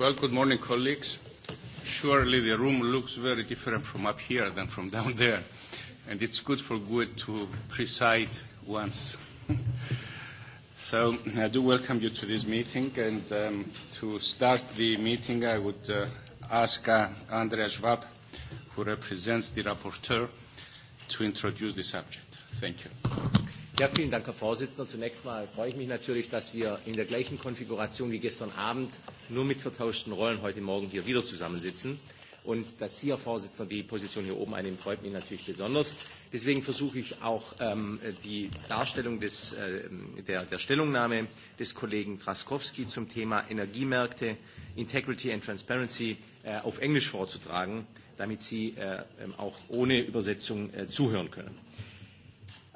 Well, good morning, colleagues. Surely the room looks very different from up here than from down there, and it's good for good to preside once. so I do welcome you to this meeting, and um, to start the meeting, I would uh, ask uh, Andreas Schwab, who represents the rapporteur, to introduce the subject. Thank you. Ja, vielen Dank, Herr Vorsitzender. Zunächst mal freue ich mich natürlich, dass wir in der gleichen Konfiguration wie gestern Abend nur mit vertauschten Rollen heute Morgen hier wieder zusammensitzen. Und dass Sie, Herr Vorsitzender, die Position hier oben einnehmen, freut mich natürlich besonders. Deswegen versuche ich auch ähm, die Darstellung des, äh, der, der Stellungnahme des Kollegen Traskowski zum Thema Energiemärkte, Integrity and Transparency äh, auf Englisch vorzutragen, damit Sie äh, ähm, auch ohne Übersetzung äh, zuhören können. Äh,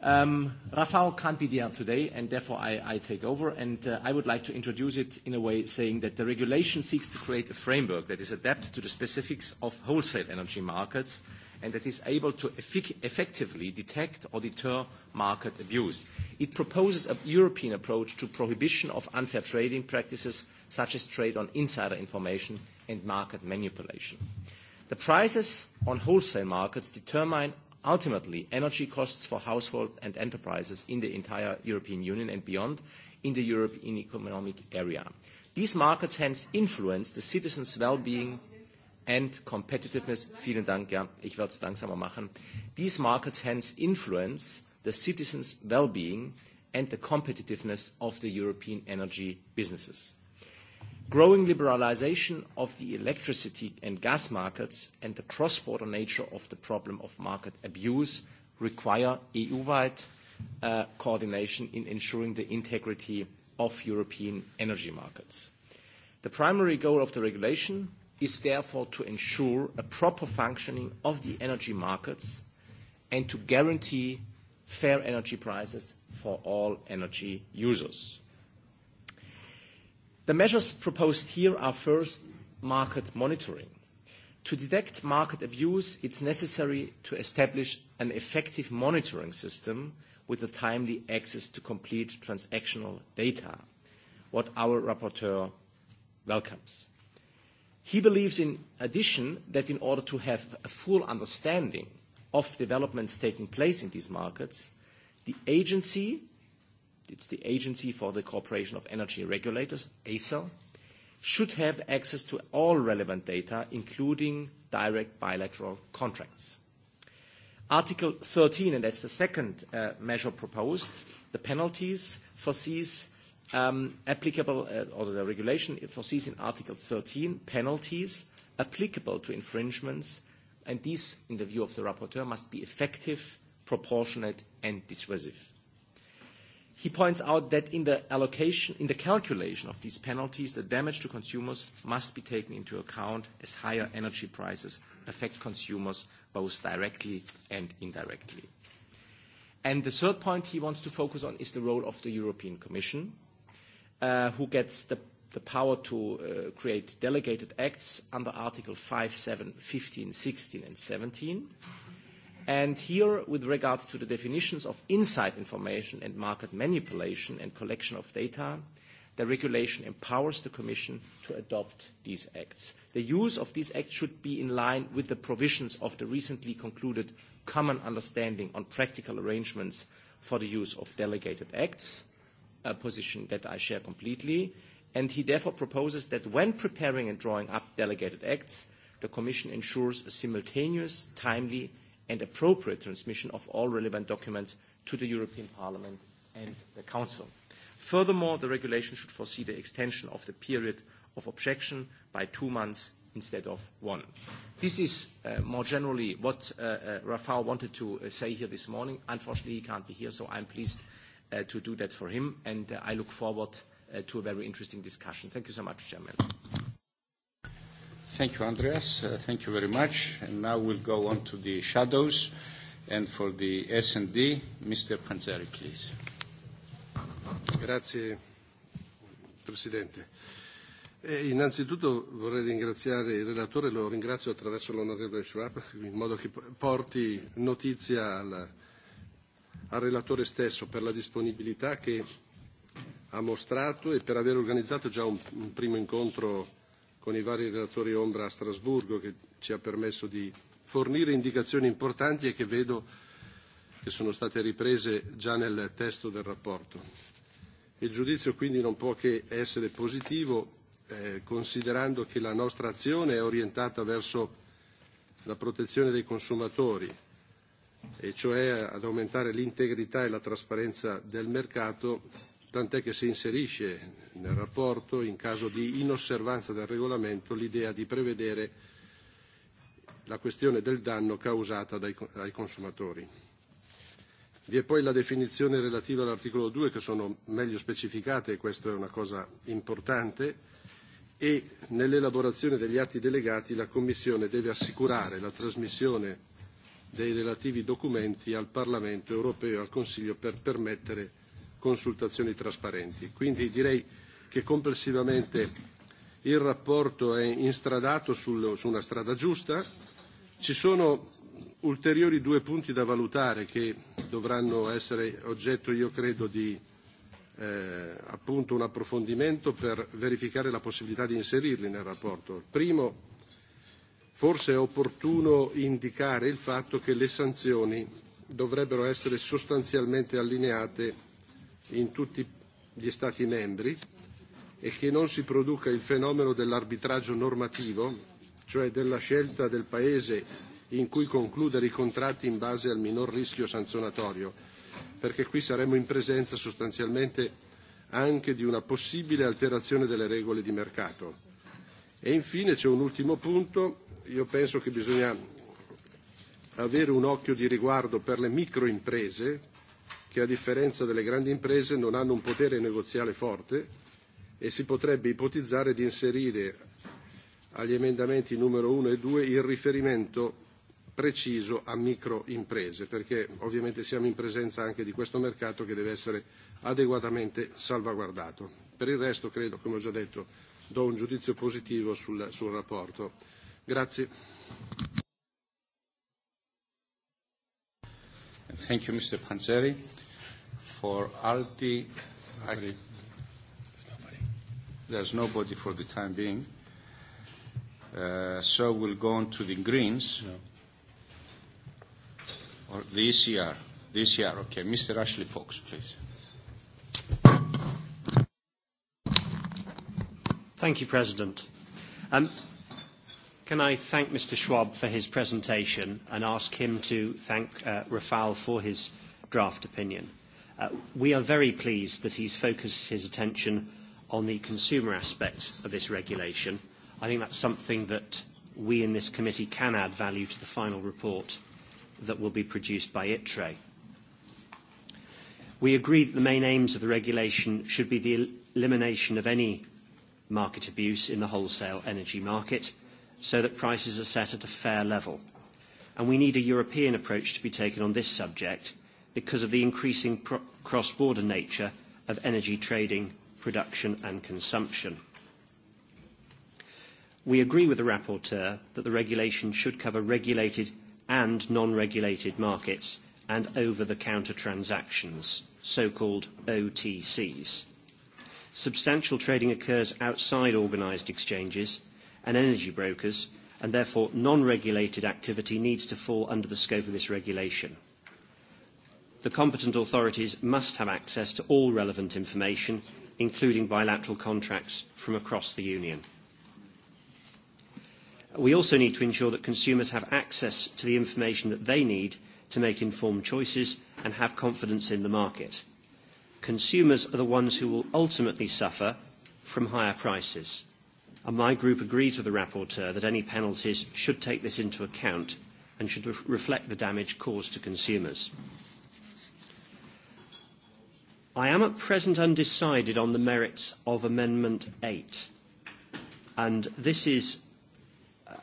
Um, Rafał can't be there today, and therefore I, take over, and uh, I would like to introduce it in a way saying that the regulation seeks to create a framework that is adapted to the specifics of wholesale energy markets and that is able to effectively detect or deter market abuse. It proposes a European approach to prohibition of unfair trading practices such as trade on insider information and market manipulation. The prices on wholesale markets determine ultimately energy costs for households and enterprises in the entire European Union and beyond in the European Economic Area. These markets hence influence the citizens' well-being and competitiveness. Vielen Dank, ja, ich werde es langsamer machen. These markets hence influence the citizens' well-being and the competitiveness of the European energy businesses growing liberalization of the electricity and gas markets and the cross-border nature of the problem of market abuse require EU-wide uh, coordination in ensuring the integrity of European energy markets. The primary goal of the regulation is therefore to ensure a proper functioning of the energy markets and to guarantee fair energy prices for all energy users. The measures proposed here are first market monitoring. To detect market abuse, it's necessary to establish an effective monitoring system with a timely access to complete transactional data, what our rapporteur welcomes. He believes, in addition, that in order to have a full understanding of developments taking place in these markets, the agency it's the Agency for the Cooperation of Energy Regulators, ACER, should have access to all relevant data, including direct bilateral contracts. Article 13, and that's the second uh, measure proposed, the penalties foresees um, applicable, uh, or the regulation foresees in Article 13 penalties applicable to infringements, and these, in the view of the rapporteur, must be effective, proportionate, and dissuasive. He points out that in the allocation, in the calculation of these penalties, the damage to consumers must be taken into account as higher energy prices affect consumers both directly and indirectly. And the third point he wants to focus on is the role of the European Commission, uh, who gets the, the power to uh, create delegated acts under Article 5, 7, 15, 16, and 17 And here, with regards to the definitions of inside information and market manipulation and collection of data, the regulation empowers the Commission to adopt these acts. The use of these acts should be in line with the provisions of the recently concluded Common Understanding on Practical Arrangements for the Use of Delegated Acts, a position that I share completely, and he therefore proposes that when preparing and drawing up delegated acts, the Commission ensures a simultaneous, timely, and appropriate transmission of all relevant documents to the European Parliament and the Council. Furthermore, the regulation should foresee the extension of the period of objection by two months instead of one. This is uh, more generally what uh, uh, Rafał wanted to uh, say here this morning. Unfortunately, he can't be here, so I'm pleased uh, to do that for him, and uh, I look forward uh, to a very interesting discussion. Thank you so much, Chairman. Thank you, Andreas. Uh, thank you very much. And now we'll go on to the shadows. And for the S&D, Mr. Panzeri, please. Grazie, Presidente. E eh, innanzitutto vorrei ringraziare il relatore, lo ringrazio attraverso l'onorevole Schwab, in modo che porti notizia al, al relatore stesso per la disponibilità che ha mostrato e per aver organizzato già un, un primo incontro con i vari relatori ombra a Strasburgo che ci ha permesso di fornire indicazioni importanti e che vedo che sono state riprese già nel testo del rapporto. Il giudizio quindi non può che essere positivo eh, considerando che la nostra azione è orientata verso la protezione dei consumatori e cioè ad aumentare l'integrità e la trasparenza del mercato tant'è che si inserisce nel rapporto, in caso di inosservanza del regolamento, l'idea di prevedere la questione del danno causata dai, ai consumatori. Vi è poi la definizione relativa all'articolo 2 che sono meglio specificate e questa è una cosa importante e nell'elaborazione degli atti delegati la Commissione deve assicurare la trasmissione dei relativi documenti al Parlamento europeo e al Consiglio per permettere consultazioni trasparenti. Quindi direi che complessivamente il rapporto è instradato sul, su una strada giusta. Ci sono ulteriori due punti da valutare che dovranno essere oggetto, io credo, di eh, appunto un approfondimento per verificare la possibilità di inserirli nel rapporto. Primo, forse è opportuno indicare il fatto che le sanzioni dovrebbero essere sostanzialmente allineate in tutti gli Stati membri e che non si produca il fenomeno dell'arbitraggio normativo, cioè della scelta del Paese in cui concludere i contratti in base al minor rischio sanzionatorio, perché qui saremmo in presenza sostanzialmente anche di una possibile alterazione delle regole di mercato. E infine c'è un ultimo punto, io penso che bisogna avere un occhio di riguardo per le microimprese che a differenza delle grandi imprese non hanno un potere negoziale forte e si potrebbe ipotizzare di inserire agli emendamenti numero 1 e 2 il riferimento preciso a microimprese, perché ovviamente siamo in presenza anche di questo mercato che deve essere adeguatamente salvaguardato. Per il resto credo, come ho già detto, do un giudizio positivo sul, sul rapporto. Grazie. Thank you, Mr. For ALTI, there's, nobody. for the time being. Uh, so we'll go on to the Greens. No. Or the ECR. The ECR, okay. Mr. Ashley Fox, please. Thank you, President. Um, can I thank Mr Schwab for his presentation and ask him to thank uh, Rafal for his draft opinion? Uh, we are very pleased that he's focused his attention on the consumer aspect of this regulation. I think that's something that we in this committee can add value to the final report that will be produced by ITRE. We agree that the main aims of the regulation should be the elimination of any market abuse in the wholesale energy market so that prices are set at a fair level. And we need a European approach to be taken on this subject because of the increasing cross-border nature of energy trading, production and consumption. We agree with the rapporteur that the regulation should cover regulated and non-regulated markets and over-the-counter transactions, so-called OTCs. Substantial trading occurs outside organised exchanges and energy brokers, and therefore non-regulated activity needs to fall under the scope of this regulation the competent authorities must have access to all relevant information, including bilateral contracts from across the Union. We also need to ensure that consumers have access to the information that they need to make informed choices and have confidence in the market. Consumers are the ones who will ultimately suffer from higher prices, and my group agrees with the rapporteur that any penalties should take this into account and should re reflect the damage caused to consumers. I am at present undecided on the merits of Amendment 8. And this is uh,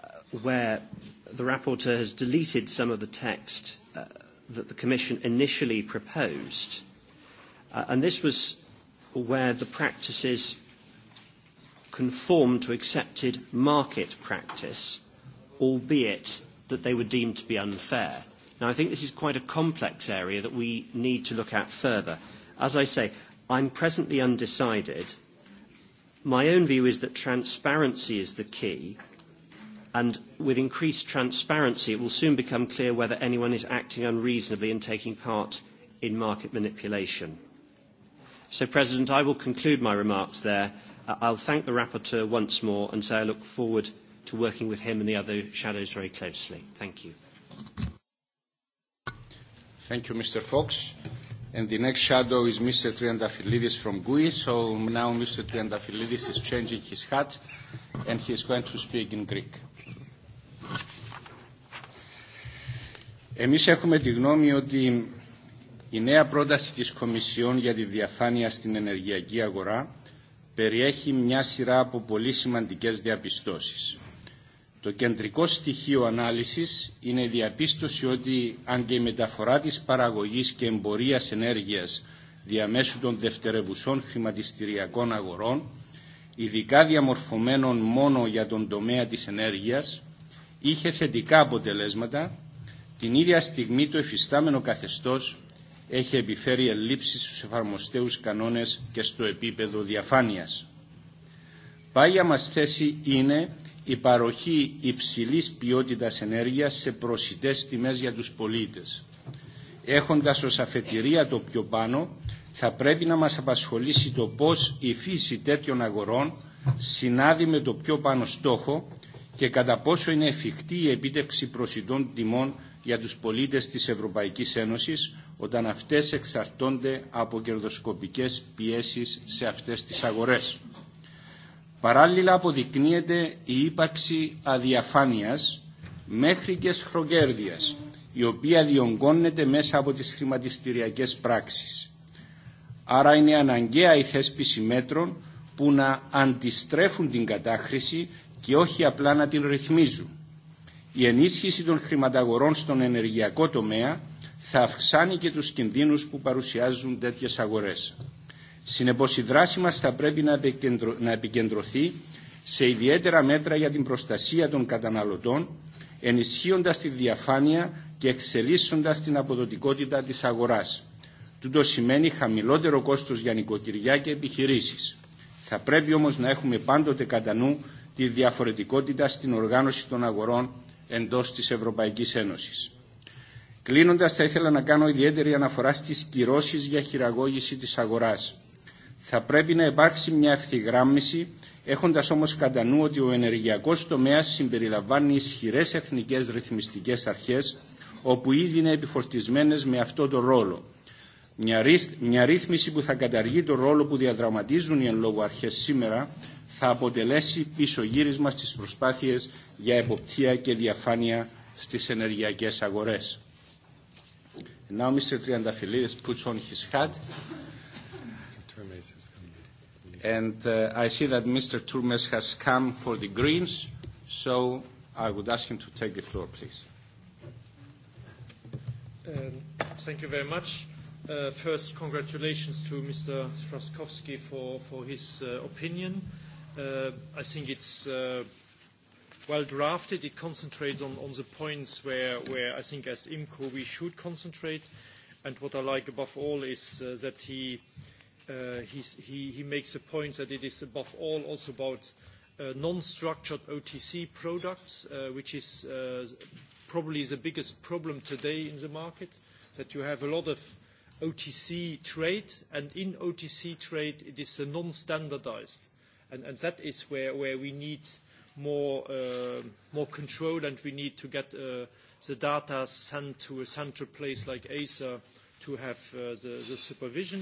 where the rapporteur has deleted some of the text uh, that the Commission initially proposed. Uh, and this was where the practices conform to accepted market practice, albeit that they were deemed to be unfair. Now, I think this is quite a complex area that we need to look at further. As I say, I'm presently undecided. My own view is that transparency is the key, and with increased transparency, it will soon become clear whether anyone is acting unreasonably and taking part in market manipulation. So, President, I will conclude my remarks there. I uh, I'll thank the rapporteur once more and say I look forward to working with him and the other shadows very closely. Thank you. Thank you, Mr. Fox. And the next shadow is Mr. Triantafilidis from GUI. So now Mr. Triantafilidis is changing his hat and he is going to speak in Greek. Εμείς έχουμε τη γνώμη ότι η νέα πρόταση της Κομισιόν για τη διαφάνεια στην ενεργειακή αγορά περιέχει μια σειρά από πολύ σημαντικές διαπιστώσεις. Το κεντρικό στοιχείο ανάλυσης είναι η διαπίστωση ότι αν και η μεταφορά της παραγωγής και εμπορίας ενέργειας διαμέσου των δευτερευουσών χρηματιστηριακών αγορών, ειδικά διαμορφωμένων μόνο για τον τομέα της ενέργειας, είχε θετικά αποτελέσματα, την ίδια στιγμή το εφιστάμενο καθεστώς έχει επιφέρει ελλείψεις στους εφαρμοστέους κανόνες και στο επίπεδο διαφάνειας. Πάγια μας θέση είναι η παροχή υψηλής ποιότητας ενέργειας σε προσιτές τιμές για τους πολίτες. Έχοντας ως αφετηρία το πιο πάνω, θα πρέπει να μας απασχολήσει το πώς η φύση τέτοιων αγορών συνάδει με το πιο πάνω στόχο και κατά πόσο είναι εφικτή η επίτευξη προσιτών τιμών για τους πολίτες της Ευρωπαϊκής Ένωσης όταν αυτές εξαρτώνται από κερδοσκοπικές πιέσεις σε αυτές τις αγορές. Παράλληλα αποδεικνύεται η ύπαρξη αδιαφάνειας μέχρι και σχροκέρδειας, η οποία διονγκώνεται μέσα από τις χρηματιστηριακές πράξεις. Άρα είναι αναγκαία η θέσπιση μέτρων που να αντιστρέφουν την κατάχρηση και όχι απλά να την ρυθμίζουν. Η ενίσχυση των χρηματαγορών στον ενεργειακό τομέα θα αυξάνει και τους κινδύνους που παρουσιάζουν τέτοιες αγορές. Συνεπώς η δράση μας θα πρέπει να, επικεντρω... να επικεντρωθεί σε ιδιαίτερα μέτρα για την προστασία των καταναλωτών, ενισχύοντας τη διαφάνεια και εξελίσσοντας την αποδοτικότητα της αγοράς. Τούτο σημαίνει χαμηλότερο κόστος για νοικοκυριά και επιχειρήσεις. Θα πρέπει όμως να έχουμε πάντοτε κατά νου τη διαφορετικότητα στην οργάνωση των αγορών εντός της Ευρωπαϊκής Ένωσης. Κλείνοντας, θα ήθελα να κάνω ιδιαίτερη αναφορά στις κυρώσεις για χειραγώγηση της αγοράς. Θα πρέπει να υπάρξει μια ευθυγράμμιση, έχοντας όμως κατά νου ότι ο ενεργειακός τομέας συμπεριλαμβάνει ισχυρές εθνικές ρυθμιστικές αρχές, όπου ήδη είναι επιφορτισμένες με αυτό το ρόλο. Μια, ρυθ, μια ρύθμιση που θα καταργεί το ρόλο που διαδραματίζουν οι εν λόγω αρχές σήμερα θα αποτελέσει πίσω γύρισμα στις προσπάθειες για εποπτεία και διαφάνεια στις ενεργειακές αγορές. Now Mr. Triantafilidis puts on his hat and uh, I see that Mr. Turmes has come for the Greens, so I would ask him to take the floor, please. Um, thank you very much. Uh, first, congratulations to Mr. Straskowski for, for his uh, opinion. Uh, I think it's uh, well drafted. It concentrates on, on the points where, where I think as IMCO we should concentrate. And what I like above all is uh, that he uh, uh, he, he makes a point that it is above all also about uh, non-structured OTC products, uh, which is uh, probably the biggest problem today in the market, that you have a lot of OTC trade, and in OTC trade, it is non-standardized. And, and that is where, where we need more, uh, more control, and we need to get uh, the data sent to a central place like ASA to have the, the supervision.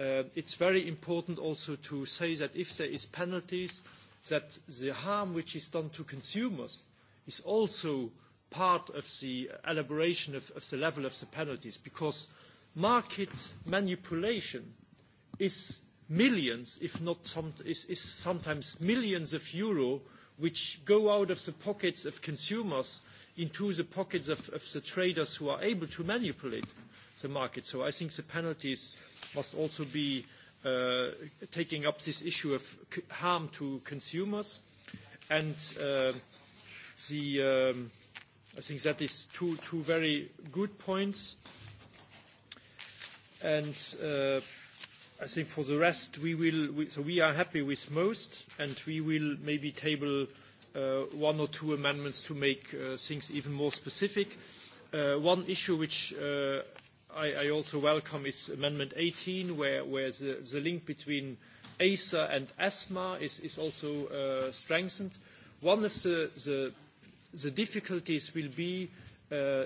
Uh, it's very important also to say that if there is penalties, that the harm which is done to consumers is also part of the elaboration of, of the level of the penalties, because market manipulation is millions, if not some, is, is sometimes millions of euro, which go out of the pockets of consumers into the pockets of, of the traders who are able to manipulate the market. So I think the penalties must also be uh, taking up this issue of harm to consumers. And uh, the, um, I think that is two, two very good points. And uh, I think for the rest, we will, we, so we are happy with most, and we will maybe table uh, one or two amendments to make uh, things even more specific. Uh, one issue which uh, I, I also welcome is Amendment 18, where, where the, the link between ACER and ESMA is, is also uh, strengthened. One of the, the, the difficulties will be uh,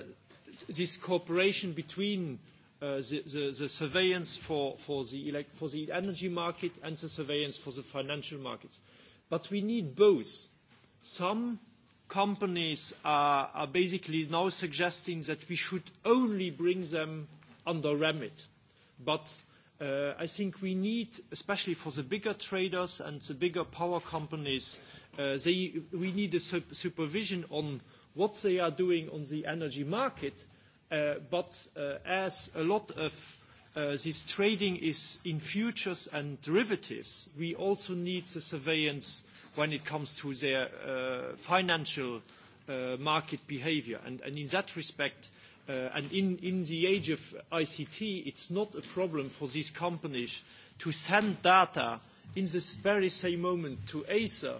this cooperation between uh, the, the, the surveillance for, for, the elect, for the energy market and the surveillance for the financial markets. But we need both. Some companies are, are basically now suggesting that we should only bring them under remit. But uh, I think we need, especially for the bigger traders and the bigger power companies, uh, they, we need a sup supervision on what they are doing on the energy market. Uh, but uh, as a lot of uh, this trading is in futures and derivatives, we also need the surveillance when it comes to their uh, financial uh, market behavior. And, and in that respect, Uh, and in, in the age of ICT, it's not a problem for these companies to send data in this very same moment to ACER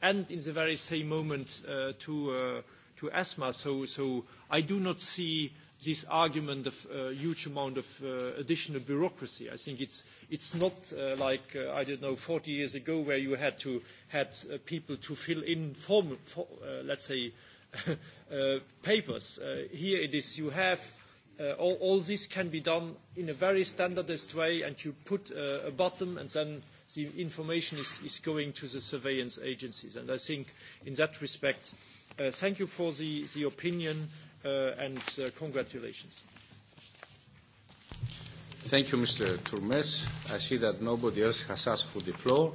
and in the very same moment uh, to, uh, to ESMA. So, so I do not see this argument of a uh, huge amount of uh, additional bureaucracy. I think it's, it's not uh, like, uh, I don't know, 40 years ago where you had to had uh, people to fill in form, for, uh, let's say, Uh, papers. Uh, here it is, you have uh, all, all this can be done in a very standardized way and you put uh, a bottom and then the information is, is going to the surveillance agencies. And I think in that respect, uh, thank you for the, the opinion uh, and uh, congratulations. Thank you, Mr. Turmes. I see that nobody else has asked for the floor,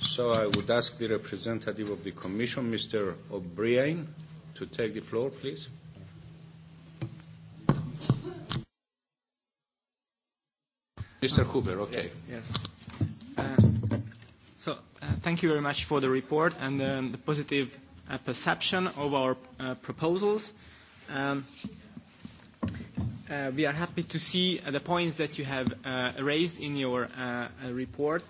so I would ask the representative of the Commission, Mr. O'Brien, to take the floor, please? Mr. Huber, okay. Yes. Uh, so, uh, thank you very much for the report and um, the positive uh, perception of our uh, proposals. Um, uh, we are happy to see the points that you have uh, raised in your report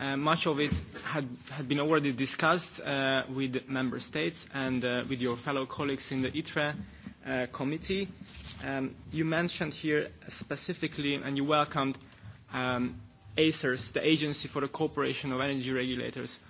Uh, much of it had, had been already discussed uh, with member states and uh, with your fellow colleagues in the ITRE uh, committee. Um, you mentioned here specifically, and you welcomed um, ACERS, the Agency for the Cooperation of Energy Regulators,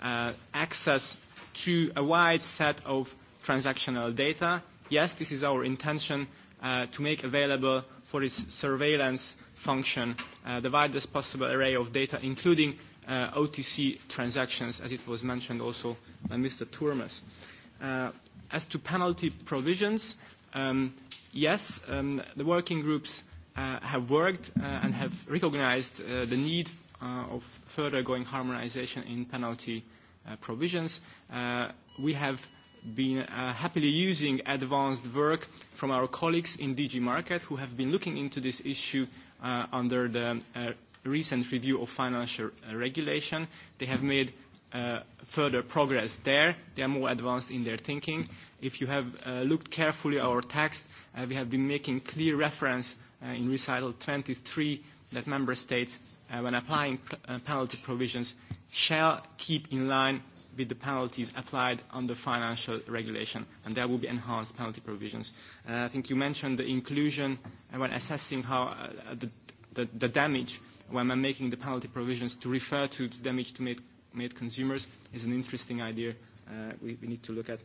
uh, access to a wide set of transactional data. Yes, this is our intention uh, to make available for its surveillance function uh, the widest possible array of data, including uh, OTC transactions, as it was mentioned also by Mr. Turmes. Uh, as to penalty provisions, um, yes, um, the working groups uh, have worked uh, and have recognized uh, the need uh, of further going harmonization in penalty uh, provisions. Uh, we have been uh, happily using advanced work from our colleagues in DG Market who have been looking into this issue uh, under the uh, recent review of financial uh, regulation. They have made uh, further progress there. They are more advanced in their thinking. If you have uh, looked carefully at our text, uh, we have been making clear reference uh, in recital 23 that member states, uh, when applying uh, penalty provisions, shall keep in line with the penalties applied under financial regulation, and there will be enhanced penalty provisions. Uh, I think you mentioned the inclusion uh, when assessing how uh, the, the, the damage uh, when I'm making the penalty provisions, to refer to, to damage to made, made consumers is an interesting idea uh, we, we need to look at.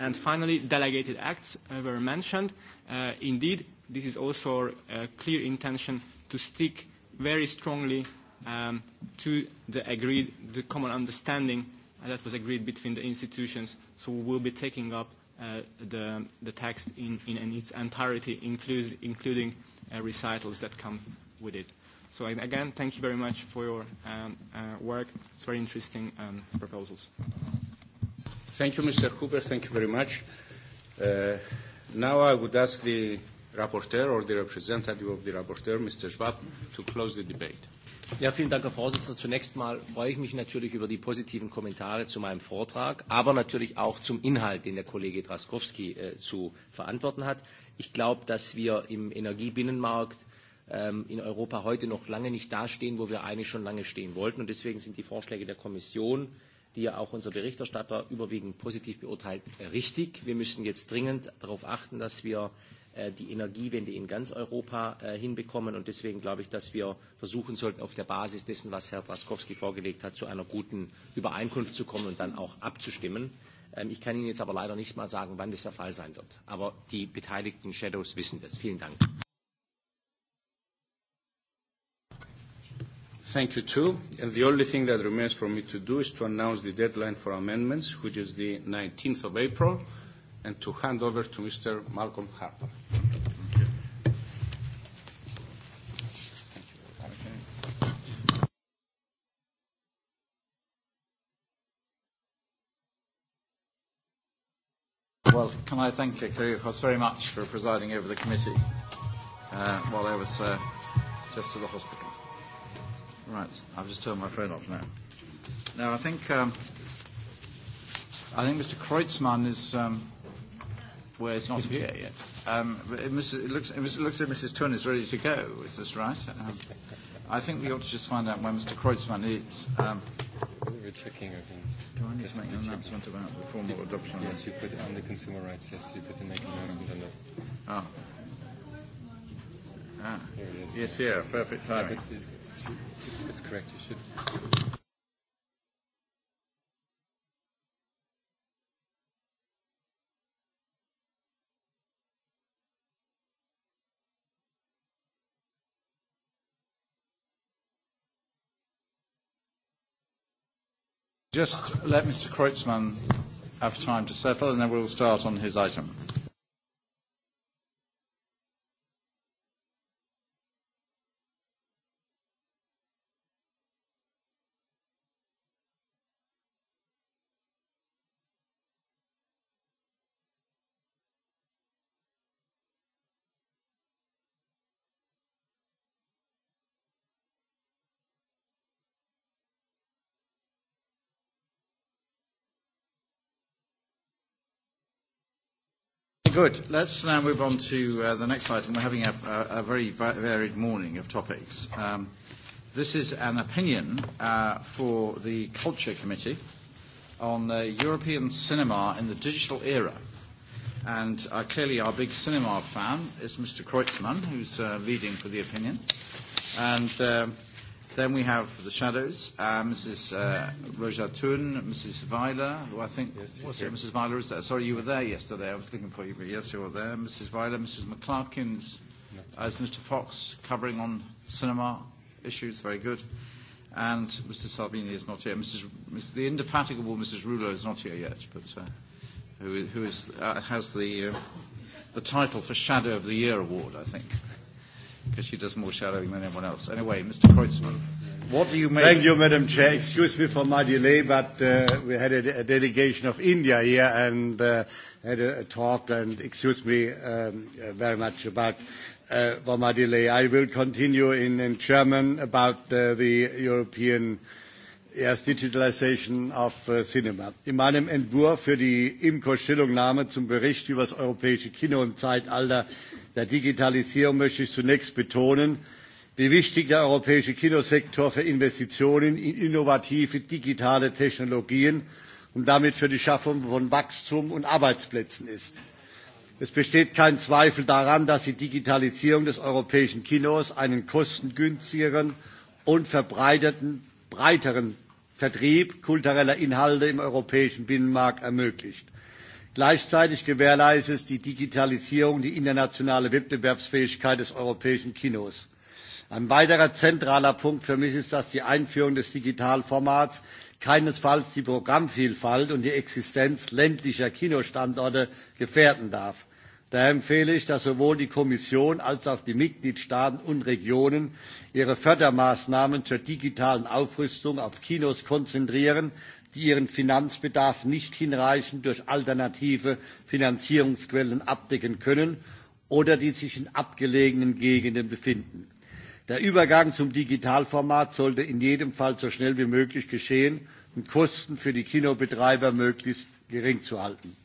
And finally, delegated acts uh, were mentioned. Uh, indeed, this is also a uh, clear intention to stick very strongly um, to the agreed, the common understanding uh, that was agreed between the institutions. So we will be taking up uh, the, the text in, in, in its entirety, include, including uh, recitals that come with it. So again, thank you very much for your um, uh, work. It's very interesting um, proposals. Thank you, Mr. Huber. Thank you very much. Uh, now I would ask the rapporteur or the representative of the rapporteur, Mr. Schwab, to close the debate. Ja, vielen Dank, Herr Vorsitzender. Zunächst mal freue ich mich natürlich über die positiven Kommentare zu meinem Vortrag, aber natürlich auch zum Inhalt, den der Kollege Draskowski äh, zu verantworten hat. Ich glaube, dass wir im Energiebinnenmarkt äh, Ähm, in Europa heute noch lange nicht dastehen, wo wir eigentlich schon lange stehen wollten. Und deswegen sind die Vorschläge der Kommission, die ja auch unser Berichterstatter überwiegend positiv beurteilt, richtig. Wir müssen jetzt dringend darauf achten, dass wir äh, die Energiewende in ganz Europa äh, hinbekommen. Und deswegen glaube ich, dass wir versuchen sollten, auf der Basis dessen, was Herr Draskowski vorgelegt hat, zu einer guten Übereinkunft zu kommen und dann auch abzustimmen. Ähm, ich kann Ihnen jetzt aber leider nicht mal sagen, wann das der Fall sein wird. Aber die beteiligten Shadows wissen das. Vielen Dank. Thank you, too. And the only thing that remains for me to do is to announce the deadline for amendments, which is the 19th of April, and to hand over to Mr. Malcolm Harper. Well, can I thank Kyriakos very much for presiding over the committee uh, while I was uh, just to the hospital. Right, I've just turned my phone off now. Now, I think, um, I think Mr. Kreutzmann is, um, well, he's not here yet. Um, but it, Mrs., it, looks, it looks like Mrs. Turner is ready to go. Is this right? Um, I think we ought to just find out where Mr. Kreutzmann is. Um, We're checking again. Do I need to make an announcement about the formal adoption? Yes, you put it on the consumer rights. Yes, you put in make an announcement on that. Oh. Ah. ah. Here it is. Yes, yeah, perfect timing. Yeah, but, It's, correct. You should. Just let Mr. Kreutzmann have time to settle, and then we'll start on his item. Good. Let's now move on to uh, the next item. We're having a, a, a very varied morning of topics. Um, this is an opinion uh, for the Culture Committee on the European cinema in the digital era. And uh, clearly our big cinema fan is Mr. Kreutzmann, who's uh, leading for the opinion. And... Uh, Then we have the shadows, uh, Mrs. Uh, Rojatun, Mrs. Weiler, who I think yes, yes, Mrs. Weiler is there. Sorry, you were there yesterday. I was looking for you, but yes, you were there. Mrs. Weiler, Mrs. McClarkin's, as Mr. Fox covering on cinema issues? Very good. And Mr. Salvini is not here. Mrs. Mrs. The indefatigable Mrs. Rulo is not here yet, but uh, who, who is, uh, has the, uh, the title for Shadow of the Year award, I think because she does more shadowing than anyone else. Anyway, Mr. Kreutzmann, what do you make? Thank you, Madam Chair. Excuse me for my delay, but uh, we had a, a delegation of India here and uh, had a, a talk, and excuse me um, uh, very much about uh, for my delay. I will continue in, in German about uh, the European erst Digitalisation auf äh, Cinema. In meinem Entwurf für die IMCO-Stellungnahme zum Bericht über das europäische Kino im Zeitalter der Digitalisierung möchte ich zunächst betonen, wie wichtig der europäische Kinosektor für Investitionen in innovative digitale Technologien und damit für die Schaffung von Wachstum und Arbeitsplätzen ist. Es besteht kein Zweifel daran, dass die Digitalisierung des europäischen Kinos einen kostengünstigeren und verbreiteten breiteren Vertrieb kultureller Inhalte im europäischen Binnenmarkt ermöglicht. Gleichzeitig gewährleistet es die Digitalisierung die internationale Wettbewerbsfähigkeit des europäischen Kinos. Ein weiterer zentraler Punkt für mich ist, dass die Einführung des Digitalformats keinesfalls die Programmvielfalt und die Existenz ländlicher Kinostandorte gefährden darf daher empfehle ich dass sowohl die kommission als auch die mitgliedstaaten und regionen ihre fördermaßnahmen zur digitalen aufrüstung auf kinos konzentrieren die ihren finanzbedarf nicht hinreichend durch alternative finanzierungsquellen abdecken können oder die sich in abgelegenen gegenden befinden. der übergang zum digitalformat sollte in jedem fall so schnell wie möglich geschehen um kosten für die kinobetreiber möglichst gering zu halten.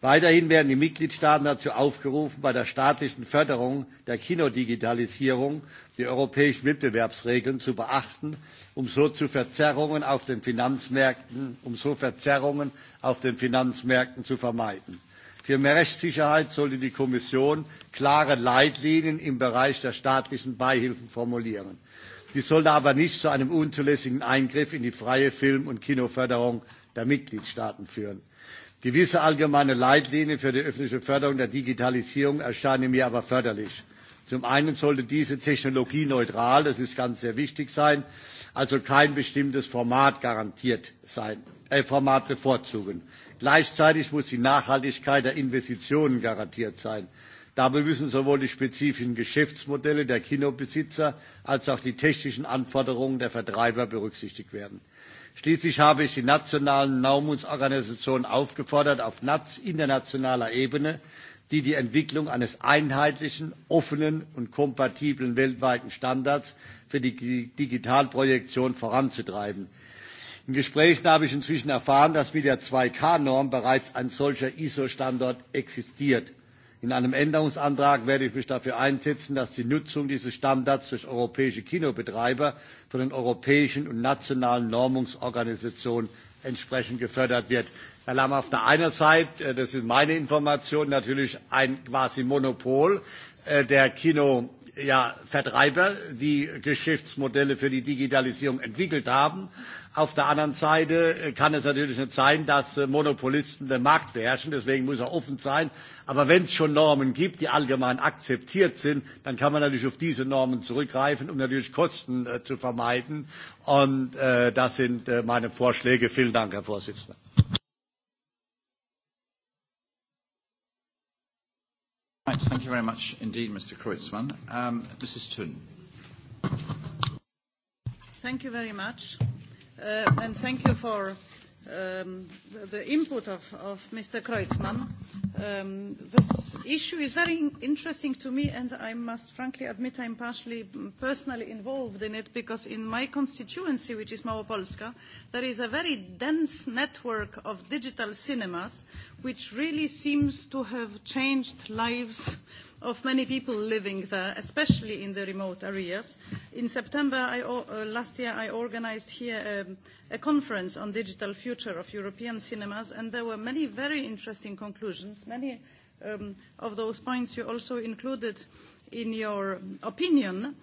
Weiterhin werden die Mitgliedstaaten dazu aufgerufen, bei der staatlichen Förderung der Kinodigitalisierung die europäischen Wettbewerbsregeln zu beachten, um so, zu Verzerrungen auf den Finanzmärkten, um so Verzerrungen auf den Finanzmärkten zu vermeiden. Für mehr Rechtssicherheit sollte die Kommission klare Leitlinien im Bereich der staatlichen Beihilfen formulieren. Dies sollte aber nicht zu einem unzulässigen Eingriff in die freie Film- und Kinoförderung der Mitgliedstaaten führen. Gewisse allgemeine Leitlinien für die öffentliche Förderung der Digitalisierung erscheinen mir aber förderlich. Zum einen sollte diese technologieneutral, das ist ganz sehr wichtig sein, also kein bestimmtes Format garantiert sein, äh, Format bevorzugen. Gleichzeitig muss die Nachhaltigkeit der Investitionen garantiert sein. Dabei müssen sowohl die spezifischen Geschäftsmodelle der Kinobesitzer als auch die technischen Anforderungen der Vertreiber berücksichtigt werden. Schließlich habe ich die nationalen Normungsorganisationen aufgefordert, auf internationaler Ebene die die Entwicklung eines einheitlichen, offenen und kompatiblen weltweiten Standards für die Digitalprojektion voranzutreiben. In Gesprächen habe ich inzwischen erfahren, dass mit der 2K-Norm bereits ein solcher ISO-Standard existiert. In einem Änderungsantrag werde ich mich dafür einsetzen, dass die Nutzung dieses Standards durch europäische Kinobetreiber von den europäischen und nationalen Normungsorganisationen entsprechend gefördert wird. Herr Lamm, auf der einen Seite, äh, das ist meine Information, natürlich ein quasi Monopol äh, der Kino ja, Vertreiber, die Geschäftsmodelle für die Digitalisierung entwickelt haben. Auf der anderen Seite äh, kann es natürlich nicht sein, dass äh, Monopolisten den Markt beherrschen. Deswegen muss er offen sein. Aber wenn es schon Normen gibt, die allgemein akzeptiert sind, dann kann man natürlich auf diese Normen zurückgreifen, um natürlich Kosten äh, zu vermeiden. Und äh, das sind äh, meine Vorschläge. Vielen Dank, Herr Vorsitzender. Right, thank you very much indeed, Mr. Kreutzmann. Um, Mrs. Thun. Thank you very much, uh, and thank you for Um, the input of, of Mr. Kreutzmann. Um, this issue is very interesting to me, and I must frankly admit I'm partially mm, personally involved in it because in my constituency, which is Małopolska, there is a very dense network of digital cinemas which really seems to have changed lives of many people living there, especially in the remote areas. In September I, uh, last year, I organised here um, a conference on digital future of European cinemas, and there were many very interesting conclusions. Many um, of those points you also included in your opinion.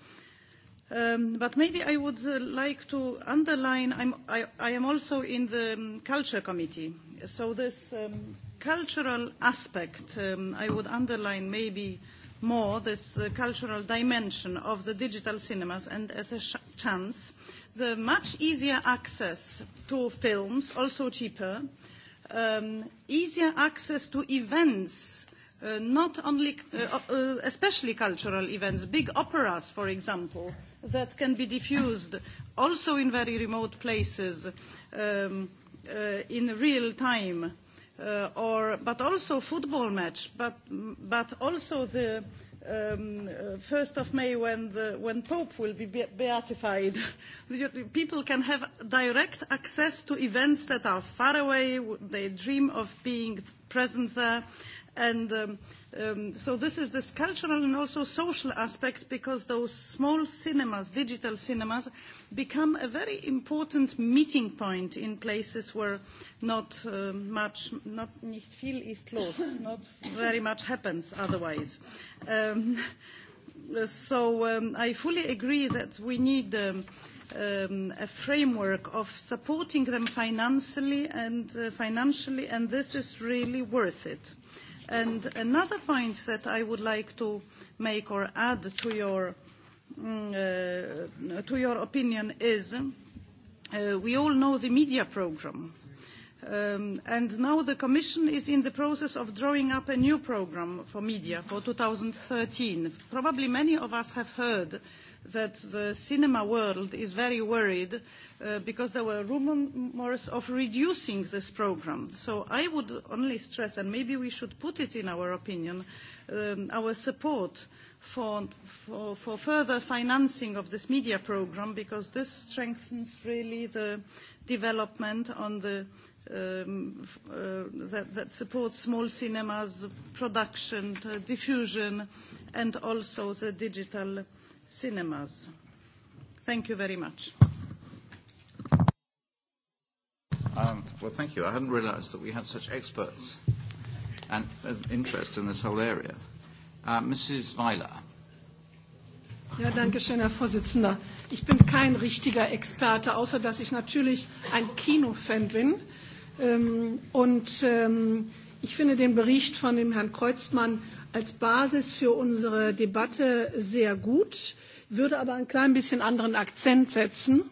Um, but maybe I would uh, like to underline, I'm, I, I am also in the um, Culture Committee, so this um, cultural aspect, um, I would underline maybe more this uh, cultural dimension of the digital cinemas and as a sh- chance, the much easier access to films, also cheaper, um, easier access to events, uh, not only, uh, uh, especially cultural events, big operas, for example, that can be diffused also in very remote places um, uh, in real time uh, or but also football match, but but also the first um, uh, of May when the, when Pope will be beatified. People can have direct access to events that are far away. They dream of being present there, and. Um, Um, so this is this cultural and also social aspect because those small cinemas, digital cinemas, become a very important meeting point in places where not uh, much, not nicht viel ist los, not very much happens otherwise. Um, so um, I fully agree that we need um, um, a framework of supporting them financially and uh, financially, and this is really worth it. And another point that I would like to make or add to your, mm, uh, to your opinion is uh, we all know the media programme. Um, and now the Commission is in the process of drawing up a new programme for media for 2013. Probably many of us have heard uh, that the cinema world is very worried uh, because there were rumors of reducing this program. So I would only stress, and maybe we should put it in our opinion, um, our support for, for, for further financing of this media program because this strengthens really the development on the Um, uh, that, that supports small cinemas, production, uh, diffusion, and also the digital cinemas. Thank you very much. Um, well, thank you. I hadn't realised that we had such experts and uh, interest in this whole area. Uh, Mrs. Weiler. Ja, danke schön, Herr Vorsitzender. Ich bin kein richtiger Experte, außer dass ich natürlich ein Kinofan bin. Ähm, und ähm, ich finde den Bericht von dem Herrn Kreuzmann als Basis für unsere Debatte sehr gut, würde aber ein klein bisschen anderen Akzent setzen.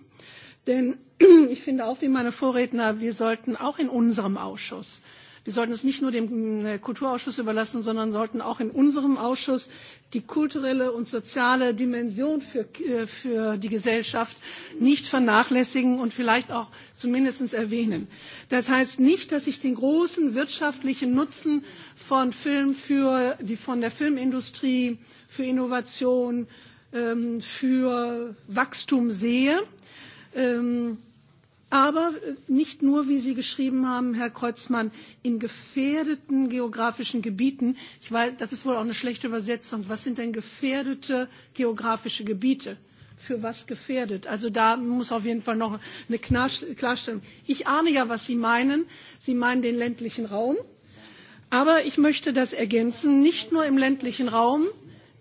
Denn ich finde auch wie meine Vorredner, wir sollten auch in unserem Ausschuss Wir sollten es nicht nur dem äh, Kulturausschuss überlassen, sondern sollten auch in unserem Ausschuss die kulturelle und soziale Dimension für, äh, für die Gesellschaft nicht vernachlässigen und vielleicht auch zumindest erwähnen. Das heißt nicht, dass ich den großen wirtschaftlichen Nutzen von Film für die, von der Filmindustrie, für Innovation, ähm, für Wachstum sehe. Ähm, aber nicht nur, wie Sie geschrieben haben, Herr Kreuzmann, in gefährdeten geografischen Gebieten. Ich weiß, das ist wohl auch eine schlechte Übersetzung. Was sind denn gefährdete geografische Gebiete? für was gefährdet. Also da muss auf jeden Fall noch eine Klarstellung. Ich ahne ja, was Sie meinen. Sie meinen den ländlichen Raum. Aber ich möchte das ergänzen. Nicht nur im ländlichen Raum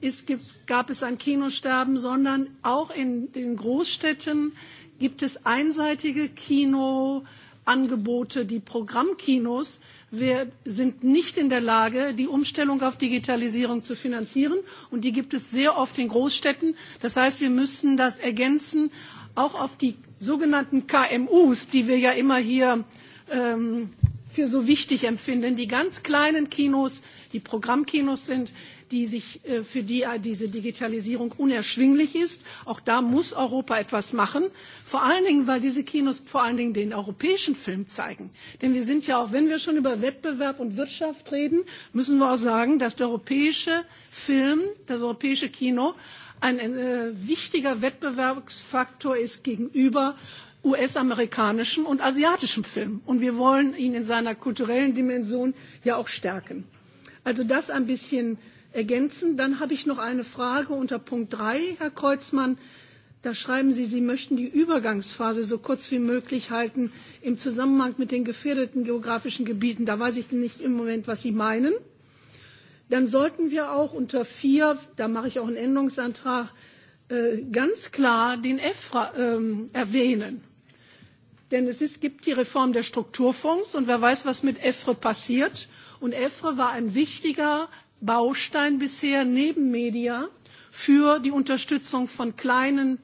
ist, gibt, gab es ein Kinosterben, sondern auch in den Großstädten, äh, gibt es einseitige Kinoangebote. Die Programmkinos wir sind nicht in der Lage, die Umstellung auf Digitalisierung zu finanzieren. Und die gibt es sehr oft in Großstädten. Das heißt, wir müssen das ergänzen, auch auf die sogenannten KMUs, die wir ja immer hier ähm, für so wichtig empfinden. Die ganz kleinen Kinos, die Programmkinos sind, die sich, äh, für die äh, diese Digitalisierung unerschwinglich ist. Auch da muss Europa etwas machen. Vor allen Dingen, weil diese Kinos vor allen Dingen den europäischen Film zeigen. Denn wir sind ja auch, wenn wir schon über Wettbewerb und Wirtschaft reden, müssen wir auch sagen, dass der europäische Film, das europäische Kino ein äh, wichtiger Wettbewerbsfaktor ist gegenüber US-amerikanischem und asiatischem Film. Und wir wollen ihn in seiner kulturellen Dimension ja auch stärken. Also das ein bisschen ergänzen. Dann habe ich noch eine Frage unter Punkt 3, Herr Kreuzmann. Da schreiben Sie, Sie möchten die Übergangsphase so kurz wie möglich halten im Zusammenhang mit den gefährdeten geografischen Gebieten. Da weiß ich nicht im Moment, was Sie meinen. Dann sollten wir auch unter 4, da mache ich auch einen Änderungsantrag, äh, ganz klar den EFRA ähm, erwähnen. Denn es ist, gibt die Reform der Strukturfonds und wer weiß, was mit EFRE passiert. Und EFRE war ein wichtiger Baustein bisher neben Media für die Unterstützung von kleinen,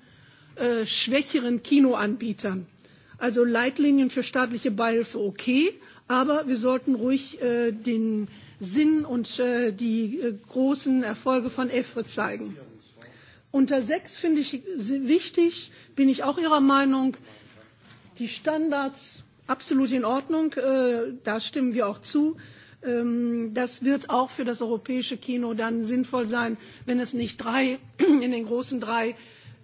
äh, schwächeren Kinoanbietern. Also Leitlinien für staatliche Beihilfe okay, aber wir sollten ruhig äh, den Sinn und äh, die äh, großen Erfolge von EFRE zeigen. Unter sechs finde ich wichtig, bin ich auch Ihrer Meinung, die Standards absolut in Ordnung, äh, da stimmen wir auch zu Ähm, das wird auch für das europäische Kino dann sinnvoll sein, wenn es nicht drei in den großen drei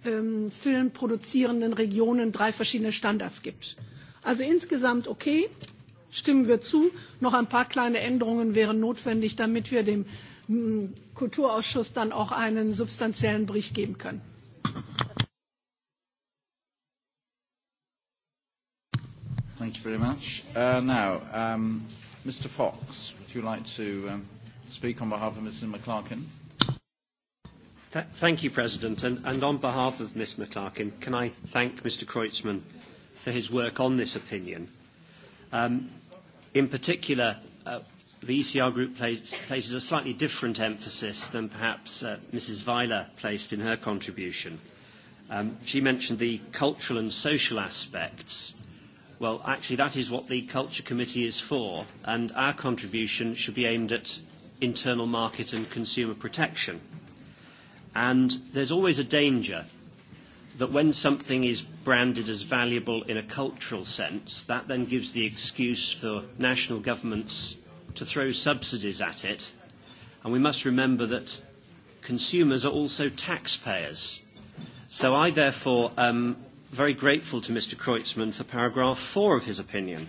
ähm, filmproduzierenden Regionen drei verschiedene Standards gibt. Also insgesamt okay, stimmen wir zu. Noch ein paar kleine Änderungen wären notwendig, damit wir dem mm, Kulturausschuss dann auch einen substanziellen Bericht geben können. Thank you very much. Uh, now, um, Mr. Fox, would you like to um, speak on behalf of Mrs. McClarkin? Th thank you, President. And, and on behalf of Ms. McClarkin, can I thank Mr. Kreutzmann for his work on this opinion? Um, in particular, uh, the ECR group place, places a slightly different emphasis than perhaps uh, Mrs. Weiler placed in her contribution. Um, she mentioned the cultural and social aspects Well, actually, that is what the Culture Committee is for, and our contribution should be aimed at internal market and consumer protection. And there's always a danger that when something is branded as valuable in a cultural sense, that then gives the excuse for national governments to throw subsidies at it. And we must remember that consumers are also taxpayers. So I therefore um, very grateful to Mr. Kreutzmann for paragraph four of his opinion.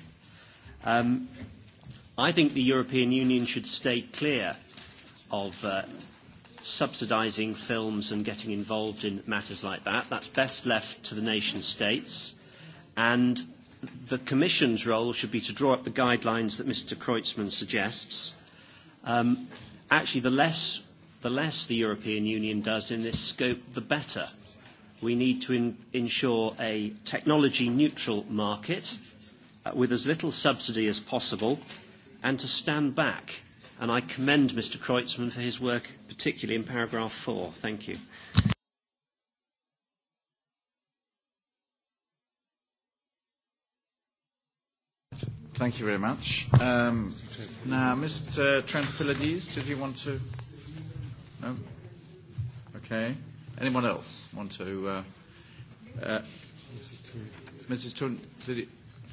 Um, I think the European Union should stay clear of uh, subsidising films and getting involved in matters like that. That's best left to the nation states. And the Commission's role should be to draw up the guidelines that Mr. Kreutzmann suggests. Um, actually, the less, the less the European Union does in this scope, the better we need to in ensure a technology-neutral market uh, with as little subsidy as possible and to stand back. And I commend Mr Kreutzmann for his work, particularly in paragraph four. Thank you. Thank you very much. Um, now, Mr. Trent Philides, did you want to? No? Okay. Anyone else want to? Uh, uh, Mrs. Tun,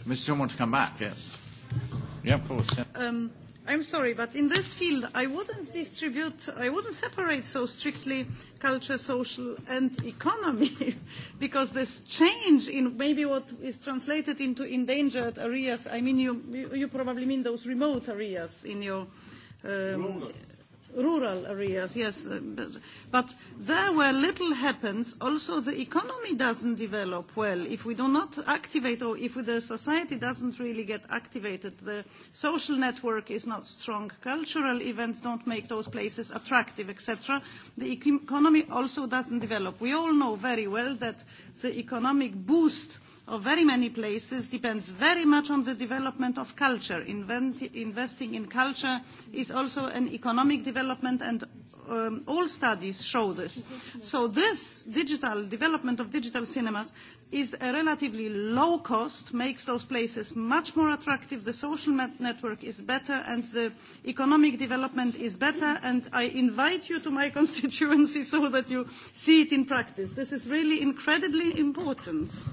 Mrs. Tun want to come back? Yes. Yeah, of course. Yeah. Um, I'm sorry, but in this field, I wouldn't distribute, I wouldn't separate so strictly culture, social, and economy, because this change in maybe what is translated into endangered areas, I mean, you, you probably mean those remote areas in your. Um, rural areas, yes. Uh, but there where little happens, also the economy doesn't develop well. If we do not activate or if the society doesn't really get activated, the social network is not strong, cultural events don't make those places attractive, etc., the economy also doesn't develop. We all know very well that the economic boost of very many places depends very much on the development of culture. investing in culture is also an economic development and um, all studies show this. So this digital development of digital cinemas is a relatively low cost, makes those places much more attractive, the social network is better, and the economic development is better, and I invite you to my constituency so that you see it in practice. This is really incredibly important.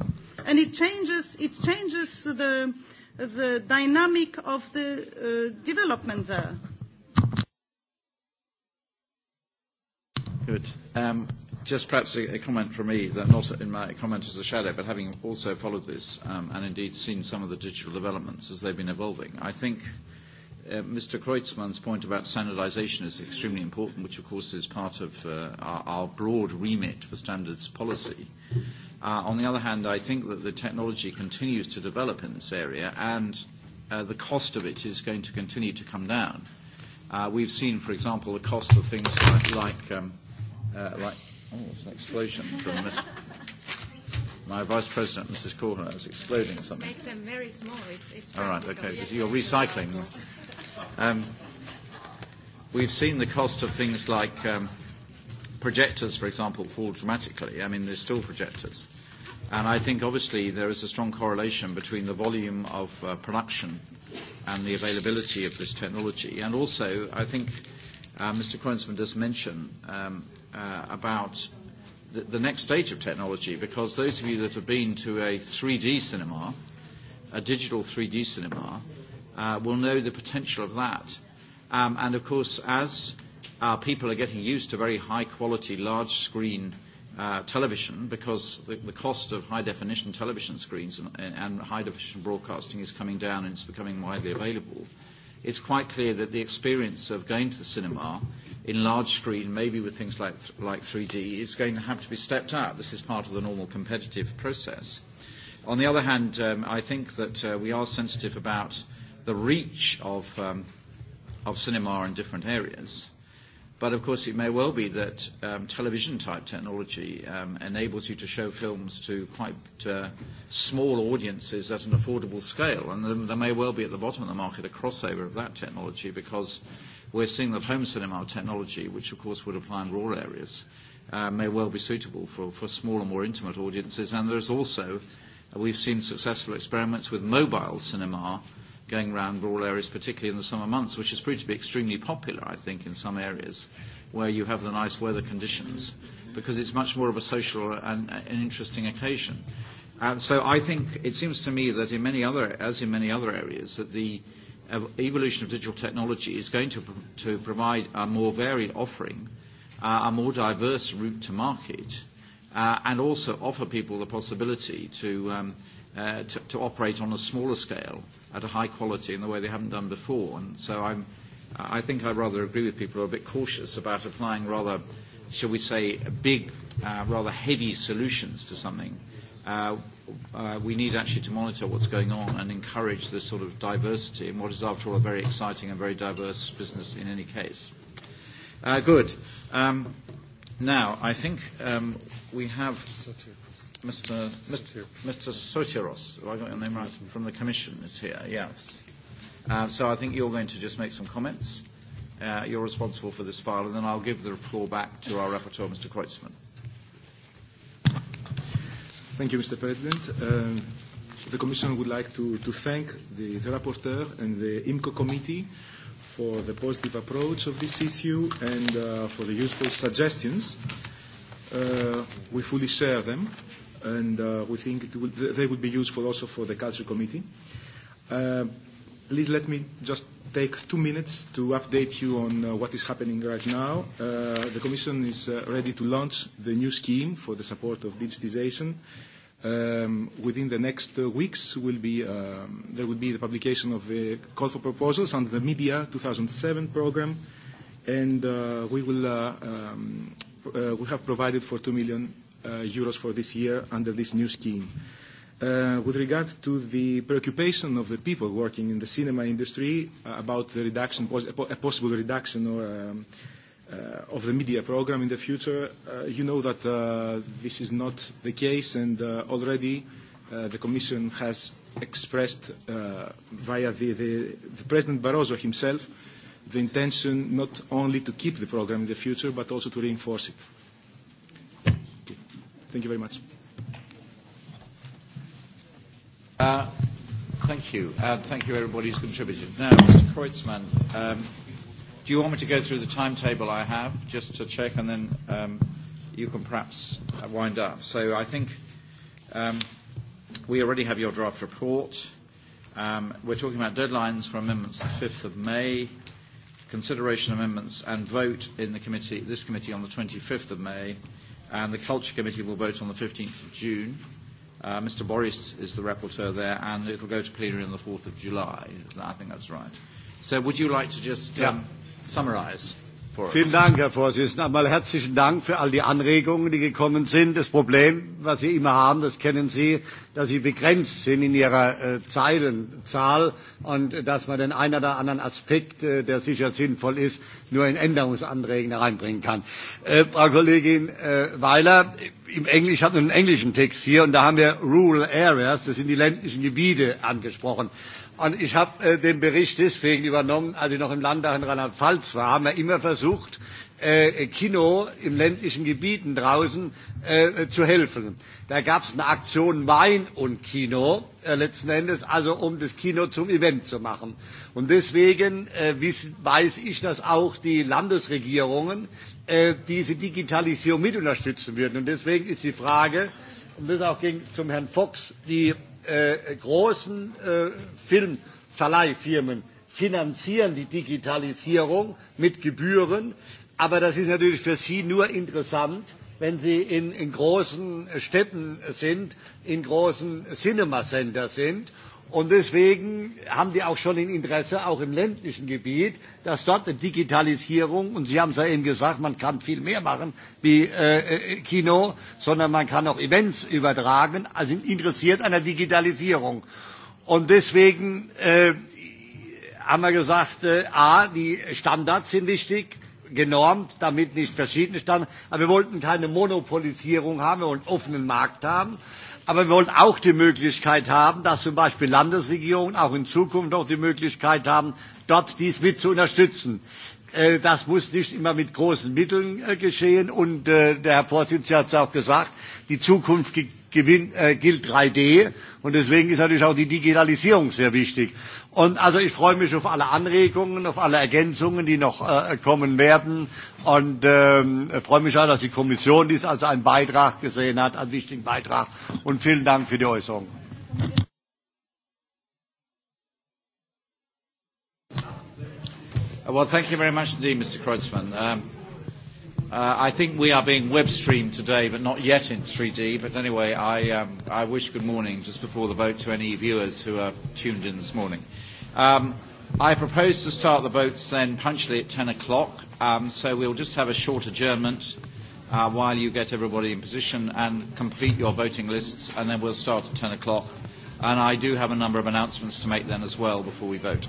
And it changes, it changes the, the dynamic of the uh, development there. Good. Um, just perhaps a, a comment from me, that not in my comment as a shadow, but having also followed this um, and indeed seen some of the digital developments as they've been evolving, I think uh, Mr. Kreutzmann's point about standardization is extremely important, which of course is part of uh, our, our broad remit for standards policy. Uh, on the other hand, I think that the technology continues to develop in this area and uh, the cost of it is going to continue to come down. Uh, we've seen, for example, the cost of things like, like um, Uh, like, oh, it's an explosion from Miss, my vice president, Mrs. Corvin, is exploding something. Make them very small. It's, it's All right, okay, because you're recycling. Um, we've seen the cost of things like um, projectors, for example, fall dramatically. I mean, there's still projectors. And I think obviously there is a strong correlation between the volume of uh, production and the availability of this technology. And also, I think uh, Mr. Kronsman does mention um, uh, about the, the next stage of technology because those of you that have been to a 3D cinema, a digital 3D cinema, uh, will know the potential of that. Um, and of course, as uh, people are getting used to very high quality, large screen uh, television, because the, the cost of high definition television screens and, and high definition broadcasting is coming down and it's becoming widely available, it's quite clear that the experience of going to the cinema in large screen, maybe with things like, like 3D, is going to have to be stepped up. This is part of the normal competitive process. On the other hand, um, I think that uh, we are sensitive about the reach of, um, of cinema in different areas. But of course, it may well be that um, television type technology um, enables you to show films to quite uh, small audiences at an affordable scale. And there may well be at the bottom of the market a crossover of that technology because we're seeing that home cinema technology, which of course would apply in rural areas, uh, may well be suitable for, for smaller, more intimate audiences. And there's also, uh, we've seen successful experiments with mobile cinema going around rural areas, particularly in the summer months, which has proved to be extremely popular, I think, in some areas where you have the nice weather conditions, because it's much more of a social and an interesting occasion. And so I think it seems to me that in many other, as in many other areas, that the evolution of digital technology is going to, to provide a more varied offering, uh, a more diverse route to market, uh, and also offer people the possibility to, um, uh, to, to operate on a smaller scale at a high quality in the way they haven't done before. And so I'm, I think I rather agree with people who are a bit cautious about applying rather, shall we say, big, uh, rather heavy solutions to something. Uh, Uh, we need actually to monitor what's going on and encourage this sort of diversity in what is, after all, a very exciting and very diverse business in any case. Uh, good. Um, now, I think um, we have Mr. Mr. Mr. Sotiros, have I got your name right, from the Commission is here, yes. Uh, so I think you're going to just make some comments. Uh, you're responsible for this file, and then I'll give the floor back to our rapporteur, Mr. Kreutzmann. Thank you, Mr. President. Um, the Commission would like to, to thank the, the Rapporteur and the IMCO Committee for the positive approach of this issue and uh, for the useful suggestions. Uh, we fully share them, and uh, we think it will, they would be useful also for the Culture Committee. Uh, please let me just take two minutes to update you on uh, what is happening right now. Uh, the Commission is uh, ready to launch the new scheme for the support of digitization Um, within the next uh, weeks, will be, um, there will be the publication of a call for proposals under the Media 2007 program, and uh, we will uh, um, uh, we have provided for 2 million uh, euros for this year under this new scheme. Uh, with regard to the preoccupation of the people working in the cinema industry uh, about the reduction, a possible reduction or um, Uh, of the media program in the future. Uh, you know that uh, this is not the case, and uh, already uh, the Commission has expressed uh, via the, the, the President Barroso himself the intention not only to keep the program in the future, but also to reinforce it. Thank you very much. Thank you. Thank you, everybody who's contributed. Now, Mr. Kreutzmann, um, Do you want me to go through the timetable I have, just to check, and then um, you can perhaps uh, wind up? So I think um, we already have your draft report. Um, we're talking about deadlines for amendments the 5th of May, consideration amendments and vote in the committee, this committee on the 25th of May, and the Culture Committee will vote on the 15th of June. Uh, Mr. Boris is the rapporteur there, and it will go to plenary on the 4th of July. I think that's right. So would you like to just... Um, summarize for us. Vielen Dank, Herr Vorsitzender. Einmal herzlichen Dank für all die Anregungen, die gekommen sind. Das Problem, was Sie immer haben, das kennen Sie, dass Sie begrenzt sind in Ihrer äh, Zeilenzahl und äh, dass man den einen oder anderen Aspekt, äh, der sicher sinnvoll ist, nur in Änderungsanträgen reinbringen kann. Äh, Frau Kollegin äh, Weiler, im Englisch hatten einen englischen Text hier und da haben wir Rural Areas, das sind die ländlichen Gebiete angesprochen. Und ich habe äh, den Bericht deswegen übernommen, als ich noch im Landtag in Rheinland-Pfalz war, haben wir immer versucht, äh, Kino im ländlichen Gebieten draußen äh, zu helfen. Da gab es eine Aktion Wein und Kino äh, letzten Endes, also um das Kino zum Event zu machen. Und deswegen äh, weiß ich, dass auch die Landesregierungen Äh, diese Digitalisierung mit unterstützen würden. Und deswegen ist die Frage, und das auch ging zum Herrn Fox, die äh, großen äh, Filmverleihfirmen finanzieren die Digitalisierung mit Gebühren, aber das ist natürlich für sie nur interessant, wenn sie in, in großen äh, Städten sind, in großen Cinema-Center sind. Und deswegen haben die auch schon ein Interesse, auch im ländlichen Gebiet, dass dort eine Digitalisierung, und Sie haben es ja eben gesagt, man kann viel mehr machen wie äh, äh Kino, sondern man kann auch Events übertragen, also interessiert an der Digitalisierung. Und deswegen äh, haben wir gesagt, äh, A, die Standards sind wichtig, genormt, damit nicht verschiedene Standards. Aber wir wollten keine Monopolisierung haben, wir wollten einen offenen Markt haben. Aber wir wollten auch die Möglichkeit haben, dass zum Beispiel Landesregierungen auch in Zukunft noch die Möglichkeit haben, dort dies mit zu unterstützen. Äh, das muss nicht immer mit großen Mitteln äh, geschehen. Und äh, der Herr Vorsitzende hat es auch gesagt, die Zukunft gewinnt, äh, gilt 3D. Und deswegen ist natürlich auch die Digitalisierung sehr wichtig. Und also ich freue mich auf alle Anregungen, auf alle Ergänzungen, die noch äh, kommen werden. Und ähm, freue mich auch, dass die Kommission dies als einen Beitrag gesehen hat, einen wichtigen Beitrag. Und vielen Dank für die Äußerung. Well, thank you very much indeed, Mr. Kreutzmann. Um, uh, I think we are being web streamed today, but not yet in 3D. But anyway, I, um, I wish good morning just before the vote to any viewers who are tuned in this morning. Um, I propose to start the votes then punctually at 10 o'clock, um, so we'll just have a short adjournment uh, while you get everybody in position and complete your voting lists, and then we'll start at 10 o'clock. And I do have a number of announcements to make then as well before we vote.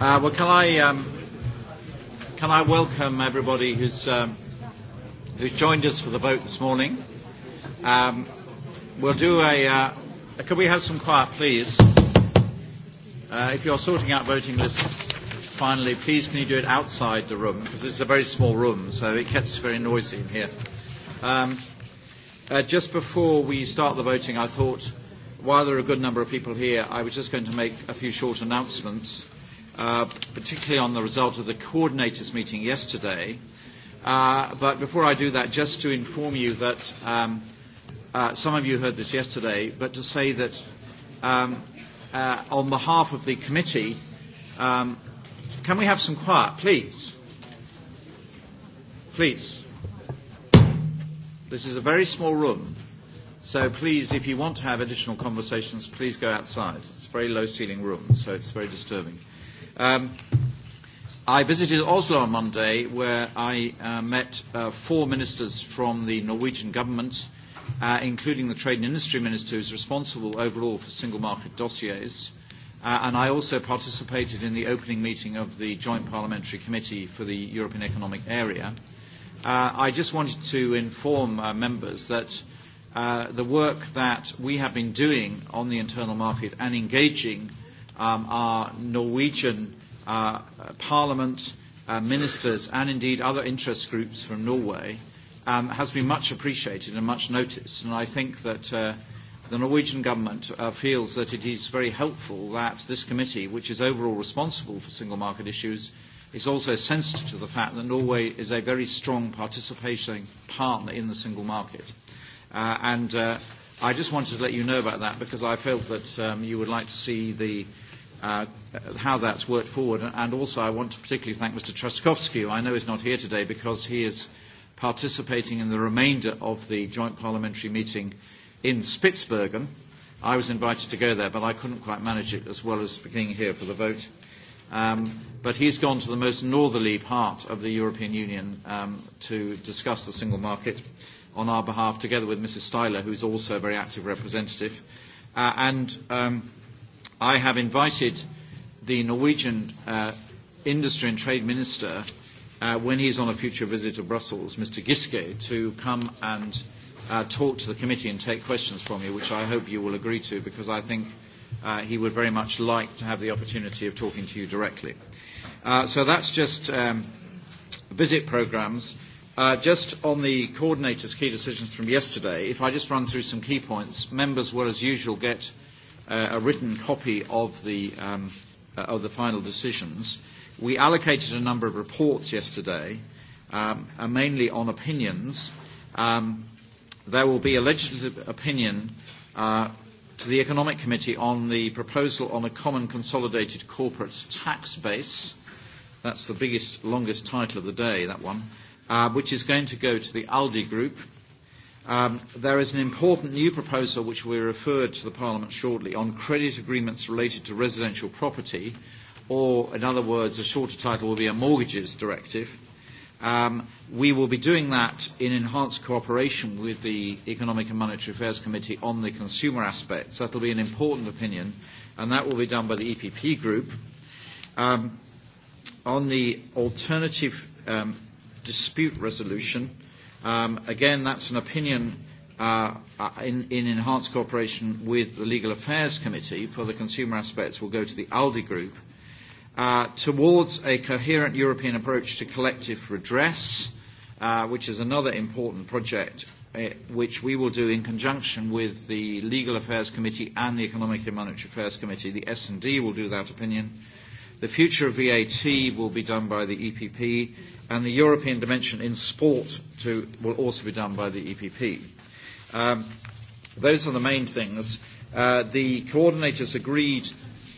Uh, well, can I, um, can I welcome everybody who's, um, who's joined us for the vote this morning? Um, we'll do a. Uh, can we have some quiet, please? Uh, if you're sorting out voting lists, finally, please can you do it outside the room? Because it's a very small room, so it gets very noisy in here. Um, uh, just before we start the voting, I thought, while there are a good number of people here, I was just going to make a few short announcements. Uh, particularly on the result of the coordinators meeting yesterday. Uh, but before I do that, just to inform you that um, uh, some of you heard this yesterday, but to say that um, uh, on behalf of the committee, um, can we have some quiet, please? Please. This is a very small room, so please, if you want to have additional conversations, please go outside. It's a very low ceiling room, so it's very disturbing. Um, I visited Oslo on Monday, where I uh, met uh, four ministers from the Norwegian government, uh, including the trade and industry minister who's responsible overall for single market dossiers. Uh, and I also participated in the opening meeting of the Joint Parliamentary Committee for the European Economic Area. Uh, I just wanted to inform uh, members that uh, the work that we have been doing on the internal market and engaging um, our Norwegian uh, Parliament, uh, ministers, and indeed other interest groups from Norway um, has been much appreciated and much noticed. And I think that uh, the Norwegian government uh, feels that it is very helpful that this committee, which is overall responsible for single market issues, is also sensitive to the fact that Norway is a very strong participating partner in the single market. Uh, and uh, I just wanted to let you know about that because I felt that um, you would like to see the uh, how that's worked forward. And also I want to particularly thank Mr. Truskowski, who I know is not here today because he is participating in the remainder of the joint parliamentary meeting in Spitsbergen. I was invited to go there, but I couldn't quite manage it as well as being here for the vote. Um, but he's gone to the most northerly part of the European Union um, to discuss the single market on our behalf, together with Mrs. Styler, who's also a very active representative. Uh, and um, I have invited the Norwegian uh, industry and trade minister uh, when he's on a future visit to Brussels, Mr. Giske, to come and uh, talk to the committee and take questions from you, which I hope you will agree to, because I think uh, he would very much like to have the opportunity of talking to you directly. Uh, so that's just um, visit programs. Uh, just on the coordinators' key decisions from yesterday, if I just run through some key points, members will, as usual, get – uh, a written copy of the, um, uh, of the final decisions. We allocated a number of reports yesterday, um, uh, mainly on opinions. Um, there will be a legislative opinion uh, to the Economic Committee on the proposal on a common consolidated corporate tax base. That's the biggest, longest title of the day, that one, uh, which is going to go to the ALDI group Um, there is an important new proposal which will be referred to the Parliament shortly on credit agreements related to residential property, or in other words, a shorter title will be a mortgages directive. Um, we will be doing that in enhanced cooperation with the Economic and Monetary Affairs Committee on the consumer aspects. That will be an important opinion, and that will be done by the EPP group. Um, on the alternative um, dispute resolution, Um, again, that's an opinion uh, uh, in, in enhanced cooperation with the Legal Affairs Committee for the consumer aspects will go to the ALDI group. Uh, towards a coherent European approach to collective redress, uh, which is another important project uh, which we will do in conjunction with the Legal Affairs Committee and the Economic and Monetary Affairs Committee. The S&D will do that opinion. The future of VAT will be done by the EPP and the European dimension in sport to, will also be done by the EPP. Um, those are the main things. Uh, the coordinators agreed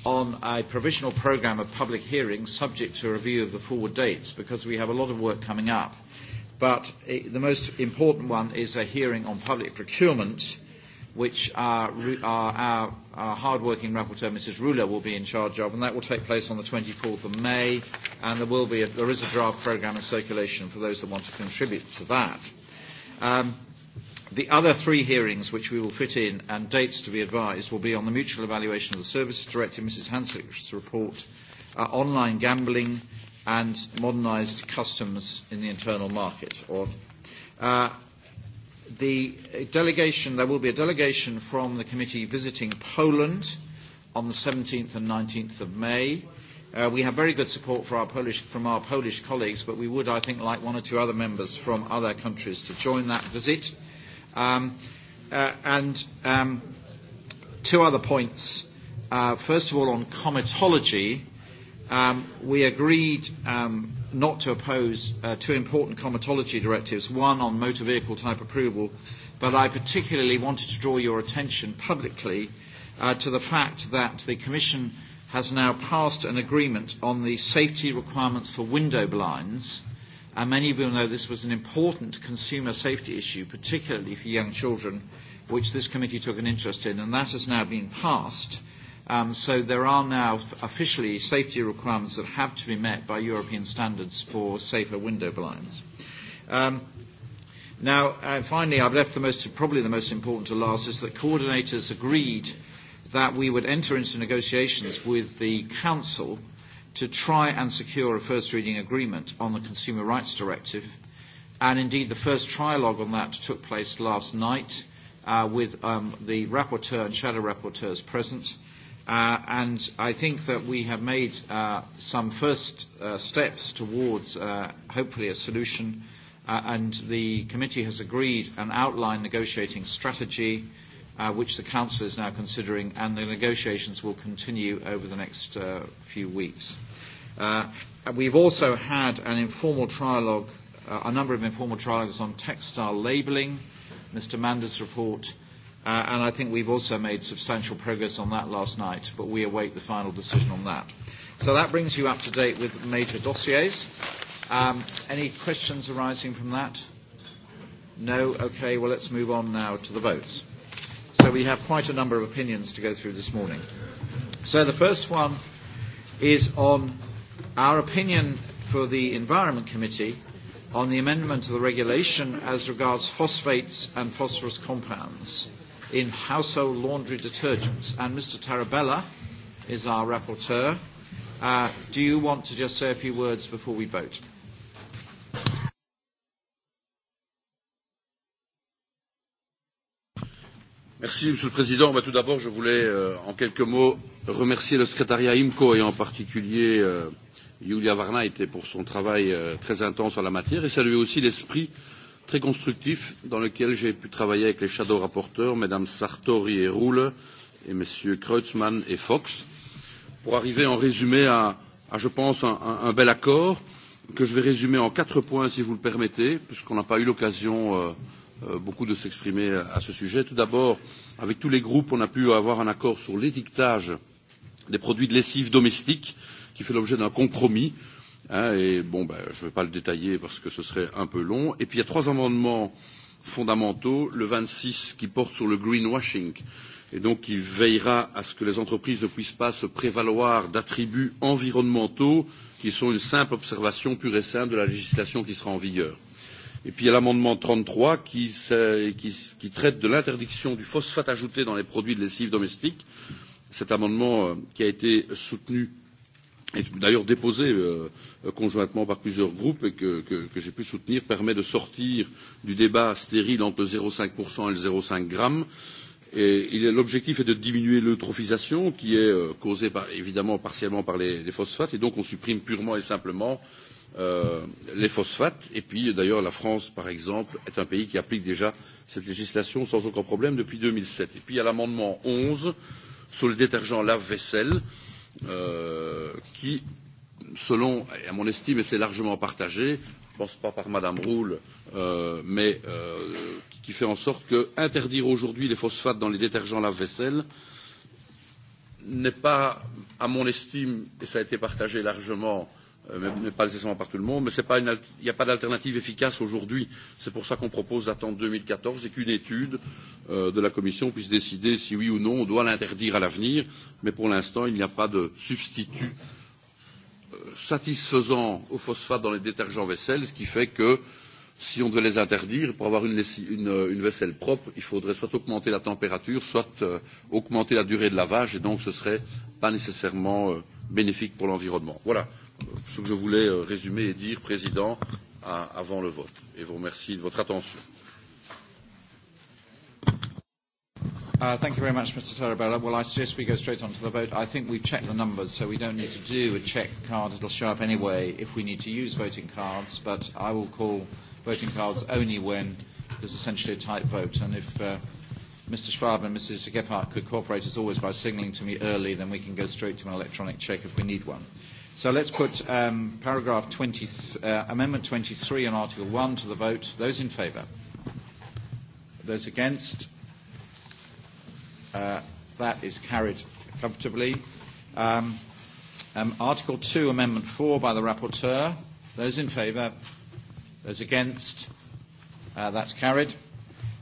on a provisional programme of public hearings subject to a review of the forward dates because we have a lot of work coming up. But uh, the most important one is a hearing on public procurement which our, our, our, our hard-working rapporteur, Mrs. Ruler, will be in charge of, and that will take place on the 24th of May, and there, will be a, there is a draft programme in circulation for those that want to contribute to that. Um, the other three hearings which we will fit in and dates to be advised will be on the mutual evaluation of the services directive, Mrs. Hansick's report, uh, online gambling, and modernised customs in the internal market, or uh, the delegation, there will be a delegation from the committee visiting Poland on the 17th and 19th of May. Uh, we have very good support for our Polish, from our Polish colleagues, but we would, I think, like one or two other members from other countries to join that visit. Um, uh, and um, two other points. Uh, first of all, on comitology, um, we agreed um, not to oppose uh, two important comitology directives, one on motor vehicle type approval, but I particularly wanted to draw your attention publicly uh, to the fact that the Commission has now passed an agreement on the safety requirements for window blinds. And many of you know this was an important consumer safety issue, particularly for young children, which this committee took an interest in, and that has now been passed. Um, so there are now officially safety requirements that have to be met by European standards for safer window blinds. Um, now, uh, finally, I've left the most, probably the most important to last is that coordinators agreed that we would enter into negotiations with the Council to try and secure a first reading agreement on the Consumer Rights Directive. And indeed, the first trialogue on that took place last night uh, with um, the rapporteur and shadow rapporteurs present. Uh, and I think that we have made uh, some first uh, steps towards uh, hopefully a solution. Uh, and the committee has agreed an outline negotiating strategy, uh, which the council is now considering, and the negotiations will continue over the next few weeks. Uh, we've also had an informal trialogue, a number of informal trialogues on textile labelling. Mr. Mander's report Uh, and I think we've also made substantial progress on that last night, but we await the final decision on that. So that brings you up to date with major dossiers. Um, any questions arising from that? No? Okay, well, let's move on now to the votes. So we have quite a number of opinions to go through this morning. So the first one is on our opinion for the Environment Committee on the amendment to the regulation as regards phosphates and phosphorus compounds in household laundry detergents. And Mr. Tarabella is our rapporteur. Uh, do you want to just say a few words before we vote? Merci, Monsieur le Président. Mais tout d'abord, je voulais, euh, en quelques mots, remercier le secrétariat IMCO et en particulier euh, Julia Varna était pour son travail euh, très intense en la matière et saluer aussi l'esprit euh, très constructif dans lequel j'ai pu travailler avec les shadow rapporteurs, Mesdames Sartori et Roule, et Messieurs Kreutzmann et Fox, pour arriver en résumé à, à je pense, un, un, un bel accord que je vais résumer en quatre points, si vous le permettez, puisqu'on n'a pas eu l'occasion euh, euh, beaucoup de s'exprimer à, ce sujet. Tout d'abord, avec tous les groupes, on a pu avoir un accord sur l'étiquetage des produits de lessive domestique, qui fait l'objet d'un compromis Hein, et bon, ben, je ne vais pas le détailler parce que ce serait un peu long. Et puis il y a trois amendements fondamentaux. Le 26 qui porte sur le greenwashing et donc qui veillera à ce que les entreprises ne puissent pas se prévaloir d'attributs environnementaux qui sont une simple observation pure et simple de la législation qui sera en vigueur. Et puis il y a l'amendement 33 qui, qui, qui traite de l'interdiction du phosphate ajouté dans les produits de lessive domestique. Cet amendement euh, qui a été soutenu et d'ailleurs déposé euh, conjointement par plusieurs groupes et que, que, que j'ai pu soutenir, permet de sortir du débat stérile entre le 0,5% et le 0,5 g. Et l'objectif est de diminuer l'eutrophisation qui est euh, causée par, évidemment partiellement par les, les phosphates et donc on supprime purement et simplement euh, les phosphates. Et puis d'ailleurs la France par exemple est un pays qui applique déjà cette législation sans aucun problème depuis 2007. Et puis il y a l'amendement 11 sur le détergent lave-vaisselle. Euh, euh, qui, selon, et à mon estime, et c'est largement partagé, je ne pense pas par Madame Roule, euh, mais euh, qui fait en sorte que interdire aujourd'hui les phosphates dans les détergents lave-vaisselle n'est pas, à mon estime, et ça a été partagé largement, euh, Euh, mais, pas nécessairement par tout le monde. Mais il n'y a pas d'alternative efficace aujourd'hui. C'est pour ça qu'on propose d'attendre 2014 et qu'une étude euh, de la Commission puisse décider si oui ou non on doit l'interdire à l'avenir. Mais pour l'instant, il n'y a pas de substitut euh, satisfaisant au phosphate dans les détergents vaisselle, ce qui fait que si on devait les interdire, pour avoir une, une, une vaisselle propre, il faudrait soit augmenter la température, soit euh, augmenter la durée de lavage, et donc ce ne serait pas nécessairement euh, bénéfique pour l'environnement. Voilà ce que je voulais euh, résumer et dire, Président, avant le vote. Et vous remercie de votre attention. Uh, thank you very much, Mr. Tarabella. Well, I suggest we go straight on to the vote. I think we've checked the numbers, so we don't need to do a check card. It'll show up anyway if we need to use voting cards, but I will call voting cards only when there's essentially a tight vote. And if uh, Mr. Schwab and Mrs. Gephardt could cooperate, as always, by signalling to me early, then we can go straight to an electronic check if we need one. So let's put um, paragraph 20, uh, Amendment 23 and Article 1 to the vote. Those in favour? Those against? Uh, that is carried comfortably. Um, um, Article 2, Amendment 4 by the rapporteur. Those in favour? Those against? Uh, that's carried.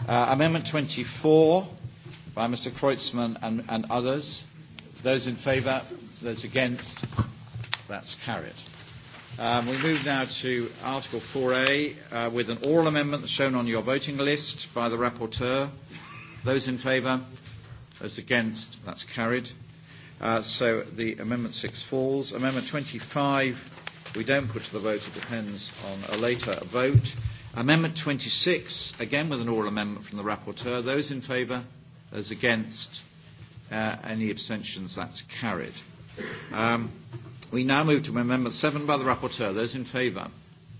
Uh, amendment 24 by Mr. Kreutzmann and, and others. Those in favour? Those against? That's carried. Um, we move now to Article 4A uh, with an oral amendment shown on your voting list by the rapporteur. Those in favour? Those against? That's carried. Uh, so the Amendment 6 falls. Amendment 25 we don't put to the vote. It depends on a later vote. Amendment 26, again with an oral amendment from the rapporteur. Those in favour? Those against? Uh, any abstentions? That's carried. Um, We now move to Amendment 7 by the Rapporteur. Those in favour?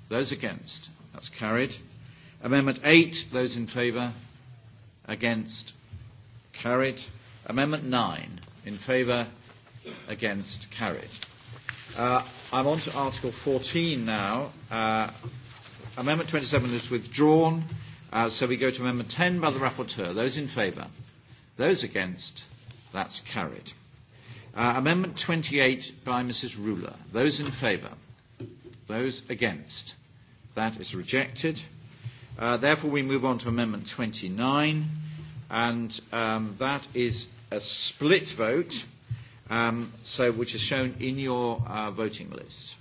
Those against? That's carried. Amendment 8, those in favour? Against? Carried. Amendment 9, in favour? Against? Carried. Uh, I'm on to Article 14 now. Uh, amendment 27 is withdrawn, uh, so we go to Amendment 10 by the Rapporteur. Those in favour? Those against? That's carried. Uh, amendment 28 by Mrs. Ruler. Those in favour? Those against? That is rejected. Uh, therefore, we move on to Amendment 29, and um, that is a split vote, um, so, which is shown in your uh, voting list.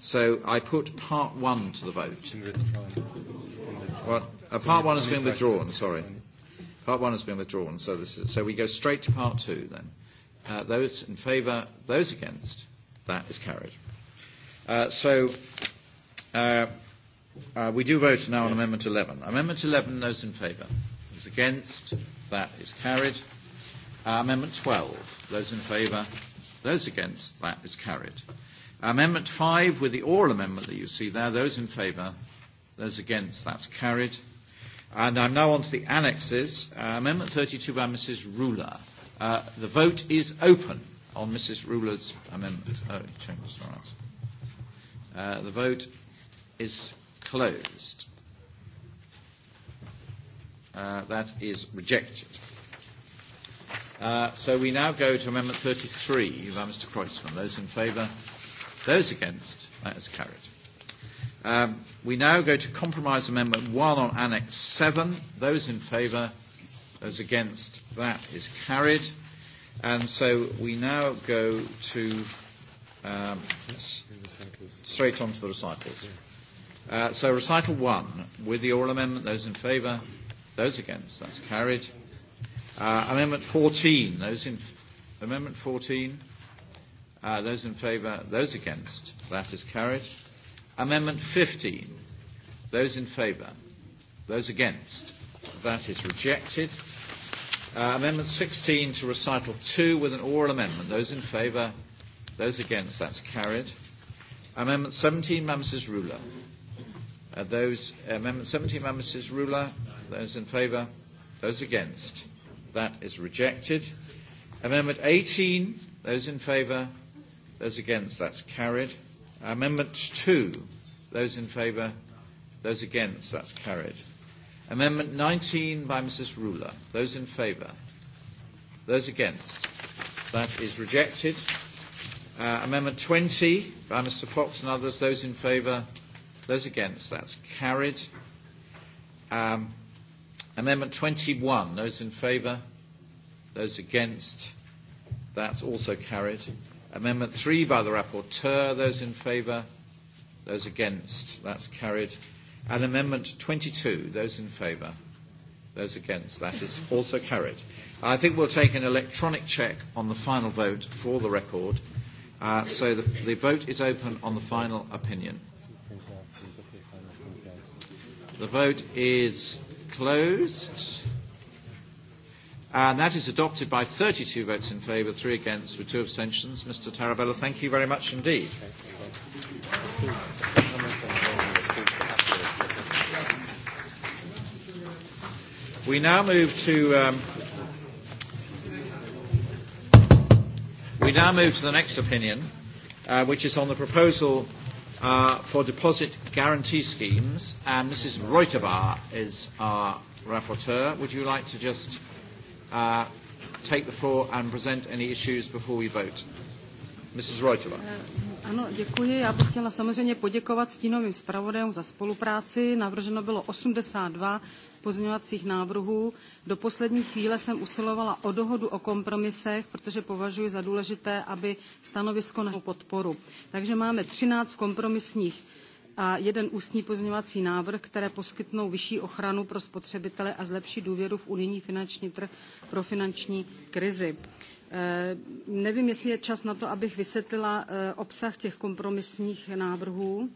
So I put part one to the vote. What? uh, part one has been withdrawn, sorry. Part one has been withdrawn, so, this is, so we go straight to part two then. Uh, those in favour, those against, that is carried. Uh, so uh, uh, we do vote now yes. on Amendment 11. Amendment 11, those in favour, those against, that is carried. Uh, amendment 12, those in favour, those against, that is carried. Amendment 5, with the oral amendment that you see there, those in favour, those against, that's carried. And I'm now on to the annexes. Uh, amendment 32 by Mrs. Ruler. Uh, the vote is open on Mrs. Ruler's amendment. Oh, it changed. Uh, the vote is closed. Uh, that is rejected. Uh, so we now go to Amendment 33 by Mr. Kreutzmann. Those in favour? Those against? That is carried. Um, we now go to Compromise Amendment 1 on Annex 7. Those in favour? as against, that is carried. And so we now go to um, straight on to the recitals. Uh, so recital one, with the oral amendment, those in favour, those against, that's carried. Uh, amendment 14, those in, amendment 14, uh, those in favour, those against, that is carried. Amendment 15, those in favour, those against, that is rejected. Uh, amendment 16 to recital 2 with an oral amendment. Those in favour, those against, that's carried. Amendment 17, Mamsis Ruler. Uh, those, uh, amendment 17, Mamsis Ruler. Those in favour, those against, that is rejected. Amendment 18, those in favour, those against, that's carried. Amendment 2, those in favour, those against, that's carried. Amendment 19 by Mrs. Ruler. Those in favour? Those against? That is rejected. Uh, amendment 20 by Mr. Fox and others. Those in favour? Those against? That's carried. Um, amendment 21. Those in favour? Those against? That's also carried. Amendment 3 by the rapporteur. Those in favour? Those against? That's carried. And Amendment 22, those in favour? Those against? That is also carried. I think we'll take an electronic check on the final vote for the record. Uh, so the, the vote is open on the final opinion. The vote is closed. And that is adopted by 32 votes in favour, three against, with two abstentions. Mr Tarabella, thank you very much indeed. We now move to um, we now move to the next opinion, uh, which is on the proposal uh, for deposit guarantee schemes, and Mrs. Reuterbar is our rapporteur. Would you like to just uh, take the floor and present any issues before we vote? Mrs. Reuterbar. Eh, ano, děkuji. Já bych chtěla samozřejmě poděkovat stínovým zpravodajům za spolupráci. Navrženo bylo 82 pozměňovacích návrhů. Do poslední chvíle jsem usilovala o dohodu o kompromisech, protože považuji za důležité, aby stanovisko na podporu. Takže máme 13 kompromisních a jeden ústní pozměňovací návrh, které poskytnou vyšší ochranu pro spotřebitele a zlepší důvěru v unijní finanční trh pro finanční krizi. Eh, nevím, jestli je čas na to, abych vysvětlila eh, obsah těch kompromisních návrhů.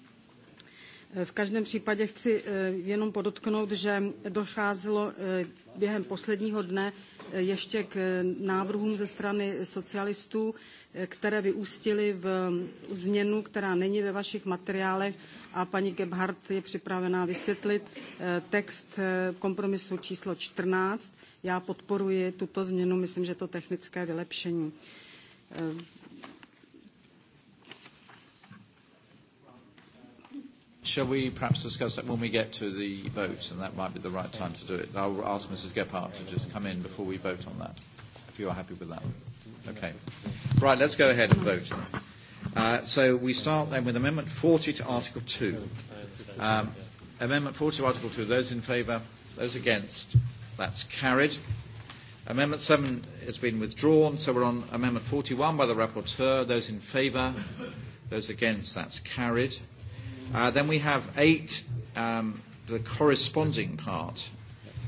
Eh, v každém případě chci eh, jenom podotknout, že docházelo eh, během posledního dne ještě k návrhům ze strany socialistů, které vyústily v mm, změnu, která není ve vašich materiálech a paní Gebhardt je připravená vysvětlit text kompromisu číslo 14. Já podporuji tuto změnu, myslím, že to technické vylepšení. Shall we perhaps discuss that when we get to the vote, and that might be the right time to do it? I'll ask Mrs. Gephardt to just come in before we vote on that, if you are happy with that. Okay. Right, let's go ahead and vote. Uh, so we start then with Amendment 40 to Article 2. Um, amendment 40 to Article 2, those in favour, those against, that's carried. Amendment 7 has been withdrawn, so we're on Amendment 41 by the Rapporteur. Those in favour, those against, that's carried. Uh, then we have eight, um, the corresponding part,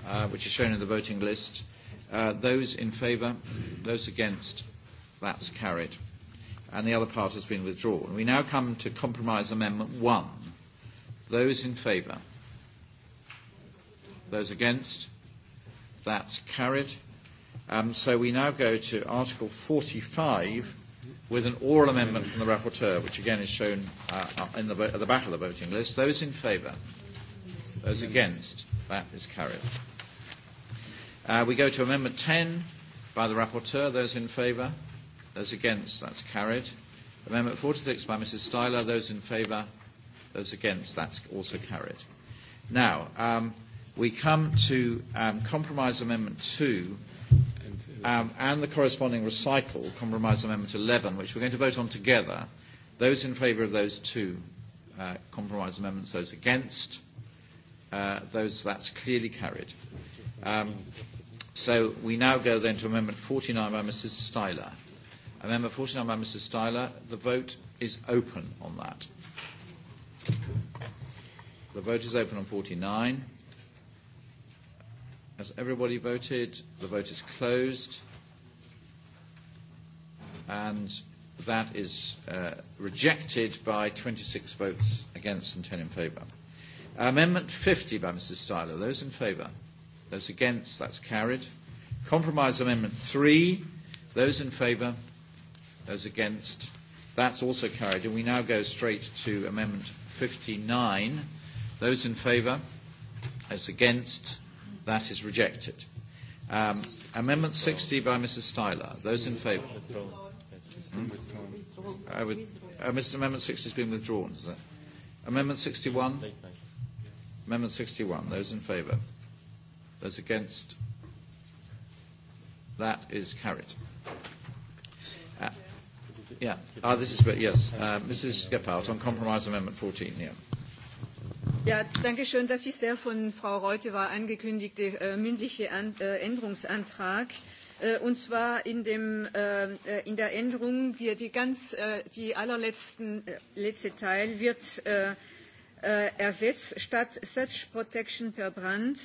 uh, which is shown in the voting list. Uh, those in favour, those against, that's carried. And the other part has been withdrawn. We now come to Compromise Amendment 1. Those in favour, those against, that's carried. Um, so we now go to Article 45 with an oral amendment from the rapporteur, which again is shown uh, uh in the, at the back of the voting list. Those in favour? Those against? That is carried. Uh, we go to Amendment 10 by the rapporteur. Those in favour? Those against? That's carried. Amendment 46 by Mrs. Styler. Those in favour? Those against? That's also carried. Now, um, we come to um, Compromise Amendment 2 um, and the corresponding recital, Compromise Amendment 11, which we're going to vote on together. Those in favour of those two uh, compromise amendments, those against, uh, those that's clearly carried. Um, so we now go then to Amendment 49 by Mrs. Styler. Amendment 49 by Mrs. Styler. The vote is open on that. The vote is open on 49. Has everybody voted? The vote is closed. And that is uh, rejected by 26 votes against and 10 in favour. Amendment 50 by Mrs Styler. Those in favour? Those against? That's carried. Compromise Amendment 3. Those in favour? Those against? That's also carried. And we now go straight to Amendment 59. Those in favour? Those against? That is rejected. Um, amendment 60 by Mrs. Styler. Those in favour? Hmm? I would, uh, Mr. Amendment 60 has been withdrawn. Is it? Amendment 61? Amendment 61. Those in favour? Those against? That is carried. Uh, yeah. Ah, this is, yes. Uh, Mrs. Gephardt on compromise amendment 14. Yeah. Ja, danke schön. Das ist der von Frau Reutewa angekündigte äh, mündliche An äh, Änderungsantrag. Äh, und zwar in, dem, äh, äh, in der Änderung, die, die, ganz, äh, die allerletzten äh, letzte Teil wird äh, äh, ersetzt statt Search Protection per Brand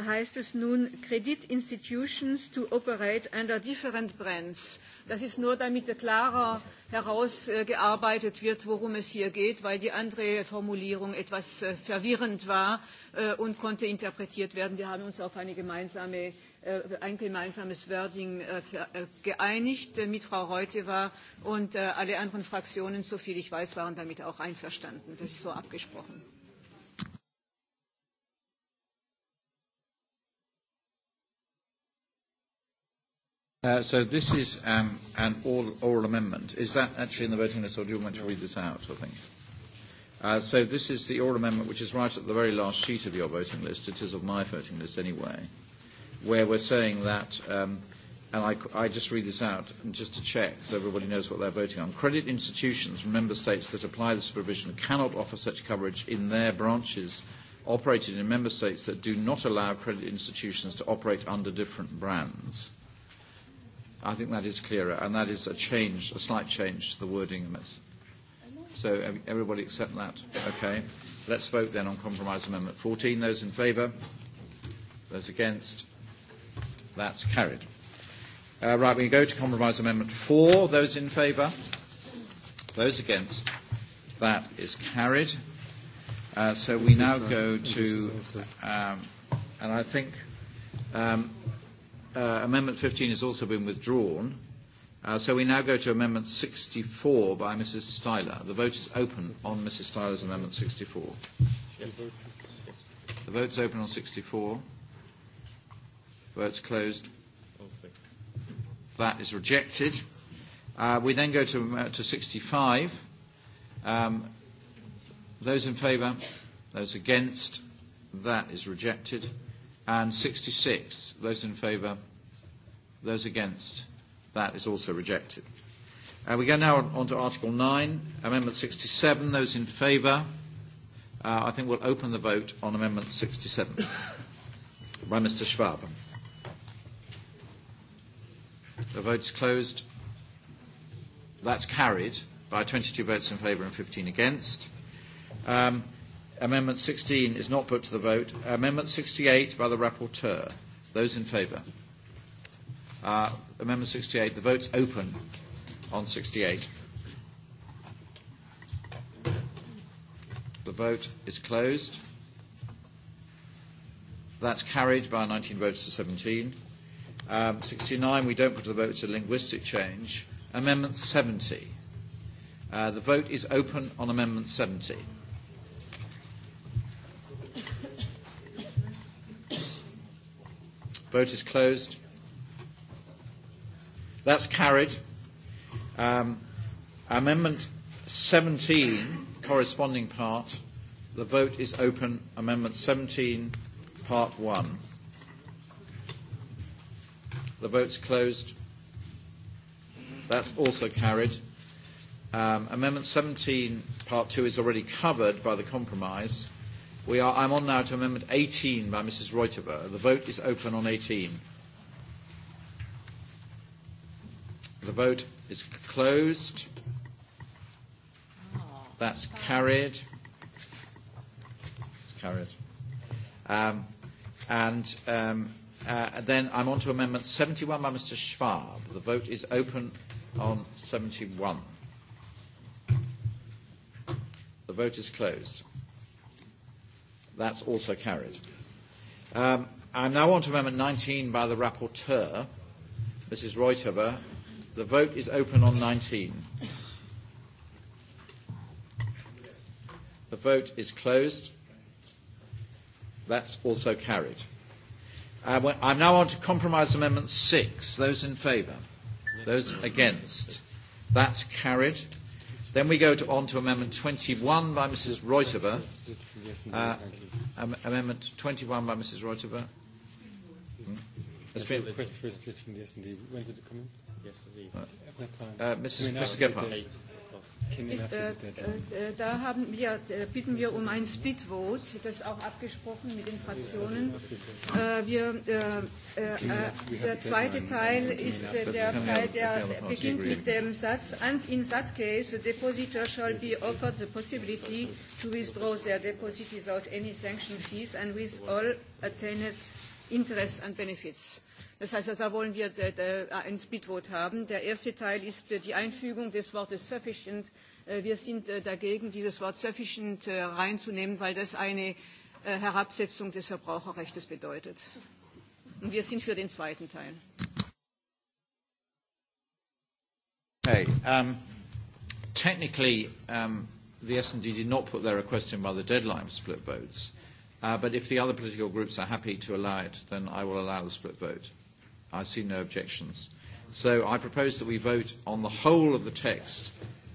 heißt es nun, Credit Institutions to operate under different brands. Das ist nur, damit da klarer herausgearbeitet wird, worum es hier geht, weil die andere Formulierung etwas äh, verwirrend war äh, und konnte interpretiert werden. Wir haben uns auf eine gemeinsame, äh, ein gemeinsames Wording geeinigt mit Frau Reuteva und alle anderen Fraktionen, soviel ich weiß, waren damit auch einverstanden. Das ist so abgesprochen. Uh, so this is um, an oral, oral amendment. Is that actually in the voting list, or do you want to read this out, I think? Uh, so this is the oral amendment, which is right at the very last sheet of your voting list. It is of my voting list anyway, where we're saying that, um, and I, I just read this out just to check so everybody knows what they're voting on. Credit institutions from member states that apply the supervision cannot offer such coverage in their branches operated in member states that do not allow credit institutions to operate under different brands. I think that is clearer, and that is a change, a slight change to the wording in this. So everybody accept that? Okay. Let's vote then on compromise amendment 14. Those in favour? Those against? That's carried. Uh, right, we go to compromise amendment 4. Those in favour? Those against? That is carried. Uh, so we now go to, um, and I think um, uh, Amendment 15 has also been withdrawn. Uh, so we now go to Amendment 64 by Mrs. Styler. The vote is open on Mrs. Styler's Amendment 64. Yes. The vote's open on 64. Vote's closed. That is rejected. Uh, we then go to, uh, to 65. Um, those in favour? Those against? That is rejected and 66. Those in favour? Those against? That is also rejected. Uh, we go now on, to Article 9, Amendment 67. Those in favour? Uh, I think we'll open the vote on Amendment 67 by Mr Schwab. The vote's closed. That's carried by 22 votes in favour and 15 against. Um, Amendment 16 is not put to the vote. Amendment 68 by the rapporteur. Those in favour? Uh, amendment 68. The vote's open on 68. The vote is closed. That's carried by 19 votes to 17. Um, 69, we don't put to the vote, it's a linguistic change. Amendment 70. Uh, the vote is open on Amendment 70. Vote is closed. That's carried. Um, amendment 17, corresponding part. The vote is open. Amendment 17, part 1. The vote's closed. That's also carried. Um, amendment 17, part 2 is already covered by the compromise. We are, I'm on now to Amendment 18 by Mrs. Reuterber. The vote is open on 18. The vote is closed. That's carried. It's carried. Um, and um, uh, then I'm on to Amendment 71 by Mr. Schwab. The vote is open on 71. The vote is closed. That's also carried. Um, I'm now on to Amendment 19 by the rapporteur, Mrs. Reutover. The vote is open on 19. The vote is closed. That's also carried. Uh, I'm now on to Compromise Amendment 6. Those in favour? Those against? That's carried. Then we go to, on to Amendment 21 by Mrs. Reutover. Uh, amendment 21 by Mrs. Reutover. Hmm? There's been a request for a split from the S&D. When did it come in? Yesterday. Uh, uh, Mrs. I mean, Mrs. Gephardt. Ich, äh, äh, äh, da haben wir, äh, bitten wir um ein Split Vote, das auch abgesprochen mit den Fraktionen. Äh, wir, äh, der zweite Teil ist der Teil, der beginnt mit dem Satz, and in that case the depositor shall be offered the possibility to withdraw their deposit without any sanction fees and with all attained Interests and Benefits. Das heißt, da wollen wir äh, da, äh, ein Speedvote haben. Der erste Teil ist äh, die Einfügung des Wortes sufficient. Wir sind dagegen, dieses Wort sufficient reinzunehmen, weil das eine Herabsetzung des Verbraucherrechts bedeutet. Und wir sind für den zweiten Teil. Okay. Um, technically, um, the S&D did not put their request in by the deadline for split votes. Uh, but if the other political groups are happy to allow it, then I will allow the split vote. I see no objections. So I propose that we vote on the whole of the text,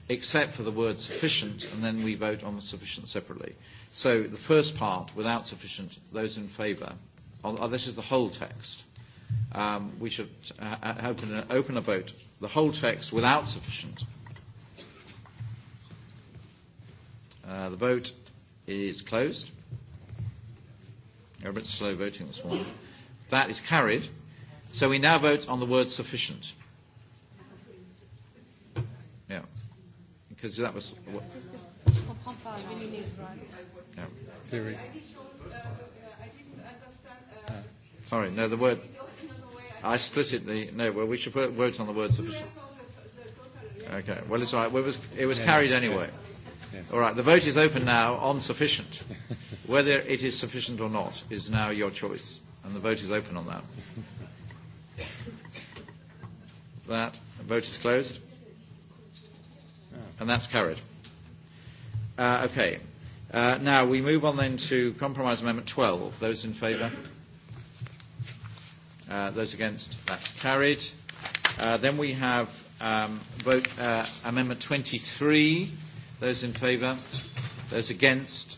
except for the word sufficient, and then we vote on the sufficient separately. So the first part, without sufficient, those in favour. Oh, this is the whole text. Um, we should uh, uh, open, a, open a vote. The whole text without sufficient. Uh, the vote is closed. We're a bit slow voting this morning. That is carried. So we now vote on the word sufficient. Yeah. Because that was. yeah. Sorry, no, the word. I split it. The no. Well, we should put, vote on the word sufficient. Okay. Well, it's all right. it was, it was carried anyway. Yes. Yes. All right, the vote is open now on sufficient. Whether it is sufficient or not is now your choice, and the vote is open on that. That vote is closed, and that's carried. Uh, okay. Uh, now we move on then to Compromise Amendment 12. Those in favour? Uh, those against? That's carried. Uh, then we have um, vote, uh, Amendment 23. Those in favour? Those against?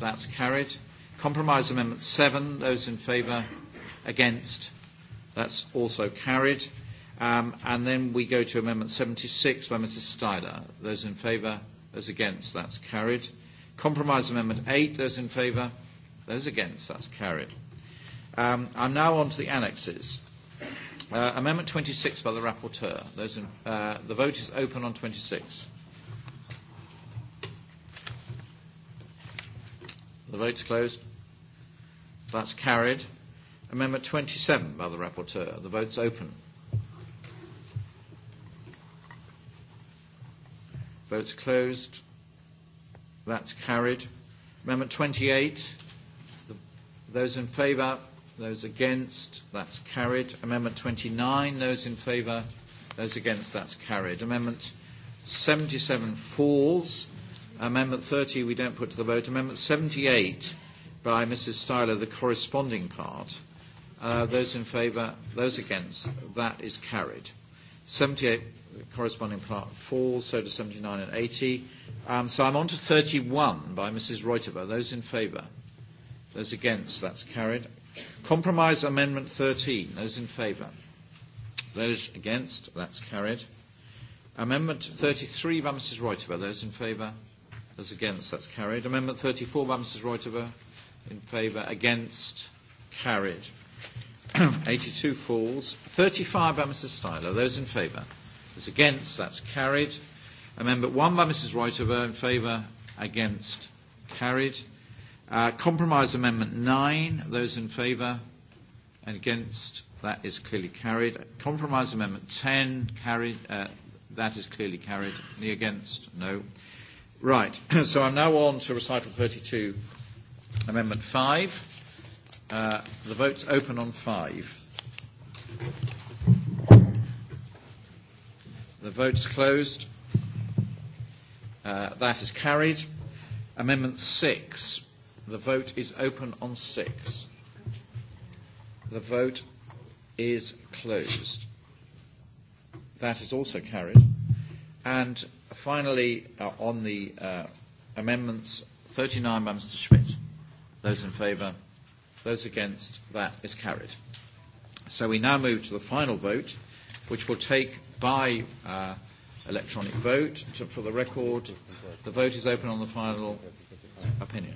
That's carried. Compromise Amendment 7. Those in favour? Against? That's also carried. Um, and then we go to Amendment 76 by Mrs Styler. Those in favour? Those against? That's carried. Compromise Amendment 8. Those in favour? Those against? That's carried. Um, I'm now on to the annexes. Uh, amendment 26 by the rapporteur. Those in, uh, the vote is open on 26. The vote's closed. That's carried. Amendment 27 by the rapporteur. The vote's open. Vote's closed. That's carried. Amendment 28. The, those in favour, those against, that's carried. Amendment 29, those in favour, those against, that's carried. Amendment 77 falls. Amendment 30 we don't put to the vote. Amendment 78 by Mrs. Styler, the corresponding part. Uh, those in favour, those against, that is carried. 78 corresponding part falls, so do 79 and 80. Um, so I'm on to 31 by Mrs. Reutover. Those in favour, those against, that's carried. Compromise Amendment 13, those in favour. Those against, that's carried. Amendment 33 by Mrs. Reutover. Those in favour, Those against, that's carried. Amendment 34 by Mrs. Reutover. In favour, against, carried. 82 falls. 35 by Mrs. Styler. Those in favour. Those against, that's carried. Amendment 1 by Mrs. Reutover. In favour, against, carried. Uh, compromise Amendment 9. Those in favour against. That is clearly carried. Compromise Amendment 10 carried. Uh, that is clearly carried. The against, no. Right, so I'm now on to recital 32, amendment 5. Uh, the vote's open on 5. The vote's closed. Uh, that is carried. Amendment 6. The vote is open on 6. The vote is closed. That is also carried. And finally, uh, on the uh, amendments 39 by Mr. Schmidt, those in favour, those against, that is carried. So we now move to the final vote, which will take by uh, electronic vote. To, for the record, the vote is open on the final opinion.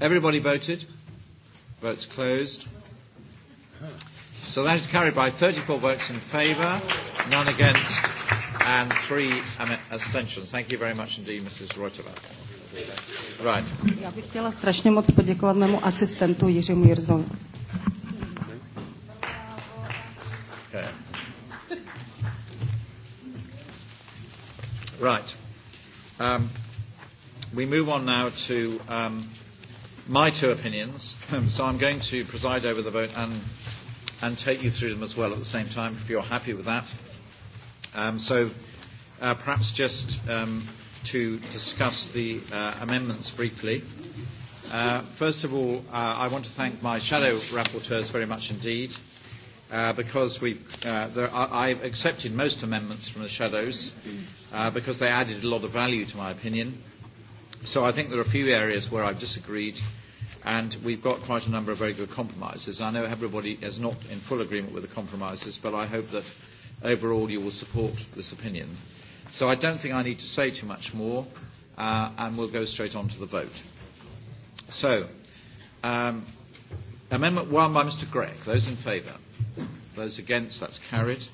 Everybody voted. Votes closed. So that is carried by 34 votes in favour, none against, and three abstentions. Thank you very much indeed, Mrs. Reutova. Right. Já bych chtěla strašně moc poděkovat mému asistentu Jiřímu Jirzovi. Okay. Right. Um, we move on now to um, my two opinions. so I'm going to preside over the vote and and take you through them as well at the same time if you're happy with that. Um, so uh, perhaps just um, to discuss the uh, amendments briefly. Uh, first of all, uh, I want to thank my shadow rapporteurs very much indeed. Uh, because we've, uh, there are, I've accepted most amendments from the shadows uh, because they added a lot of value to my opinion. So I think there are a few areas where I've disagreed And we've got quite a number of very good compromises. I know everybody is not in full agreement with the compromises, but I hope that overall you will support this opinion. So I don't think I need to say too much more, uh, and we'll go straight on to the vote. So, um, Amendment 1 by Mr Grech. Those in favour? Those against? That's carried.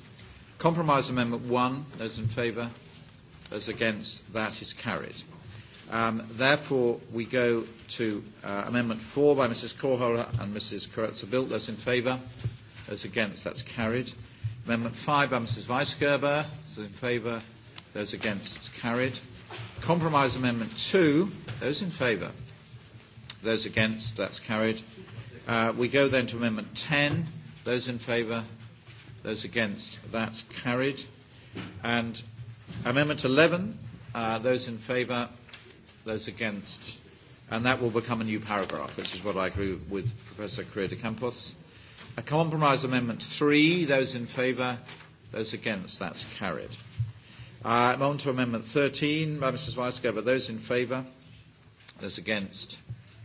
Compromise Amendment 1. Those in favour? Those against? That is carried. Um, therefore, we go to uh, Amendment 4 by Mrs. Corhola and Mrs. Kuretsa. bilt Those in favour? Those against? That's carried. Amendment 5 by Mrs. Weisgerber. Those in favour? Those against? It's carried. Compromise Amendment 2. Those in favour? Those against? That's carried. Uh, we go then to Amendment 10. Those in favour? Those against? That's carried. And Amendment 11. Uh, those in favour? Those against? And that will become a new paragraph, which is what I agree with Professor Correa de Campos. A compromise amendment three. Those in favour? Those against? That's carried. Uh, on to amendment 13 by Mrs. Weisgerber. Those in favour? Those against?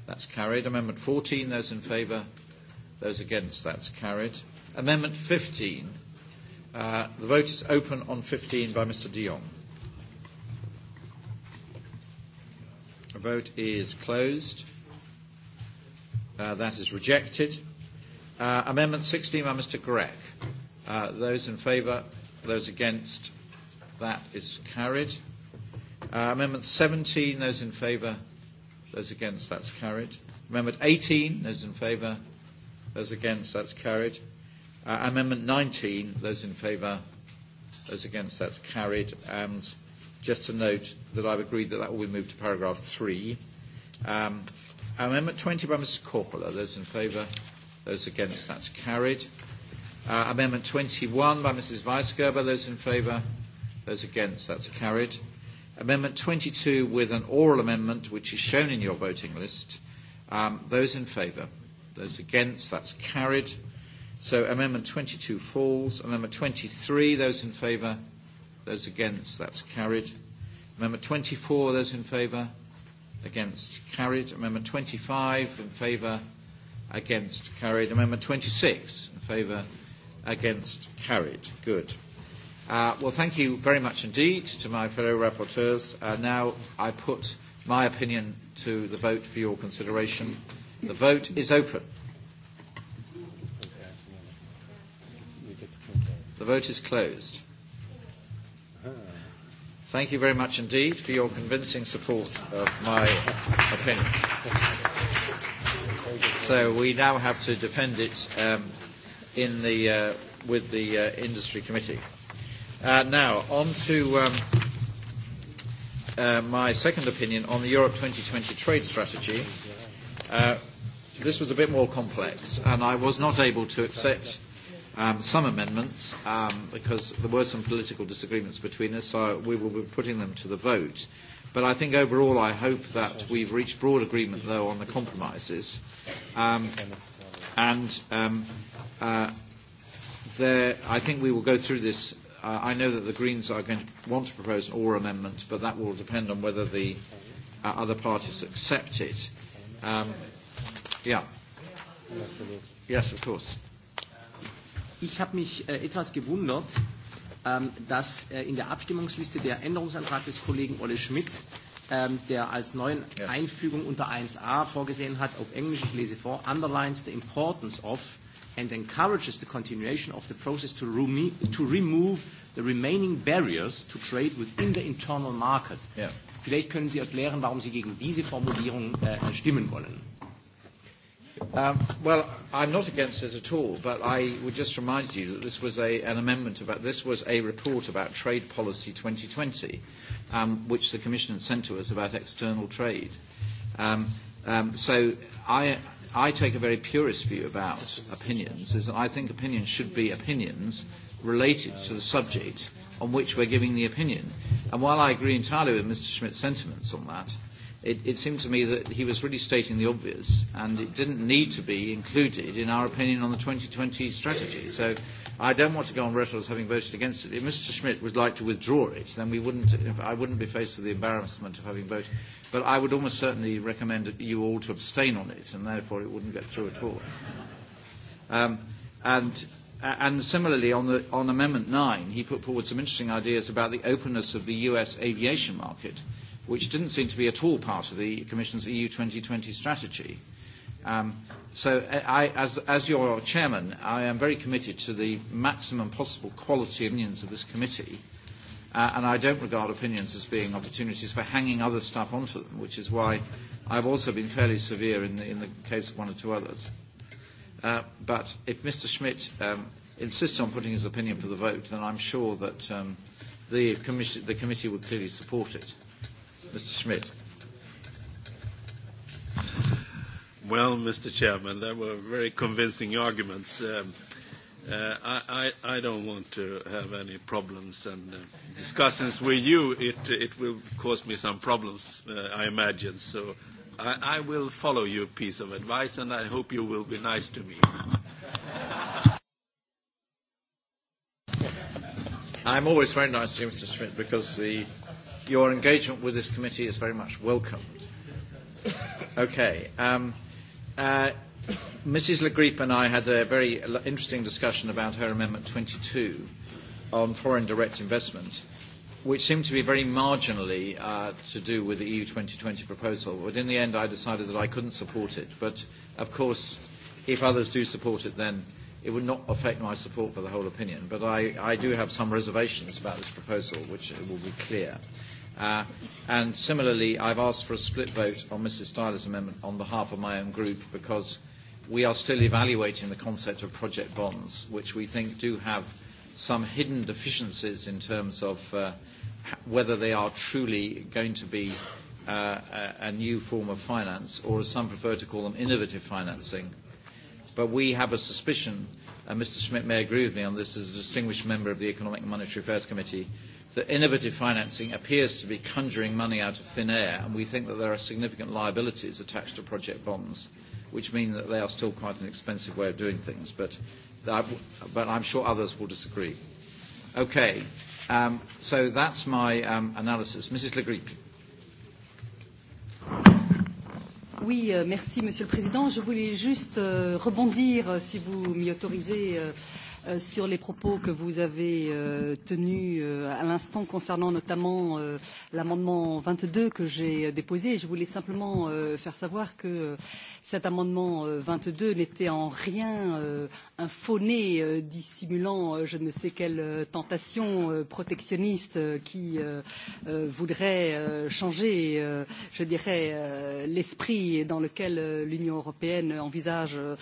That's carried. Amendment 14. Those in favour? Those against? That's carried. Amendment 15. Uh, the vote is open on 15 by Mr. De Jong. vote is closed. Uh, that is rejected. Uh, amendment 16 by Mr. Grech. Uh, those in favour, those against, that is carried. Uh, amendment 17, those in favour, those against, that's carried. Amendment 18, those in favour, those against, that's carried. Uh, amendment 19, those in favour, those against, that's carried. And just to note that I've agreed that that will be moved to paragraph three. Um, amendment 20 by Mr Corpola. Those in favour? Those against? That's carried. Uh, amendment 21 by Mrs Weisgerber. Those in favour? Those against? That's carried. Amendment 22 with an oral amendment, which is shown in your voting list. Um, those in favour? Those against? That's carried. So amendment 22 falls. Amendment 23, those in favour? Those against, that's carried. Amendment 24, those in favour, against, carried. Amendment 25, in favour, against, carried. Amendment 26, in favour, against, carried. Good. Uh, well, thank you very much indeed to my fellow rapporteurs. Uh, now I put my opinion to the vote for your consideration. The vote is open. The vote is closed. Thank you very much indeed for your convincing support of my opinion. So we now have to defend it um, in the, uh, with the uh, industry committee. Uh, now, on to um, uh, my second opinion on the Europe 2020 trade strategy. Uh, this was a bit more complex, and I was not able to accept um, some amendments um, because there were some political disagreements between us, so we will be putting them to the vote. But I think overall I hope that we've reached broad agreement, though, on the compromises. Um, and um, uh, there, I think we will go through this. Uh, I know that the Greens are going to want to propose an oral amendment, but that will depend on whether the uh, other parties accept it. Um, yeah. Yes, of course. Ich habe mich äh, etwas gewundert, ähm, dass äh, in der Abstimmungsliste der Änderungsantrag des Kollegen Olle Schmidt, ähm, der als neuen Einfügung unter 1a vorgesehen hat, auf Englisch, ich lese vor, underlines the importance of and encourages the continuation of the process to, remo to remove the remaining barriers to trade within the internal market. Yeah. Vielleicht können Sie erklären, warum Sie gegen diese Formulierung äh, stimmen wollen. Um, well, I'm not against it at all, but I would just remind you that this was a, an amendment about this was a report about trade policy 2020, um, which the Commission had sent to us about external trade. Um, um, so I, I take a very purist view about opinions. Is that I think opinions should be opinions related to the subject on which we're giving the opinion. And while I agree entirely with Mr. Schmidt's sentiments on that, it, it seemed to me that he was really stating the obvious, and it didn't need to be included in our opinion on the 2020 strategy. So I don't want to go on record as having voted against it. If Mr. Schmidt would like to withdraw it, then we wouldn't, I wouldn't be faced with the embarrassment of having voted. But I would almost certainly recommend you all to abstain on it, and therefore it wouldn't get through at all. Um, and and similarly, on, the, on Amendment 9, he put forward some interesting ideas about the openness of the US aviation market which didn't seem to be at all part of the Commission's EU 2020 strategy. Um, so uh, I, as, as your chairman, I am very committed to the maximum possible quality opinions of this committee, uh, and I don't regard opinions as being opportunities for hanging other stuff onto them, which is why I've also been fairly severe in the, in the case of one or two others. Uh, but if Mr. Schmidt um, insists on putting his opinion for the vote, then I'm sure that um, the, the committee would clearly support it. Mr. Schmidt. Well, Mr. Chairman, that were very convincing arguments. Um, uh, I, I, I don't want to have any problems, and uh, discussions with you, it, it will cause me some problems, uh, I imagine. So I, I will follow your piece of advice, and I hope you will be nice to me. I'm always very nice to you, Mr. Schmidt, because the your engagement with this committee is very much welcomed. Okay. Um, uh, Mrs. Le Grip and I had a very interesting discussion about her Amendment 22 on foreign direct investment, which seemed to be very marginally uh, to do with the EU 2020 proposal. But in the end, I decided that I couldn't support it. But of course, if others do support it, then it would not affect my support for the whole opinion. But I, I do have some reservations about this proposal, which will be clear. Uh, and similarly, I've asked for a split vote on Mrs. Styler's amendment on behalf of my own group because we are still evaluating the concept of project bonds, which we think do have some hidden deficiencies in terms of uh, whether they are truly going to be uh, a, a new form of finance, or as some prefer to call them, innovative financing. But we have a suspicion, and Mr. Schmidt may agree with me on this as a distinguished member of the Economic and Monetary Affairs Committee, that innovative financing appears to be conjuring money out of thin air, and we think that there are significant liabilities attached to project bonds, which mean that they are still quite an expensive way of doing things. But, that, but I'm sure others will disagree. Okay, um, so that's my um, analysis. Mrs. Legrip. Oui, euh, merci, Monsieur le Président. Je voulais juste euh, rebondir, euh, si vous m'y autorisez, euh, Euh, sur les propos que vous avez euh, tenus euh, à l'instant concernant notamment euh, l'amendement 22 que j'ai euh, déposé. Je voulais simplement euh, faire savoir que euh, cet amendement euh, 22 n'était en rien euh, un faux nez euh, dissimulant euh, je ne sais quelle euh, tentation euh, protectionniste euh, qui euh, euh, voudrait euh, changer, euh, je dirais, euh, l'esprit dans lequel euh, l'Union européenne envisage euh,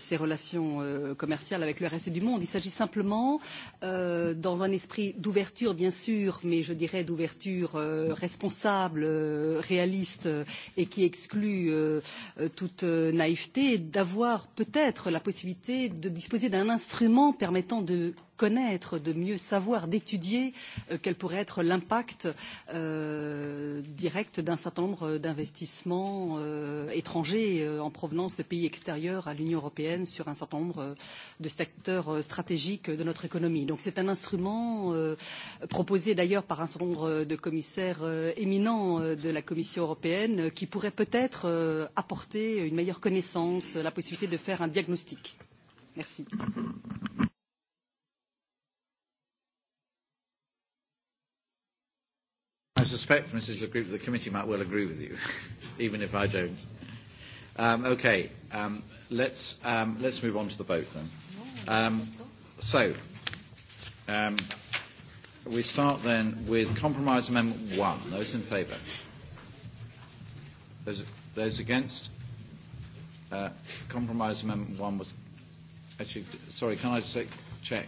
ses relations euh, commerciales avec le reste du monde Il s'agit simplement, euh, dans un esprit d'ouverture bien sûr, mais je dirais d'ouverture euh, responsable, euh, réaliste euh, et qui exclut euh, euh, toute euh, naïveté, d'avoir peut-être la possibilité de disposer d'un instrument permettant de connaître, de mieux savoir, d'étudier euh, quel pourrait être l'impact euh, direct d'un certain nombre d'investissements euh, étrangers euh, en provenance de pays extérieurs à l'Union européenne sur un certain nombre euh, de secteurs euh, stratégiques de notre économie. Donc c'est un instrument euh, proposé d'ailleurs par un certain nombre de commissaires euh, éminents euh, de la Commission européenne euh, qui pourrait peut-être euh, apporter une meilleure connaissance, la possibilité de faire un diagnostic. Merci. I suspect, Mrs. Le Group, that the committee might well agree with you, even if I don't. Um, okay, um, let's, um, let's move on to the vote then. Um, so, um, we start then with Compromise Amendment 1. Those in favour? Those, those against? Uh, compromise Amendment 1 was... Actually, sorry, can I just check?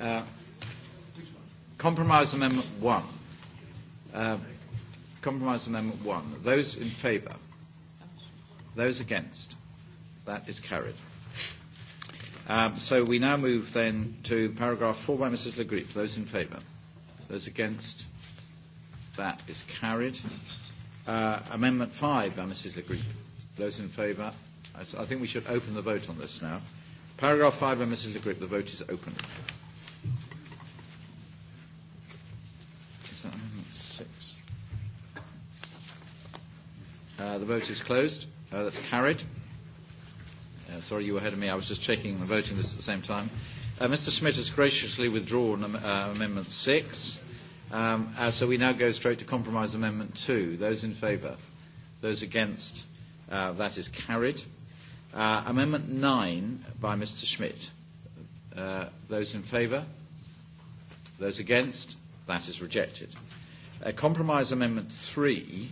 Uh, compromise Amendment 1. Um, compromise Amendment 1. Those in favour? Those against? That is carried. Um, so we now move then to paragraph 4 by Mrs. Le Grip. Those in favour? Those against? That is carried. Uh, amendment 5 by Mrs. Le Grip. Those in favour? I, think we should open the vote on this now. Paragraph 5 by Mrs. Le Grip. The vote is open. Uh, the vote is closed. Uh, that's carried. Uh, sorry, you were ahead of me. I was just checking the voting list at the same time. Uh, Mr. Schmidt has graciously withdrawn um, uh, Amendment 6. Um, uh, so we now go straight to Compromise Amendment 2. Those in favour? Those against? Uh, that is carried. Uh, amendment 9 by Mr. Schmidt. Uh, those in favour? Those against? That is rejected. Uh, compromise Amendment 3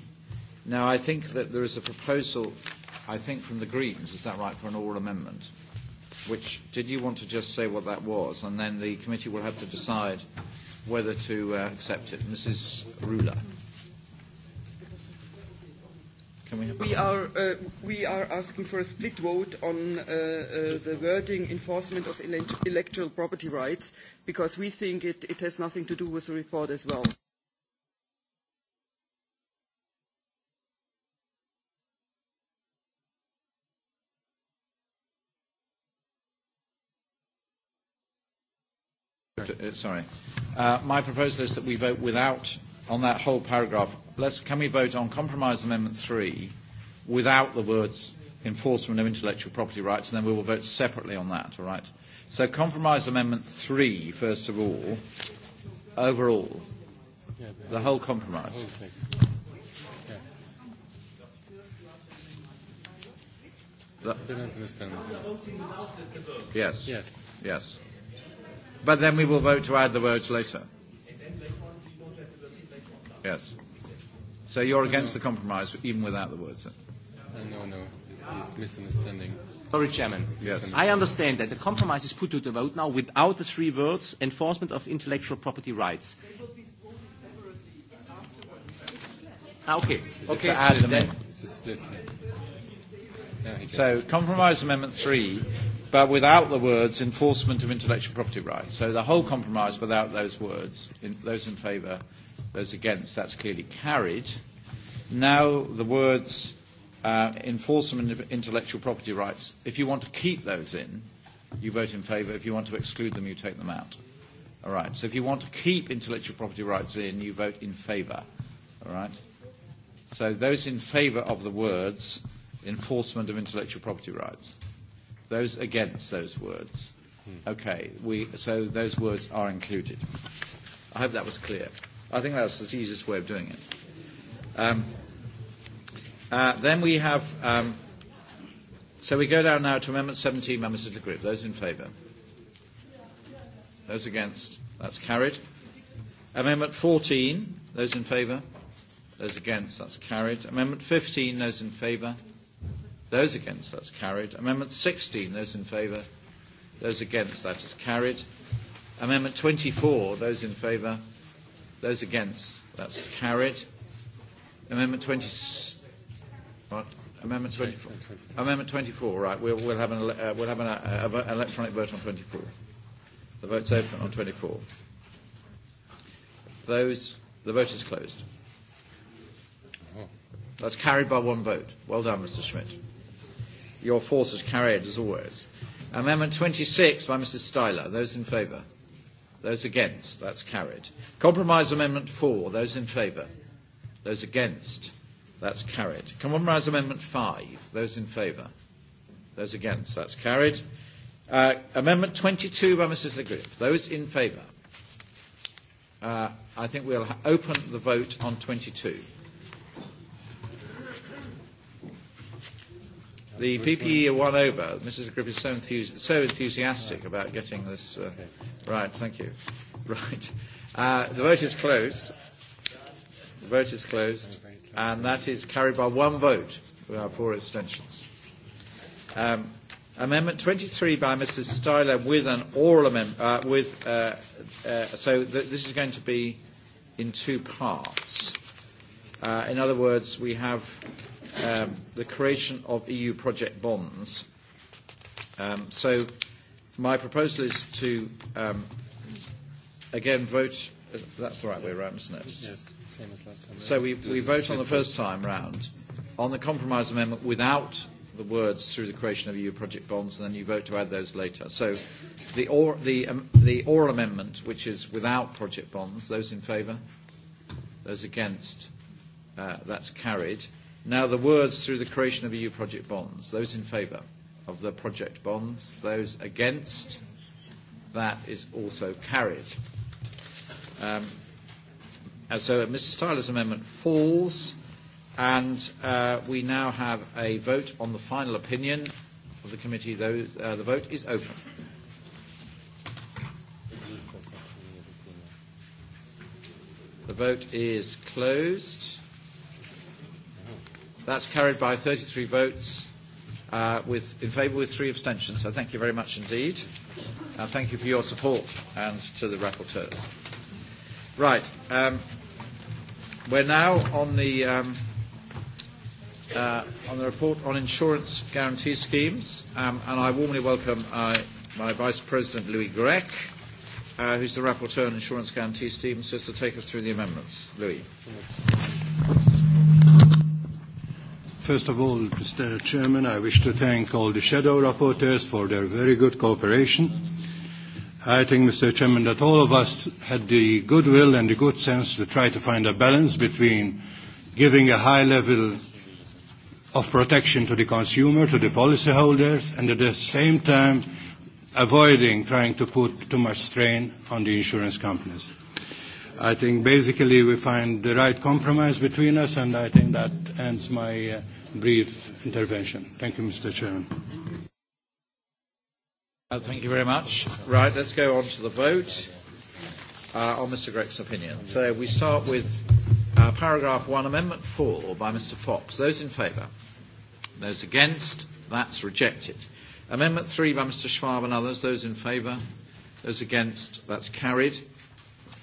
Now, I think that there is a proposal, I think, from the Greens, is that right, for an oral amendment? Which, did you want to just say what that was? And then the committee will have to decide whether to uh, accept it. Mrs. Ruler. Can we, have we, are, uh, we are asking for a split vote on uh, uh, the wording enforcement of electoral property rights because we think it, it has nothing to do with the report as well. Uh, sorry. Uh, my proposal is that we vote without, on that whole paragraph, let's, can we vote on Compromise Amendment 3 without the words enforcement of intellectual property rights, and then we will vote separately on that, all right? So Compromise Amendment 3, first of all, overall, the whole compromise. The, yes. Yes. Yes but then we will vote to add the words later. Yes. So you're against the compromise even without the words? No, no. It's misunderstanding. Sorry, Chairman. Yes. I understand that the compromise is put to the vote now without the three words enforcement of intellectual property rights. Ah, okay. Okay. add It's a split. Yeah, so compromise amendment three but without the words enforcement of intellectual property rights. So the whole compromise without those words, in, those in favour, those against, that's clearly carried. Now the words uh, enforcement of intellectual property rights, if you want to keep those in, you vote in favour. If you want to exclude them, you take them out. All right. So if you want to keep intellectual property rights in, you vote in favour. All right. So those in favour of the words enforcement of intellectual property rights. Those against those words? Hmm. Okay, we, so those words are included. I hope that was clear. I think that's the easiest way of doing it. Um, uh, then we have, um, so we go down now to Amendment 17, members of the group. Those in favour? Those against? That's carried. Amendment 14, those in favour? Those against? That's carried. Amendment 15, those in favour? Those against, that's carried. Amendment 16, those in favour. Those against, that is carried. Amendment 24, those in favour. Those against, that's carried. Amendment 20, what? Amendment 24. Amendment 24, right. We'll, we'll have an, uh, we'll have an uh, uh, electronic vote on 24. The vote's open on 24. Those, the vote is closed. Oh. That's carried by one vote. Well done, Mr. Schmidt. Your force has carried as always. Amendment 26 by Mrs. Styler. Those in favour? Those against? That's carried. Compromise Amendment 4. Those in favour? Those against? That's carried. Compromise Amendment 5. Those in favour? Those against? That's carried. Uh, amendment 22 by Mrs. Le Grip. Those in favour? Uh, I think we'll open the vote on 22. The PPE are won over. Mrs. Griffith is so, enthusi- so enthusiastic about getting this. Uh, right, thank you. Right. Uh, the vote is closed. The vote is closed. And that is carried by one vote. We have four abstentions. Um, Amendment 23 by Mrs. Styler with an oral amendment. Uh, with, uh, uh, so th- this is going to be in two parts. Uh, in other words, we have um, the creation of EU project bonds. Um, so my proposal is to, um, again, vote. Uh, that's the right way around, isn't it? Yes, same as last time. So we, we vote on the first time round on the compromise amendment without the words through the creation of EU project bonds, and then you vote to add those later. So the, or, the, um, the oral amendment, which is without project bonds, those in favour? Those against? Uh, that's carried. Now, the words through the creation of EU project bonds. Those in favour of the project bonds. Those against. That is also carried. Um, and so uh, Mr. Tyler's amendment falls, and uh, we now have a vote on the final opinion of the committee. Though, uh, the vote is open. The vote is closed. That's carried by 33 votes uh, with, in favour with three abstentions. So thank you very much indeed. And uh, thank you for your support and to the rapporteurs. Right. Um, we're now on the, um, uh, on the report on insurance guarantee schemes. Um, and I warmly welcome uh, my Vice President, Louis Grech, uh, who's the rapporteur on insurance guarantee schemes, just to take us through the amendments. Louis. First of all, Mr. Chairman, I wish to thank all the shadow rapporteurs for their very good cooperation. I think, Mr. Chairman, that all of us had the goodwill and the good sense to try to find a balance between giving a high level of protection to the consumer, to the policyholders, and at the same time avoiding trying to put too much strain on the insurance companies. I think basically we find the right compromise between us, and I think that ends my uh, brief intervention. Thank you, Mr. Chairman. Uh, thank you very much. Right, let's go on to the vote uh, on Mr. Gregg's opinion. So we start with uh, paragraph 1, Amendment 4 by Mr. Fox. Those in favour? Those against? That's rejected. Amendment 3 by Mr. Schwab and others. Those in favour? Those against? That's carried.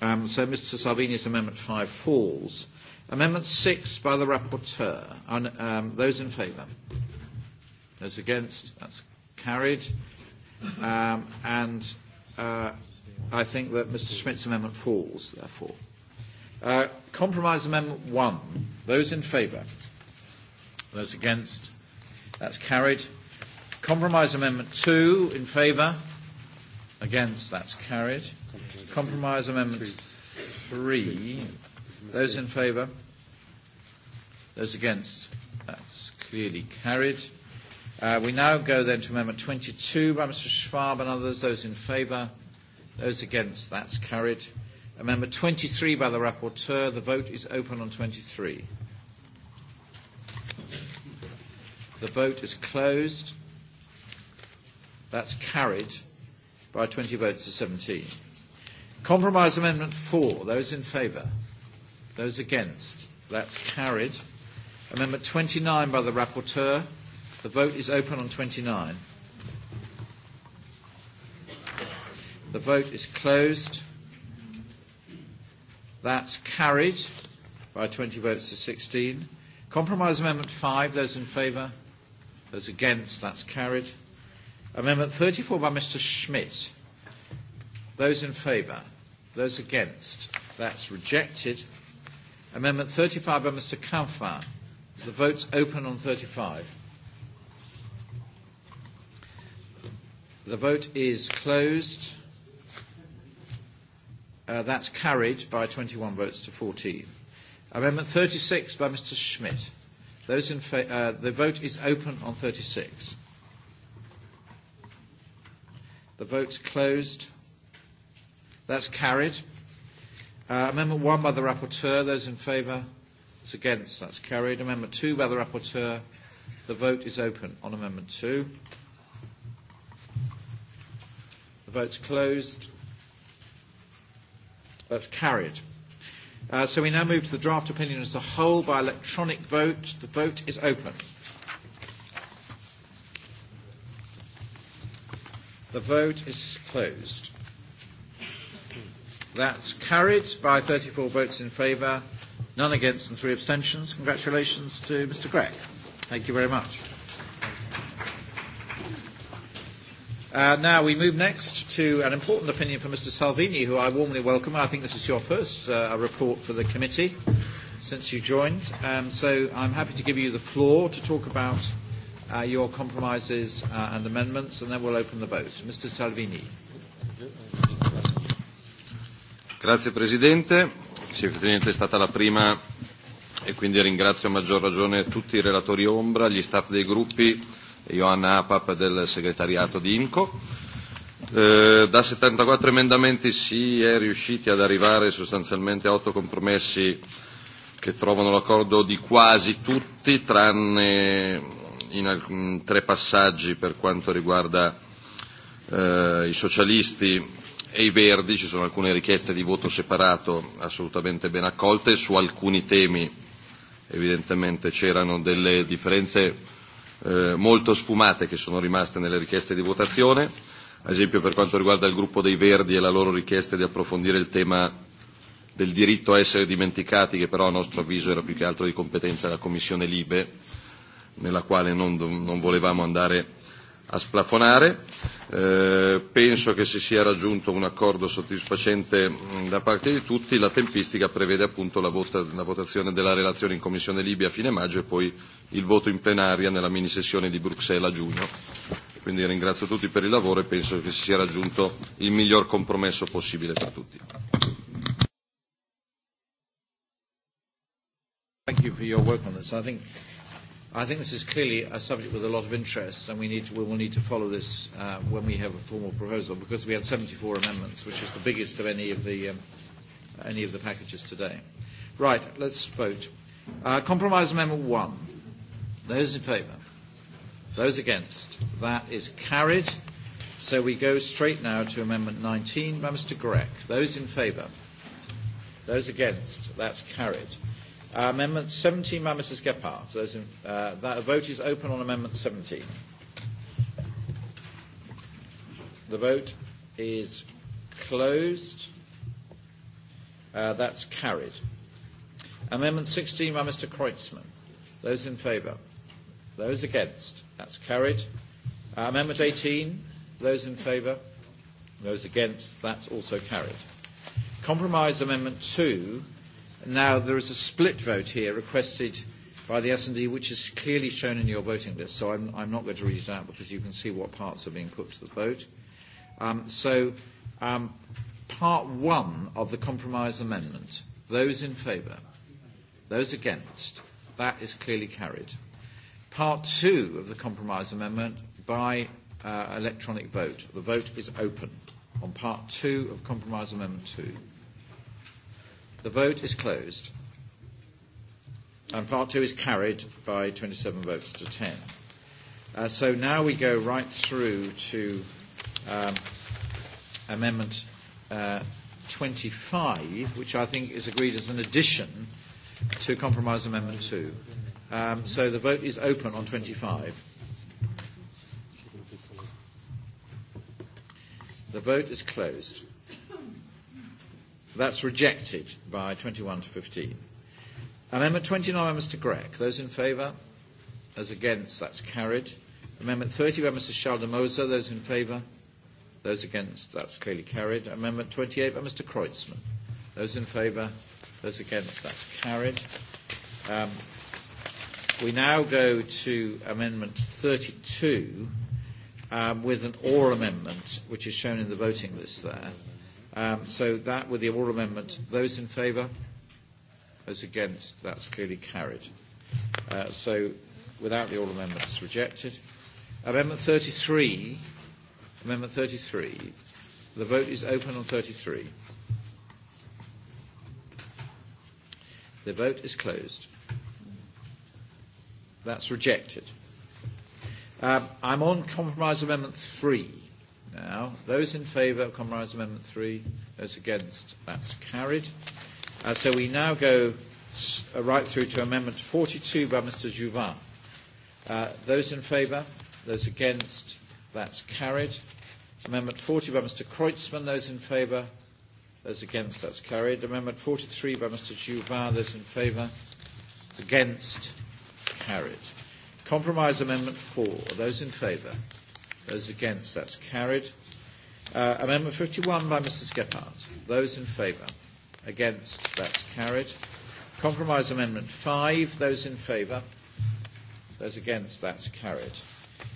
Um, so Mr. Salvini's Amendment 5 falls. Amendment 6 by the rapporteur. On, um, those in favour? Those against? That's carried. Um, and uh, I think that Mr. Schmidt's amendment falls, therefore. Uh, compromise Amendment 1. Those in favour? Those against? That's carried. Compromise Amendment 2 in favour? Against, that's carried. Compromise, Compromise amendment three. three. Those in favour? Those against? That's clearly carried. Uh, we now go then to Amendment 22 by Mr Schwab and others. Those in favour? Those against? That's carried. Amendment 23 by the Rapporteur. The vote is open on 23. The vote is closed. That's carried by 20 votes to 17. Compromise Amendment 4, those in favour. Those against, that's carried. Amendment 29 by the rapporteur. The vote is open on 29. The vote is closed. That's carried by 20 votes to 16. Compromise Amendment 5, those in favour. Those against, that's carried. Amendment 34 by Mr. Schmidt. Those in favour? Those against? That's rejected. Amendment 35 by Mr. Kampfer. The vote's open on 35. The vote is closed. Uh, that's carried by 21 votes to 14. Amendment 36 by Mr. Schmidt. Those in fa- uh, the vote is open on 36. The vote's closed. That's carried. Uh, amendment 1 by the rapporteur. Those in favour? It's against. That's carried. Amendment 2 by the rapporteur. The vote is open on Amendment 2. The vote's closed. That's carried. Uh, so we now move to the draft opinion as a whole by electronic vote. The vote is open. The vote is closed. That's carried by 34 votes in favour, none against and three abstentions. Congratulations to Mr Gregg. Thank you very much. Uh, now we move next to an important opinion from Mr Salvini, who I warmly welcome. I think this is your first uh, report for the committee since you joined. Um, so I'm happy to give you the floor to talk about uh, your compromises uh, and amendments, and then we'll open the vote. Mr. Salvini. Grazie Presidente, sì, effettivamente è stata la prima e quindi ringrazio a maggior ragione tutti i relatori ombra, gli staff dei gruppi Ioanna Apap del segretariato di INCO. Eh, da 74 emendamenti si è riusciti ad arrivare sostanzialmente a 8 compromessi che trovano l'accordo di quasi tutti, tranne in alcun, tre passaggi per quanto riguarda eh, i socialisti e i verdi, ci sono alcune richieste di voto separato assolutamente ben accolte, su alcuni temi evidentemente c'erano delle differenze eh, molto sfumate che sono rimaste nelle richieste di votazione, ad esempio per quanto riguarda il gruppo dei verdi e la loro richiesta di approfondire il tema del diritto a essere dimenticati, che però a nostro avviso era più che altro di competenza della Commissione Libe, nella quale non, non volevamo andare a splafonare. Eh, penso che si sia raggiunto un accordo soddisfacente mm, da parte di tutti. La tempistica prevede appunto la, vota, la votazione della relazione in Commissione Libia a fine maggio e poi il voto in plenaria nella mini sessione di Bruxelles a giugno. Quindi ringrazio tutti per il lavoro e penso che si sia raggiunto il miglior compromesso possibile per tutti. Thank you for your work on this. I think I think this is clearly a subject with a lot of interest, and we, need to, we will need to follow this uh, when we have a formal proposal, because we had 74 amendments, which is the biggest of any of the, um, any of the packages today. Right, let's vote. Uh, compromise Amendment 1. Those in favour? Those against? That is carried. So we go straight now to Amendment 19 by Mr Grech. Those in favour? Those against? That's carried. Uh, amendment 17 by Mrs. Gephardt. Those in, uh, that vote is open on Amendment 17. The vote is closed. Uh, that's carried. Amendment 16 by Mr. Kreutzmann. Those in favour? Those against? That's carried. Uh, amendment 18. Those in favour? Those against? That's also carried. Compromise Amendment 2 Now, there is a split vote here requested by the S&D, which is clearly shown in your voting list, so I'm, I'm not going to read it out because you can see what parts are being put to the vote. Um, so, um, part one of the compromise amendment, those in favour, those against, that is clearly carried. Part two of the compromise amendment by uh, electronic vote. The vote is open on part two of compromise amendment two. The vote is closed. And part two is carried by 27 votes to 10. Uh, so now we go right through to um, Amendment uh, 25, which I think is agreed as an addition to Compromise Amendment 2. Um, so the vote is open on 25. The vote is closed. That's rejected by 21 to 15. Amendment 29 by Mr. Grech. Those in favour? Those against? That's carried. Amendment 30 by Mr. Schaldemose. Those in favour? Those against? That's clearly carried. Amendment 28 by Mr. Kreutzmann. Those in favour? Those against? That's carried. Um, we now go to Amendment 32 um, with an oral amendment, which is shown in the voting list there. Um, so that, with the oral amendment, those in favour? Those against? That's clearly carried. Uh, so without the oral amendment, it's rejected. Amendment 33. Amendment 33. The vote is open on 33. The vote is closed. That's rejected. Um, I'm on compromise amendment 3. Now, those in favour of Compromise Amendment 3, those against, that's carried. Uh, so we now go s- uh, right through to Amendment 42 by Mr Jouvin. Uh, those in favour, those against, that's carried. Amendment 40 by Mr Kreutzmann, those in favour, those against, that's carried. Amendment 43 by Mr Jouvin, those in favour, against, carried. Compromise Amendment 4, those in favour, Those against, that's carried. Uh, amendment 51 by Mr. Gephardt. Those in favour. Against, that's carried. Compromise Amendment 5. Those in favour. Those against, that's carried.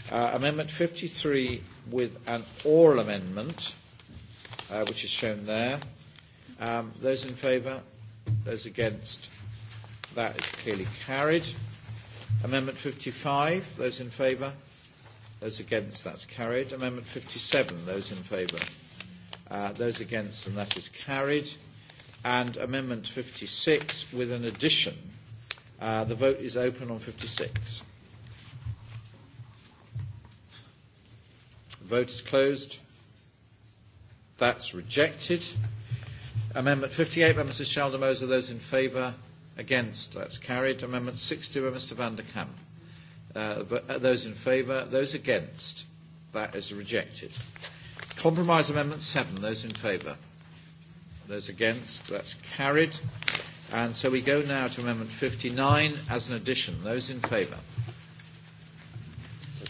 Uh, amendment 53 with an oral amendment, uh, which is shown there. Um, those in favour? Those against? That is clearly carried. Amendment 55. Those in favour? Those against, that's carried. Amendment 57, those in favour. Uh, those against, and that is carried. And Amendment 56 with an addition. Uh, the vote is open on 56. Vote is closed. That's rejected. Amendment 58 by Mrs. Schaldemose. Those in favour? Against? That's carried. Amendment 60 by Mr. Van der Kamp. Uh, but uh, those in favour, those against, that is rejected. Compromise Amendment 7, those in favour. Those against, that's carried. And so we go now to Amendment 59 as an addition. Those in favour.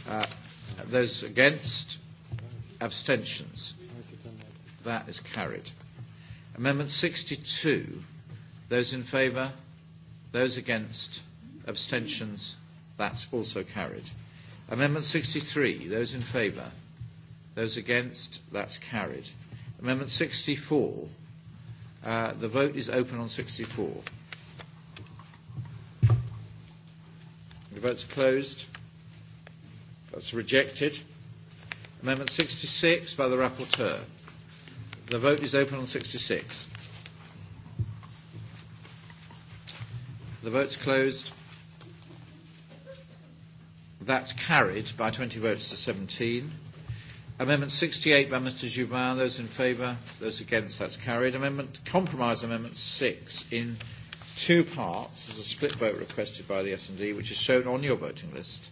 Uh, those against, abstentions. That is carried. Amendment 62, those in favour, those against, abstentions, That's also carried. Amendment 63, those in favour? Those against? That's carried. Amendment 64, uh, the vote is open on 64. The vote's closed. That's rejected. Amendment 66 by the rapporteur. The vote is open on 66. The vote's closed. That's carried by 20 votes to 17. Amendment 68 by Mr. Jubin. Those in favour? Those against? That's carried. Amendment Compromise Amendment 6 in two parts. There's a split vote requested by the S&D, which is shown on your voting list.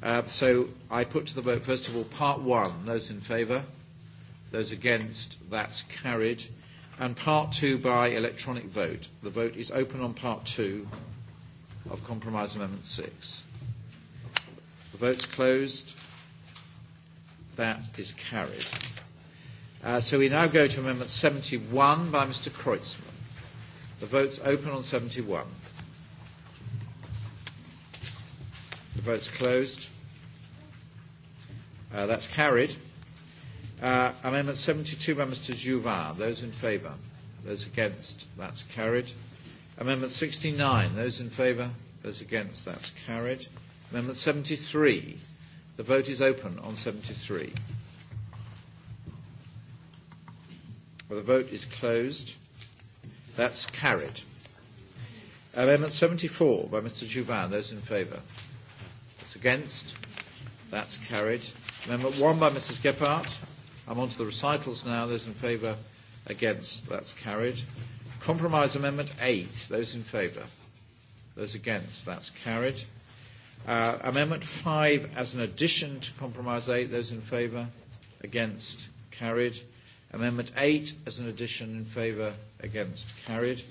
Uh, so I put to the vote, first of all, Part 1. Those in favour? Those against? That's carried. And Part 2 by electronic vote. The vote is open on Part 2 of Compromise Amendment 6 vote's closed. That is carried. Uh, so we now go to Amendment 71 by Mr. Kreutzmann. The vote's open on 71. The vote's closed. Uh, that's carried. Uh, amendment 72 by Mr. Juvin. Those in favour? Those against? That's carried. Amendment 69. Those in favour? Those against? That's carried. Amendment 73. The vote is open on 73. Well, the vote is closed. That's carried. Amendment 74 by Mr. Juvan. Those in favour? That's against. That's carried. Amendment 1 by Mrs. Gephardt. I'm on to the recitals now. Those in favour? Against. That's carried. Compromise Amendment 8. Those in favour? Those against? That's carried. Uh, amendment 5 as an addition to Compromise 8, those in favour, against, carried. Amendment 8 as an addition in favour, against, carried.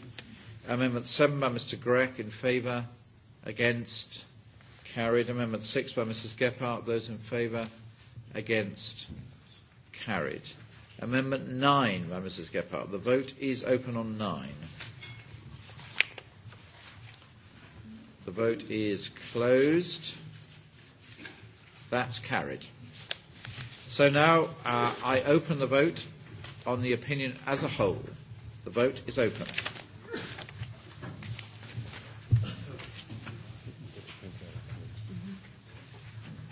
Amendment 7 by Mr Grech in favour, against, carried. Amendment 6 by Mrs Gephardt, those in favour, against, carried. Amendment 9 by Mrs Gephardt. The vote is open on 9. The vote is closed. That's carried. So now uh, I open the vote on the opinion as a whole. The vote is open.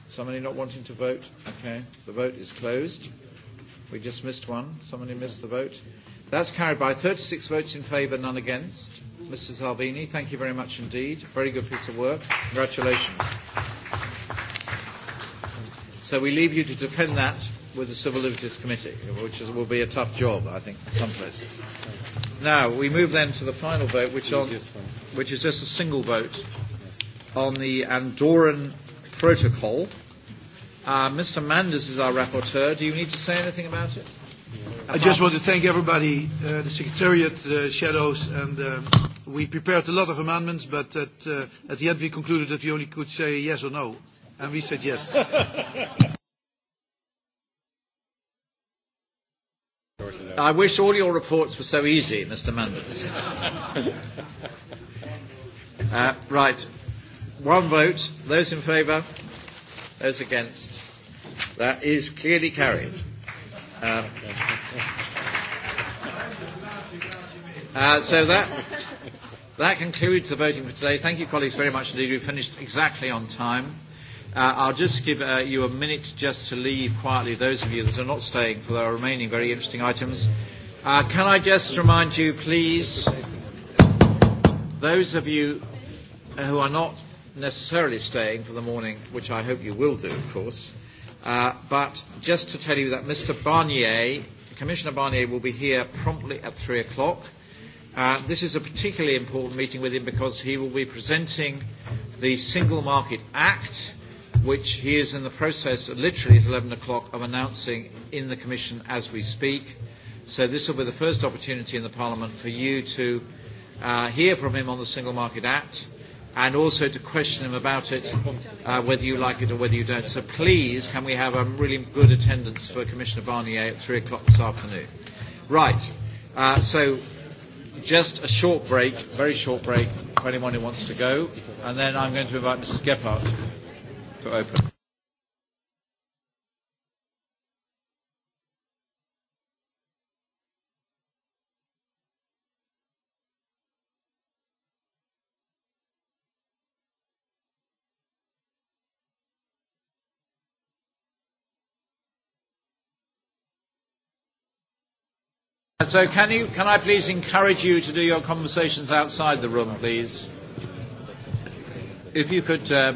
Somebody not wanting to vote? Okay. The vote is closed. We just missed one. Somebody missed the vote. That's carried by 36 votes in favour, none against. Mr Salvini, thank you very much indeed. Very good piece of work. Congratulations. So we leave you to defend that with the Civil Liberties Committee, which is, will be a tough job, I think, in some places. Now, we move then to the final vote, which, on, which is just a single vote on the Andorran Protocol. Uh, Mr. Manders is our rapporteur. Do you need to say anything about it? I just want to thank everybody, uh, the Secretariat, uh, Shadows, and uh, we prepared a lot of amendments, but at, uh, at the end we concluded that we only could say yes or no, and we said yes. I wish all your reports were so easy, Mr. Manders. uh, right. One vote. Those in favour? Those against? That is clearly carried. Uh, uh, so that, that concludes the voting for today. Thank you, colleagues, very much indeed. We finished exactly on time. Uh, I'll just give uh, you a minute just to leave quietly, those of you that are not staying, for the remaining very interesting items. Uh, can I just remind you, please, those of you who are not necessarily staying for the morning, which I hope you will do, of course, Uh, but just to tell you that Mr. Barnier, Commissioner Barnier, will be here promptly at three o'clock. Uh, this is a particularly important meeting with him because he will be presenting the Single Market Act, which he is in the process, literally at 11 o'clock, of announcing in the Commission as we speak. So this will be the first opportunity in the Parliament for you to uh, hear from him on the Single Market Act and also to question him about it, uh, whether you like it or whether you don't. So please, can we have a really good attendance for Commissioner Barnier at 3 o'clock this afternoon? Right. Uh, so just a short break, very short break for anyone who wants to go, and then I'm going to invite Mrs. Gephardt to open. So can you can I please encourage you to do your conversations outside the room, please? If you could uh,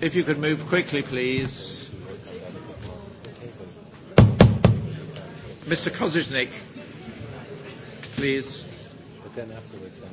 if you could move quickly, please. Mr. Kozicnik, please. But then afterwards, then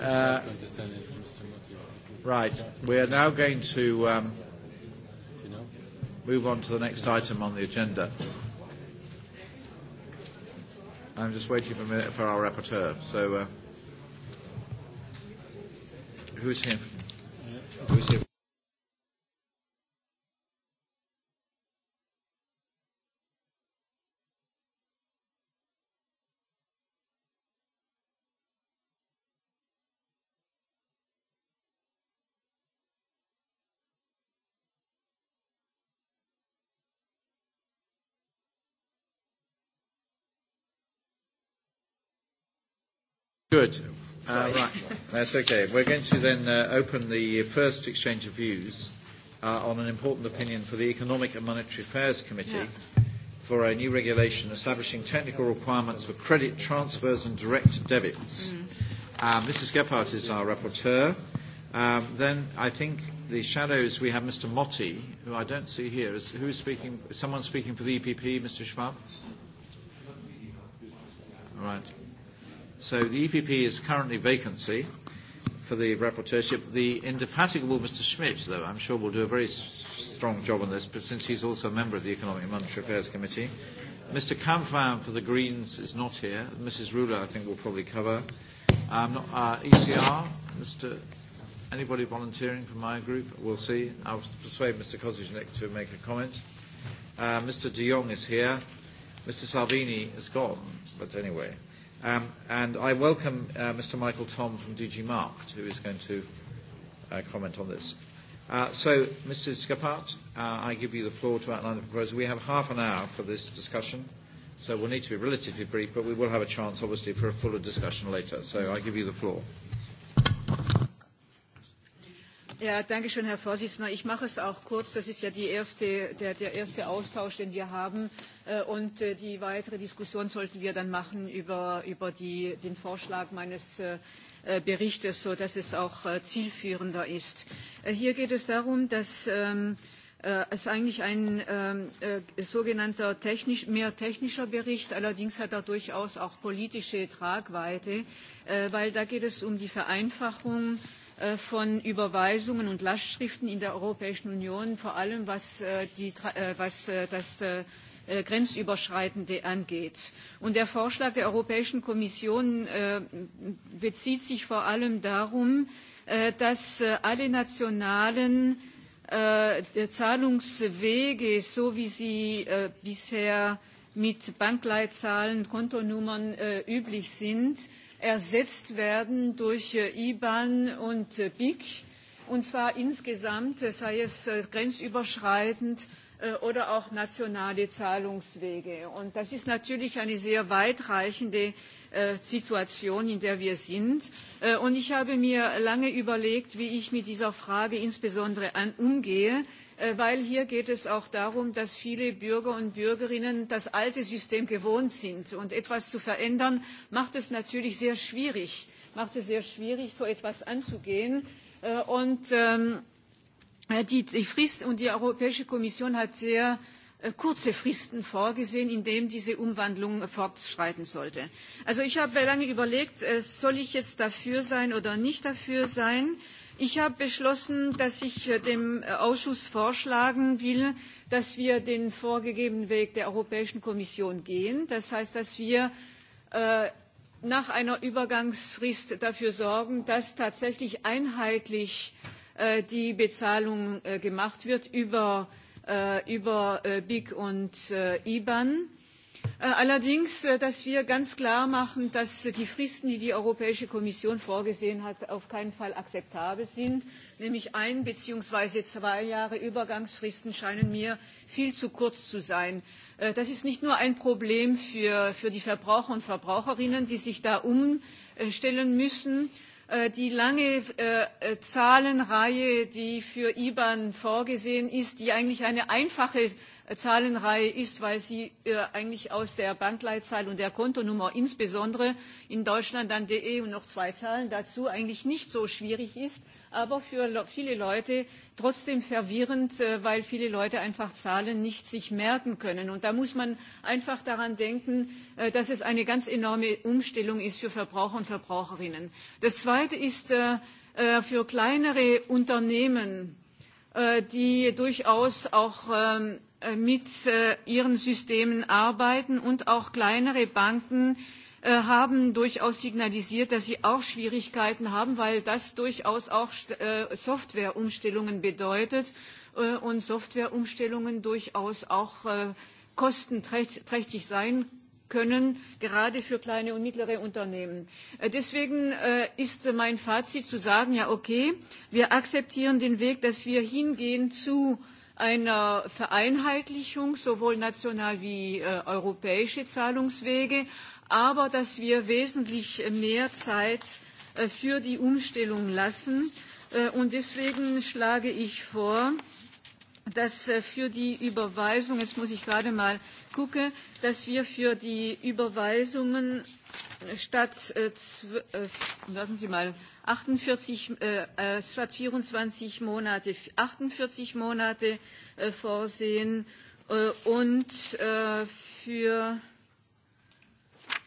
Uh, right, we are now going to um, move on to the next item on the agenda. I'm just waiting for a minute for our rapporteur. So, uh, who's here? Uh, who's here? Good. Uh, right. That's okay. We're going to then uh, open the first exchange of views uh, on an important opinion for the Economic and Monetary Affairs Committee yeah. for a new regulation establishing technical requirements for credit transfers and direct debits. Mm. Uh, Mrs. Gephardt is our rapporteur. Um, then I think the shadows we have Mr. Motti, who I don't see here. Is, who is speaking? Is someone speaking for the EPP, Mr. Schwab? Right. So the EPP is currently vacancy for the rapporteurship. The indefatigable Mr. Schmidt, though, I'm sure will do a very strong job on this, but since he's also a member of the Economic and Monetary Affairs Committee. Mr. Kamfan for the Greens is not here. Mrs. Ruler, I think, will probably cover. Um, not, uh, ECR, Mr. Anybody volunteering from my group? We'll see. I'll persuade Mr. Kozijnik to make a comment. Uh, Mr. de Jong is here. Mr. Salvini is gone, but anyway. Um, and I welcome uh, Mr. Michael Tom from DG Markt, who is going to uh, comment on this. Uh, so, Mrs. Skapart, uh, I give you the floor to outline the proposal. We have half an hour for this discussion, so we'll need to be relatively brief, but we will have a chance, obviously, for a fuller discussion later. So I give you the floor danke schön, Herr Vorsitzender. Ich mache es auch kurz. Das ist ja die erste, der, der erste Austausch, den wir haben. Äh, und äh, die weitere Diskussion sollten wir dann machen über, über die, den Vorschlag meines äh, Berichtes, sodass es auch zielführender ist. Hier geht es darum, dass ähm, es eigentlich ein ähm, sogenannter technisch, mehr technischer Bericht, allerdings hat er durchaus auch politische Tragweite, äh, weil da geht es um die Vereinfachung Äh, von Überweisungen und Lastschriften in der Europäischen Union, vor allem was, äh, die, äh, was das Grenzüberschreitende angeht. Und der Vorschlag der Europäischen Kommission bezieht sich vor allem darum, dass alle nationalen Zahlungswege, so wie sie bisher mit Bankleitzahlen, Kontonummern üblich sind, ersetzt werden durch äh, IBAN und äh, BIC, und zwar insgesamt, sei es äh, grenzüberschreitend oder auch nationale Zahlungswege. Und das ist natürlich eine sehr weitreichende Äh, Situation, in der wir sind. Äh, und ich habe mir lange überlegt, wie ich mit dieser Frage insbesondere an, umgehe, äh, weil hier geht es auch darum, dass viele Bürger und Bürgerinnen das alte System gewohnt sind. Und etwas zu verändern, macht es natürlich sehr schwierig, macht es sehr schwierig, so etwas anzugehen. Und ähm, die, Frist und die Europäische Kommission hat sehr Äh, kurze Fristen vorgesehen, in denen diese Umwandlung fortschreiten sollte. Also ich habe lange überlegt, äh, soll ich jetzt dafür sein oder nicht dafür sein. Ich habe beschlossen, dass ich äh, dem Ausschuss vorschlagen will, dass wir den vorgegebenen Weg der Europäischen Kommission gehen. Das heißt, dass wir nach einer Übergangsfrist dafür sorgen, dass tatsächlich einheitlich die Bezahlung äh, gemacht wird über Äh, über äh, BIC und äh, IBAN. Allerdings, dass wir ganz klar machen, dass die Fristen, die die Europäische Kommission vorgesehen hat, auf keinen Fall akzeptabel sind. Nämlich ein bzw. zwei Jahre Übergangsfristen scheinen mir viel zu kurz zu sein. Das ist nicht nur ein Problem für, für die Verbraucher und Verbraucherinnen, die sich da umstellen müssen, Äh, die lange äh, Zahlenreihe, die für IBAN vorgesehen ist, die eigentlich eine einfache äh, Zahlenreihe ist, weil sie eigentlich aus der Bankleitzahl und der Kontonummer insbesondere in Deutschland dann DE und noch zwei Zahlen dazu eigentlich nicht so schwierig ist aber für viele Leute trotzdem verwirrend, äh, weil viele Leute einfach Zahlen nicht sich merken können. Und da muss man einfach daran denken, äh, dass es eine ganz enorme Umstellung ist für Verbraucher und Verbraucherinnen. Das Zweite ist äh, für kleinere Unternehmen, die durchaus auch ähm, mit ihren Systemen arbeiten und auch kleinere Banken, Äh, haben durchaus signalisiert, dass sie auch Schwierigkeiten haben, weil das durchaus auch äh, Softwareumstellungen bedeutet äh, und Softwareumstellungen durchaus auch kostenträchtig sein können, gerade für kleine und mittlere Unternehmen. Deswegen ist mein Fazit zu sagen, ja okay, wir akzeptieren den Weg, dass wir hingehen zu einer Vereinheitlichung sowohl national wie äh, europäische Zahlungswege, aber dass wir wesentlich mehr Zeit äh, für die Umstellung lassen. Äh, und deswegen schlage ich vor, äh, dass äh, für die Überweisung, jetzt muss ich gerade mal gucken, dass wir für die Überweisungen statt, äh, äh warten Sie mal, 48, äh, äh, statt 24 Monate 48 Monate äh, vorsehen äh, und äh, für,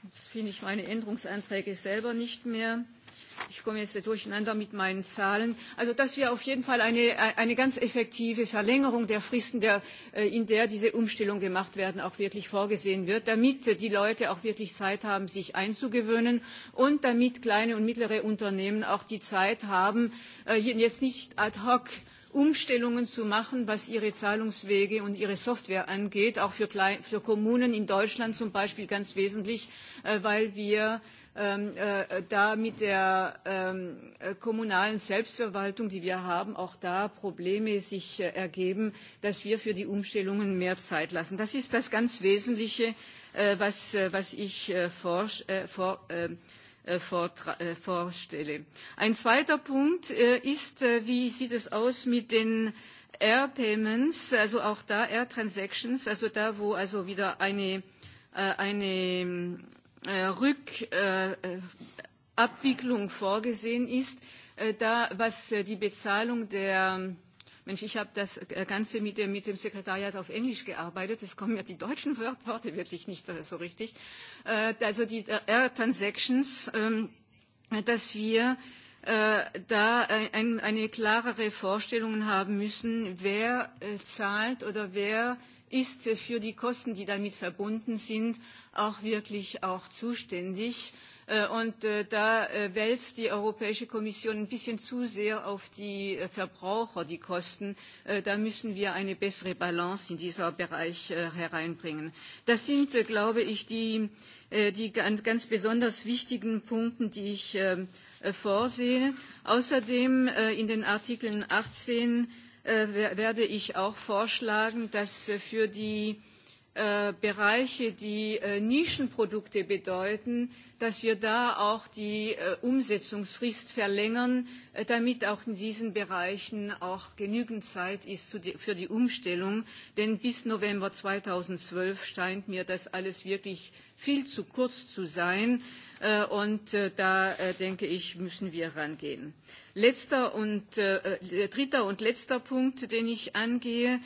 jetzt finde ich meine Änderungsanträge selber nicht mehr, äh, ich komme jetzt durcheinander mit meinen Zahlen, also dass wir auf jeden Fall eine, eine ganz effektive Verlängerung der Fristen, der, äh, in der diese Umstellung gemacht werden, auch wirklich vorgesehen wird, damit die Leute auch wirklich Zeit haben, sich einzugewöhnen und damit kleine und mittlere Unternehmen auch die Zeit haben, äh, jetzt nicht ad hoc Umstellungen zu machen, was ihre Zahlungswege und ihre Software angeht, auch für, Klein für Kommunen in Deutschland zum Beispiel ganz wesentlich, äh, weil wir Ähm, äh, da mit der ähm, äh, kommunalen Selbstverwaltung, die wir haben, auch da Probleme sich äh, ergeben, dass wir für die Umstellungen mehr Zeit lassen. Das ist das ganz Wesentliche, was, was ich vor, vor, vorstelle. Ein zweiter Punkt ist, wie sieht es aus mit den Air Payments, also auch da Air Transactions, also da, wo also wieder eine, eine Äh, Rückabwicklung äh, äh, vorgesehen ist, da, was die Bezahlung der Mensch, ich habe das Ganze mit dem, mit dem Sekretariat auf Englisch gearbeitet. Es kommen ja die deutschen Worte wirklich nicht so richtig. Also die Air Transactions, ähm, dass wir da eine klarere Vorstellung haben müssen, wer zahlt oder wer ist für die Kosten, die damit verbunden sind, auch wirklich auch zuständig. Äh, und äh, da äh, wälzt die Europäische Kommission ein bisschen zu sehr auf die Verbraucher die Kosten. Da müssen wir eine bessere Balance in diesen Bereich hereinbringen. Das sind, glaube ich, die, die ganz besonders wichtigen Punkte, die ich ähm, vorsehe. Außerdem in den Artikeln 18 Äh, werde ich auch vorschlagen, dass äh, für die äh, Bereiche, die Nischenprodukte bedeuten, dass wir da auch die Umsetzungsfrist verlängern, damit auch in diesen Bereichen auch genügend Zeit ist für die Umstellung. Denn bis November 2012 scheint mir das alles wirklich viel zu kurz zu sein. Äh, und äh, da, äh, denke ich, müssen wir rangehen. Letzter und, äh, dritter und letzter Punkt, den ich angehe,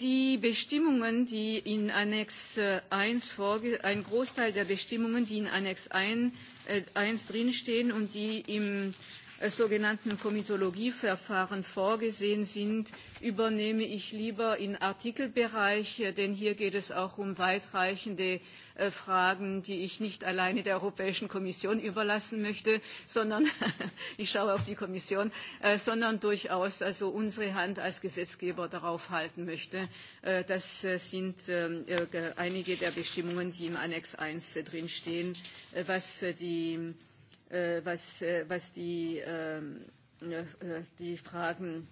die Bestimmungen, die in Annex 1 vorge ein Großteil der Bestimmungen, die in Annex 1, 1 drinstehen und die im äh, Äh, sogenannten Komitologieverfahren vorgesehen sind, übernehme ich lieber in Artikelbereich, äh, denn hier geht es auch um weitreichende äh, Fragen, die ich nicht alleine der Europäischen Kommission überlassen möchte, sondern ich schaue auf die Kommission, sondern durchaus also unsere Hand als Gesetzgeber darauf halten möchte. Das sind ähm, einige der Bestimmungen, die im Annex 1 drinstehen, was die Äh, was, äh, was die, ähm, äh, die Fragen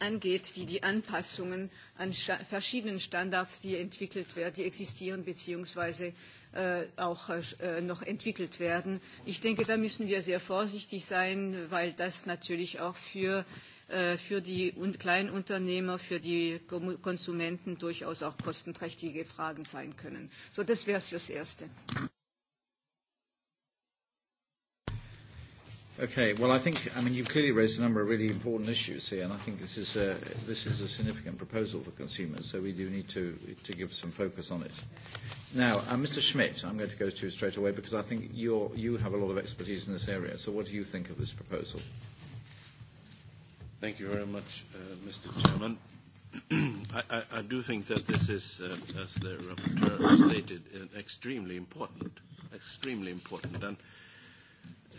angeht, die die Anpassungen an Sta verschiedenen Standards, die entwickelt werden, die existieren bzw. auch noch entwickelt werden. Ich denke, da müssen wir sehr vorsichtig sein, weil das natürlich auch für, für die Kleinunternehmer, für die Konsumenten durchaus auch kostenträchtige Fragen sein können. So, das wäre es fürs Erste. Okay. Well, I think, I mean, you've clearly raised a number of really important issues here, and I think this is a, this is a significant proposal for consumers, so we do need to, to give some focus on it. Now, uh, Mr. Schmidt, I'm going to go to straight away because I think you're, you have a lot of expertise in this area. So what do you think of this proposal? Thank you very much, uh, Mr. Chairman. I, I, I do think that this is, uh, as the rapporteur stated, uh, extremely important, extremely important. And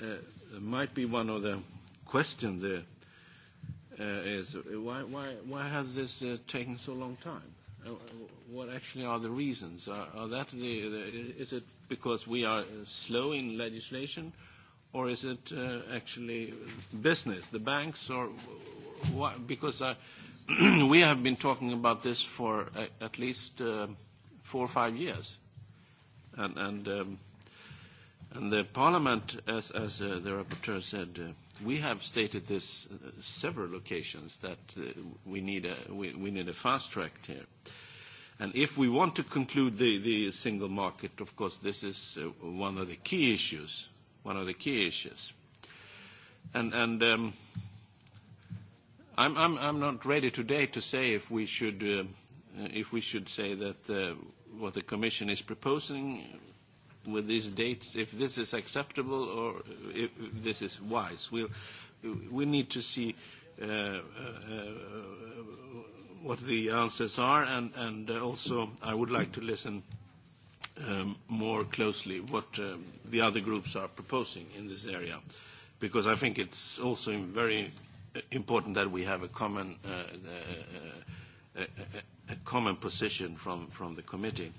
uh, might be one of the questions there uh, is uh, why, why, why has this uh, taken so long time? Uh, what actually are the reasons? Are, are that the, the, is it because we are slow in legislation, or is it uh, actually business, the banks, or why? Because I, we have been talking about this for a, uh, at least uh, four or five years, and, and um, And the Parliament, as, as uh, the rapporteur said, uh, we have stated this uh, several occasions that uh, we, need a, we, we need a fast track here. And if we want to conclude the, the single market, of course, this is uh, one of the key issues. One of the key issues. And, and um, I'm, I'm, I'm not ready today to say if we should, uh, if we should say that uh, what the Commission is proposing with these dates if this is acceptable or if this is wise. We'll, we need to see uh, uh, uh what the answers are, and, and uh, also I would like to listen um, more closely what um, the other groups are proposing in this area, because I think it's also very important that we have a common, uh, uh, a, a common position from, from the committee.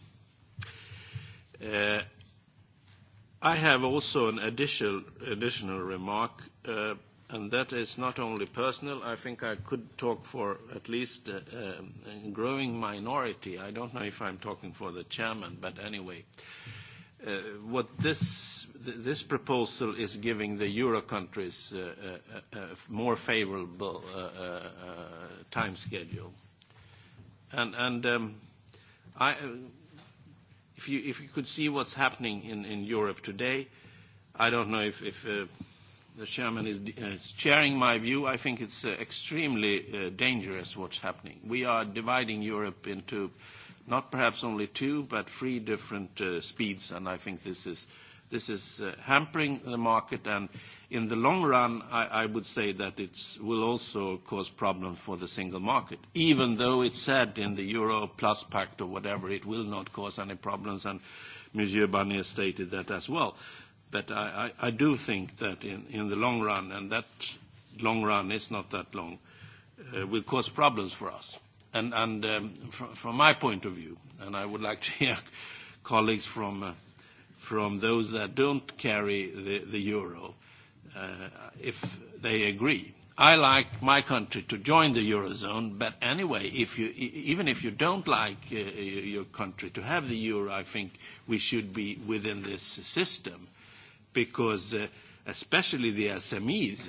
Uh, I have also an additional, additional remark, uh, and that is not only personal. I think I could talk for at least a, uh, a um, growing minority. I don't know if I'm talking for the chairman, but anyway. Uh, what this, this proposal is giving the euro countries uh, a, uh, uh, a more favorable time schedule. And, and um, I If you, if you could see what's happening in, in Europe today, I don't know if, if uh, the chairman is, is sharing my view. I think it's uh, extremely uh, dangerous what's happening. We are dividing Europe into not perhaps only two, but three different uh, speeds, and I think this is, this is uh, hampering the market and in the long run, I, would say that it will also cause problems for the single market, even though it's said in the Euro Plus Pact or whatever, it will not cause any problems, and Monsieur Barnier stated that as well. But I, do think that in, the long run, and that long run is not that long, uh, will cause problems for us. And, um, from my point of view, and I would like to hear colleagues uh, from, those that don't carry the euro, uh, if they agree. I like my country to join the eurozone, but anyway, if you, even if you don't like uh, your country to have the euro, I think we should be within this system, because uh, especially the SMEs.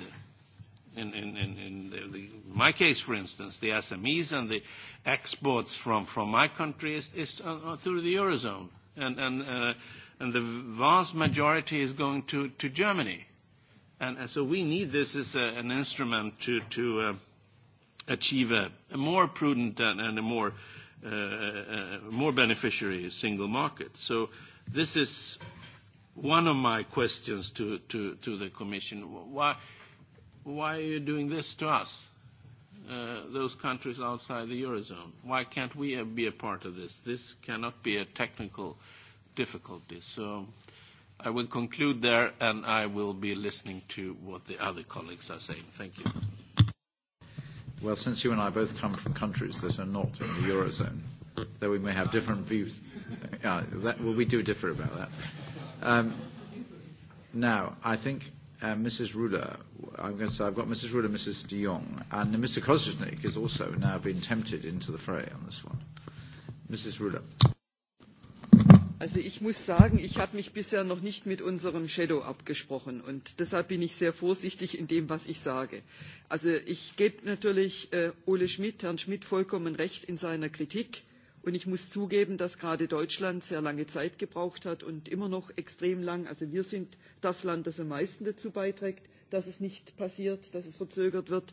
In, in, in, in the, the, my case, for instance, the SMEs and the exports from, from my country is, is uh, uh, through the eurozone, and, and, uh, and the vast majority is going to, to Germany And, and so we need this as a, an instrument to, to uh, achieve a, a more prudent and, and a more, uh, uh, more beneficiary single market. So this is one of my questions to, to, to the Commission. Why, why are you doing this to us, uh, those countries outside the Eurozone? Why can't we be a part of this? This cannot be a technical difficulty. So I will conclude there, and I will be listening to what the other colleagues are saying. Thank you. Well, since you and I both come from countries that are not in the Eurozone, though we may have different views, uh, that, well, we do differ about that. Um, now, I think uh, Mrs. Ruler, I'm going to say I've got Mrs. Ruler, Mrs. de Jong, and Mr. Kozuznik has also now been tempted into the fray on this one. Mrs. Ruler. Also ich muss sagen, ich habe mich bisher noch nicht mit unserem Shadow abgesprochen und deshalb bin ich sehr vorsichtig in dem, was ich sage. Also ich gebe natürlich äh, Ole Schmidt, Herrn Schmidt vollkommen recht in seiner Kritik und ich muss zugeben, dass gerade Deutschland sehr lange Zeit gebraucht hat und immer noch extrem lang. Also wir sind das Land, das am meisten dazu beiträgt, dass es nicht passiert, dass es verzögert wird.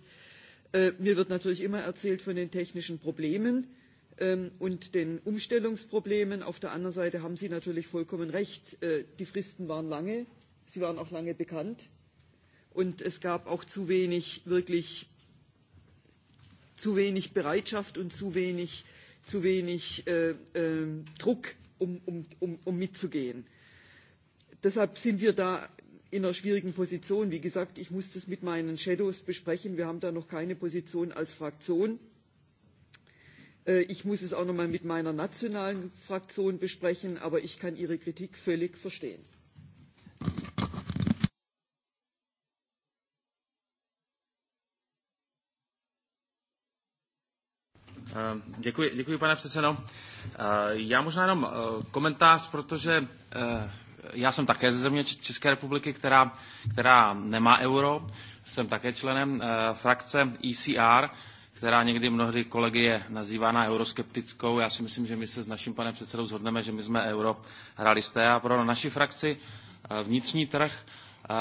Äh, mir wird natürlich immer erzählt von den technischen Problemen. Äh, Ähm, und den Umstellungsproblemen. Auf der anderen Seite haben Sie natürlich vollkommen recht. Äh, die Fristen waren lange, sie waren auch lange bekannt und es gab auch zu wenig wirklich zu wenig Bereitschaft und zu wenig, zu wenig äh, äh, Druck, um, um, um, um mitzugehen. Deshalb sind wir da in einer schwierigen Position. Wie gesagt, ich muss das mit meinen Shadows besprechen. Wir haben da noch keine Position als Fraktion. Äh, ich muss es auch noch mal mit meiner nationalen Fraktion besprechen, aber ich kann Ihre Kritik völlig verstehen. Äh, děkuji, děkuji pane předsedo. Äh, já možná jenom komentář, protože já jsem také ze země České republiky, která, která nemá euro. Jsem také členem frakce ECR která někdy mnohdy kolegy je nazývána euroskeptickou. Já si myslím, že my se s naším panem předsedou zhodneme, že my jsme euro realisté a pro naši frakci eh, vnitřní trh eh,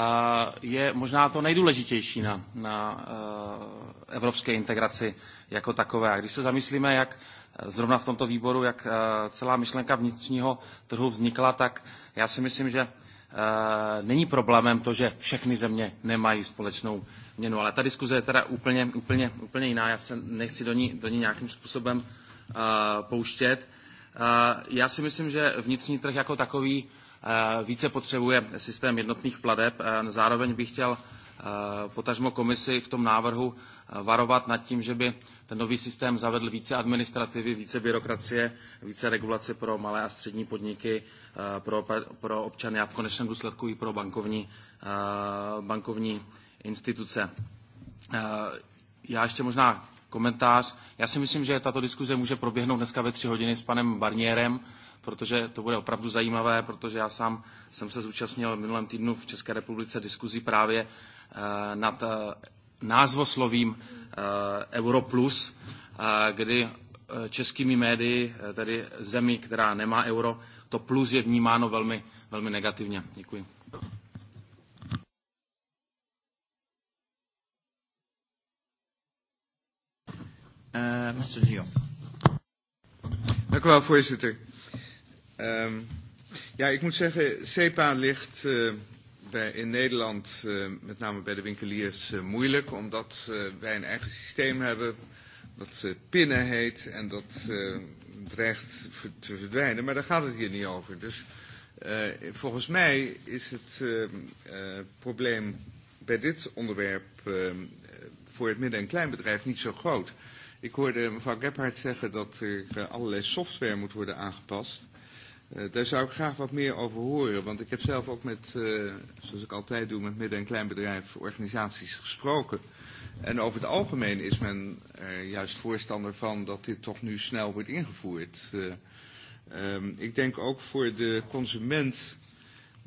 je možná to nejdůležitější na, na eh, evropské integraci jako takové. A když se zamyslíme, jak zrovna v tomto výboru, jak celá myšlenka vnitřního trhu vznikla, tak já si myslím, že není problémem to, že všechny země nemají společnou měnu. Ale ta diskuze je teda úplně, úplně, úplně jiná, já se nechci do ní, do ní nějakým způsobem uh, pouštět. Uh, já si myslím, že vnitřní trh jako takový uh, více potřebuje systém jednotných pladeb. Uh, zároveň bych chtěl uh, potažmo komisi v tom návrhu uh, varovat nad tím, že by ten nový systém zavedl více administrativy, více byrokracie, více regulace pro malé a střední podniky, uh, pro, pro občany a v konečném důsledku i pro bankovní, uh, bankovní uh, instituce. Eh, já ještě možná komentář. Já si myslím, že tato diskuze může proběhnout dneska ve tři hodiny s panem Barnierem, protože to bude opravdu zajímavé, protože já sám jsem se zúčastnil v minulém týdnu v České republice diskuzí právě eh, nad eh, názvoslovím Europlus, kdy českými médii, tedy zemi, která nemá euro, to plus je vnímáno velmi, velmi negativně. Děkuji. Mr. de Jong. Dank u wel, voorzitter. Um, ja, ik moet zeggen, CEPA ligt uh, bij, in Nederland, uh, met name bij de winkeliers, uh, moeilijk. Omdat uh, wij een eigen systeem hebben dat uh, pinnen heet en dat uh, dreigt te verdwijnen. Maar daar gaat het hier niet over. Dus uh, volgens mij is het uh, uh, probleem bij dit onderwerp uh, voor het midden- en kleinbedrijf niet zo groot. Uh, Ik hoorde mevrouw Gebhardt zeggen dat er eh, allerlei software moet worden aangepast. Uh, daar zou ik graag wat meer over horen, want ik heb zelf ook met, uh, zoals ik altijd doe, met midden- en kleinbedrijf organisaties gesproken. En over het algemeen is men er juist voorstander van dat dit toch nu snel wordt ingevoerd. Uh, um, ik denk ook voor de consument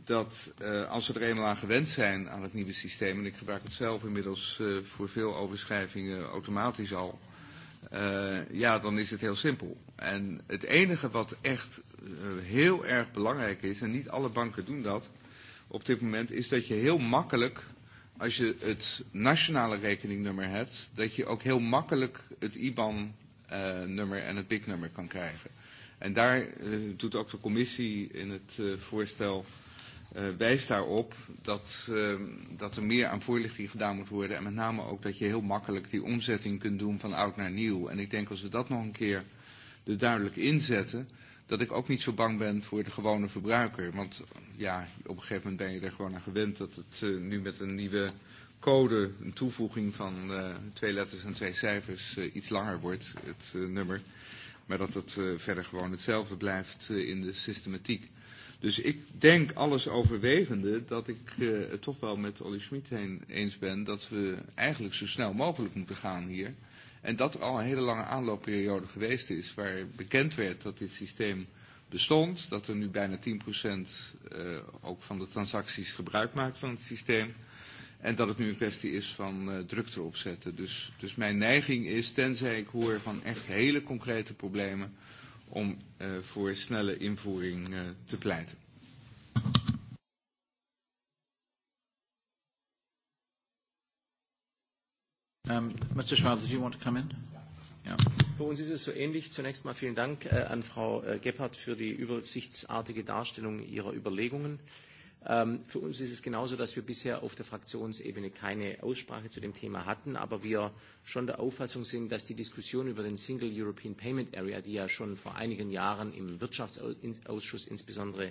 dat uh, als we er eenmaal aan gewend zijn aan het nieuwe systeem, en ik gebruik het zelf inmiddels uh, voor veel overschrijvingen automatisch al, uh, Uh, ja, dan is het heel simpel. En het enige wat echt uh, heel erg belangrijk is, en niet alle banken doen dat op dit moment, is dat je heel makkelijk, als je het nationale rekeningnummer hebt, dat je ook heel makkelijk het IBAN-nummer eh, uh, en het BIC-nummer kan krijgen. En daar uh, doet ook de commissie in het uh, voorstel uh, uh, wijst daarop dat, uh, dat er meer aan voorlichting gedaan moet worden. En met name ook dat je heel makkelijk die omzetting kunt doen van oud naar nieuw. En ik denk als we dat nog een keer er duidelijk inzetten, dat ik ook niet zo bang ben voor de gewone verbruiker. Want ja, op een gegeven moment ben je er gewoon aan gewend dat het uh, nu met een nieuwe code, een toevoeging van uh, twee letters en twee cijfers, uh, iets langer wordt, het uh, nummer. Maar dat het uh, verder gewoon hetzelfde blijft uh, in de systematiek. Dus ik denk alles overwegende dat ik uh, het toch wel met Olly Schmid heen eens ben dat we eigenlijk zo snel mogelijk moeten gaan hier. En dat er al een hele lange aanloopperiode geweest is waar bekend werd dat dit systeem bestond. Dat er nu bijna 10% uh, eh, ook van de transacties gebruik maakt van het systeem. En dat het nu een kwestie is van uh, druk erop zetten. Dus, dus mijn neiging is, tenzij ik hoor van echt hele concrete problemen, om uh, voor snelle invoering uh, te pleiten. Um, Mr. Schwab, did you want to come in? Ja. Für uns ist es so ähnlich. Zunächst mal vielen Dank äh, an Frau äh, Gebhardt für die übersichtsartige Darstellung ihrer Überlegungen. Äh, Ähm, für uns ist es genauso, dass wir bisher auf der Fraktionsebene keine Aussprache zu dem Thema hatten, aber wir schon der Auffassung sind, dass die Diskussion über den Single European Payment Area, die ja schon vor einigen Jahren im Wirtschaftsausschuss insbesondere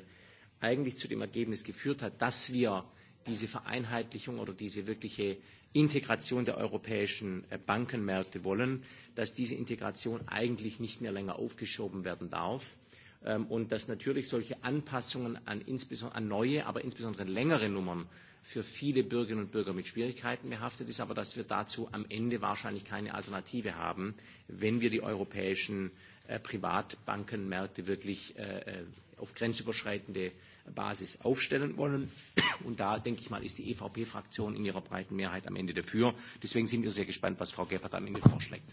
eigentlich zu dem Ergebnis geführt hat, dass wir diese Vereinheitlichung oder diese wirkliche Integration der europäischen äh, Bankenmärkte wollen, dass diese Integration eigentlich nicht mehr länger aufgeschoben werden darf Ähm, und dass natürlich solche Anpassungen an, insbesondere, an neue, aber insbesondere längere Nummern für viele Bürgerinnen und Bürger mit Schwierigkeiten behaftet ist, aber dass wir dazu am Ende wahrscheinlich keine Alternative haben, wenn wir die europäischen äh, Privatbankenmärkte wirklich äh, äh, auf grenzüberschreitende Basis aufstellen wollen. Und da, denke ich mal, ist die EVP-Fraktion in ihrer breiten Mehrheit am Ende dafür. Deswegen sind wir sehr gespannt, was Frau Gebhardt am Ende vorschlägt.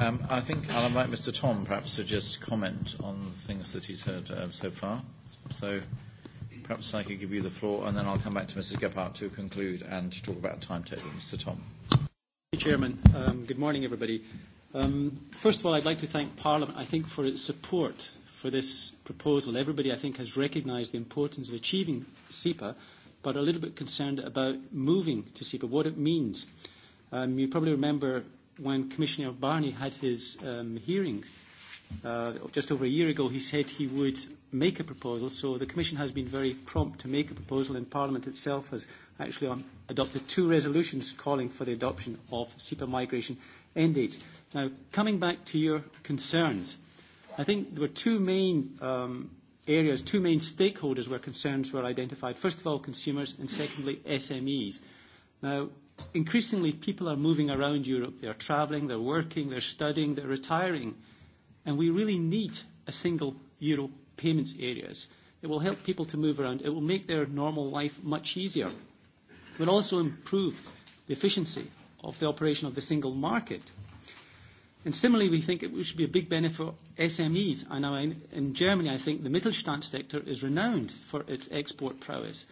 Um, I think I'll invite Mr. Tom perhaps to just comment on the things that he's heard uh, so far. So perhaps I could give you the floor, and then I'll come back to Mrs. Gephardt to conclude and to talk about timetable. Mr. Tom. Thank you, Chairman. Um, good morning, everybody. Um, first of all, I'd like to thank Parliament, I think, for its support for this proposal. Everybody, I think, has recognised the importance of achieving SEPA, but are a little bit concerned about moving to SEPA, what it means. Um, you probably remember when Commissioner Barnier had his um, hearing uh, just over a year ago, he said he would make a proposal. So the Commission has been very prompt to make a proposal, and Parliament itself has actually on, um, adopted two resolutions calling for the adoption of SEPA migration end dates. Now, coming back to your concerns, I think there were two main um, areas, two main stakeholders where concerns were identified. First of all, consumers, and secondly, SMEs. Now, increasingly people are moving around Europe. They are traveling, they're working, they're studying, they're retiring. And we really need a single euro payments areas. It will help people to move around. It will make their normal life much easier. It will also improve the efficiency of the operation of the single market. And similarly, we think it should be a big benefit for SMEs. I know in Germany, I think the Mittelstand sector is renowned for its export prowess.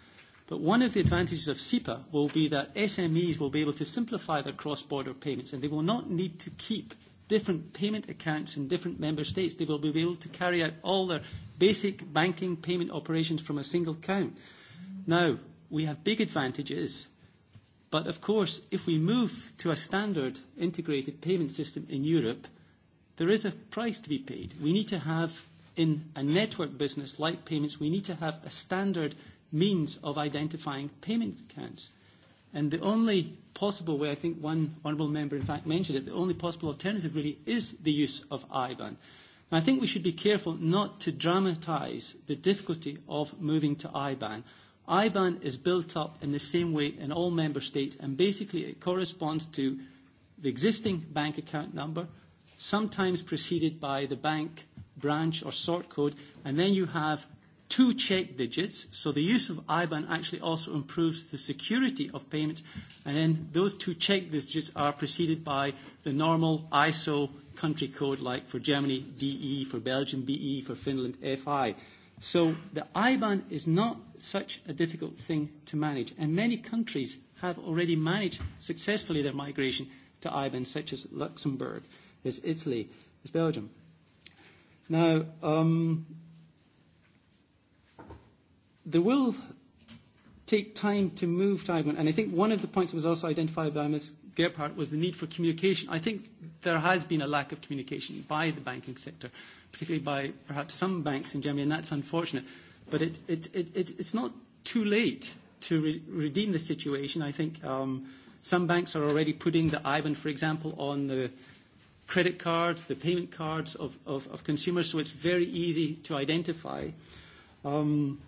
But one of the advantages of SEPA will be that SMEs will be able to simplify their cross-border payments and they will not need to keep different payment accounts in different member states. They will be able to carry out all their basic banking payment operations from a single account. Now, we have big advantages, but of course, if we move to a standard integrated payment system in Europe, there is a price to be paid. We need to have, in a network business like payments, we need to have a standard means of identifying payment accounts. And the only possible way, I think one honourable member in fact mentioned it, the only possible alternative really is the use of IBAN. And I think we should be careful not to dramatise the difficulty of moving to IBAN. IBAN is built up in the same way in all member states, and basically it corresponds to the existing bank account number, sometimes preceded by the bank branch or sort code, and then you have two check digits. So the use of IBAN actually also improves the security of payments. And then those two check digits are preceded by the normal ISO country code, like for Germany, DE, for Belgium, BE, for Finland, FI. So the IBAN is not such a difficult thing to manage. And many countries have already managed successfully their migration to IBAN, such as Luxembourg, as Italy, as Belgium. Now, um, there will take time to move to Taiwan. And I think one of the points that was also identified by Ms. Gebhardt was the need for communication. I think there has been a lack of communication by the banking sector, particularly by perhaps some banks in Germany, and that's unfortunate. But it, it, it, it, it's not too late to re- redeem the situation. I think um, some banks are already putting the IBAN, for example, on the credit cards, the payment cards of, of, of consumers, so it's very easy to identify. Um,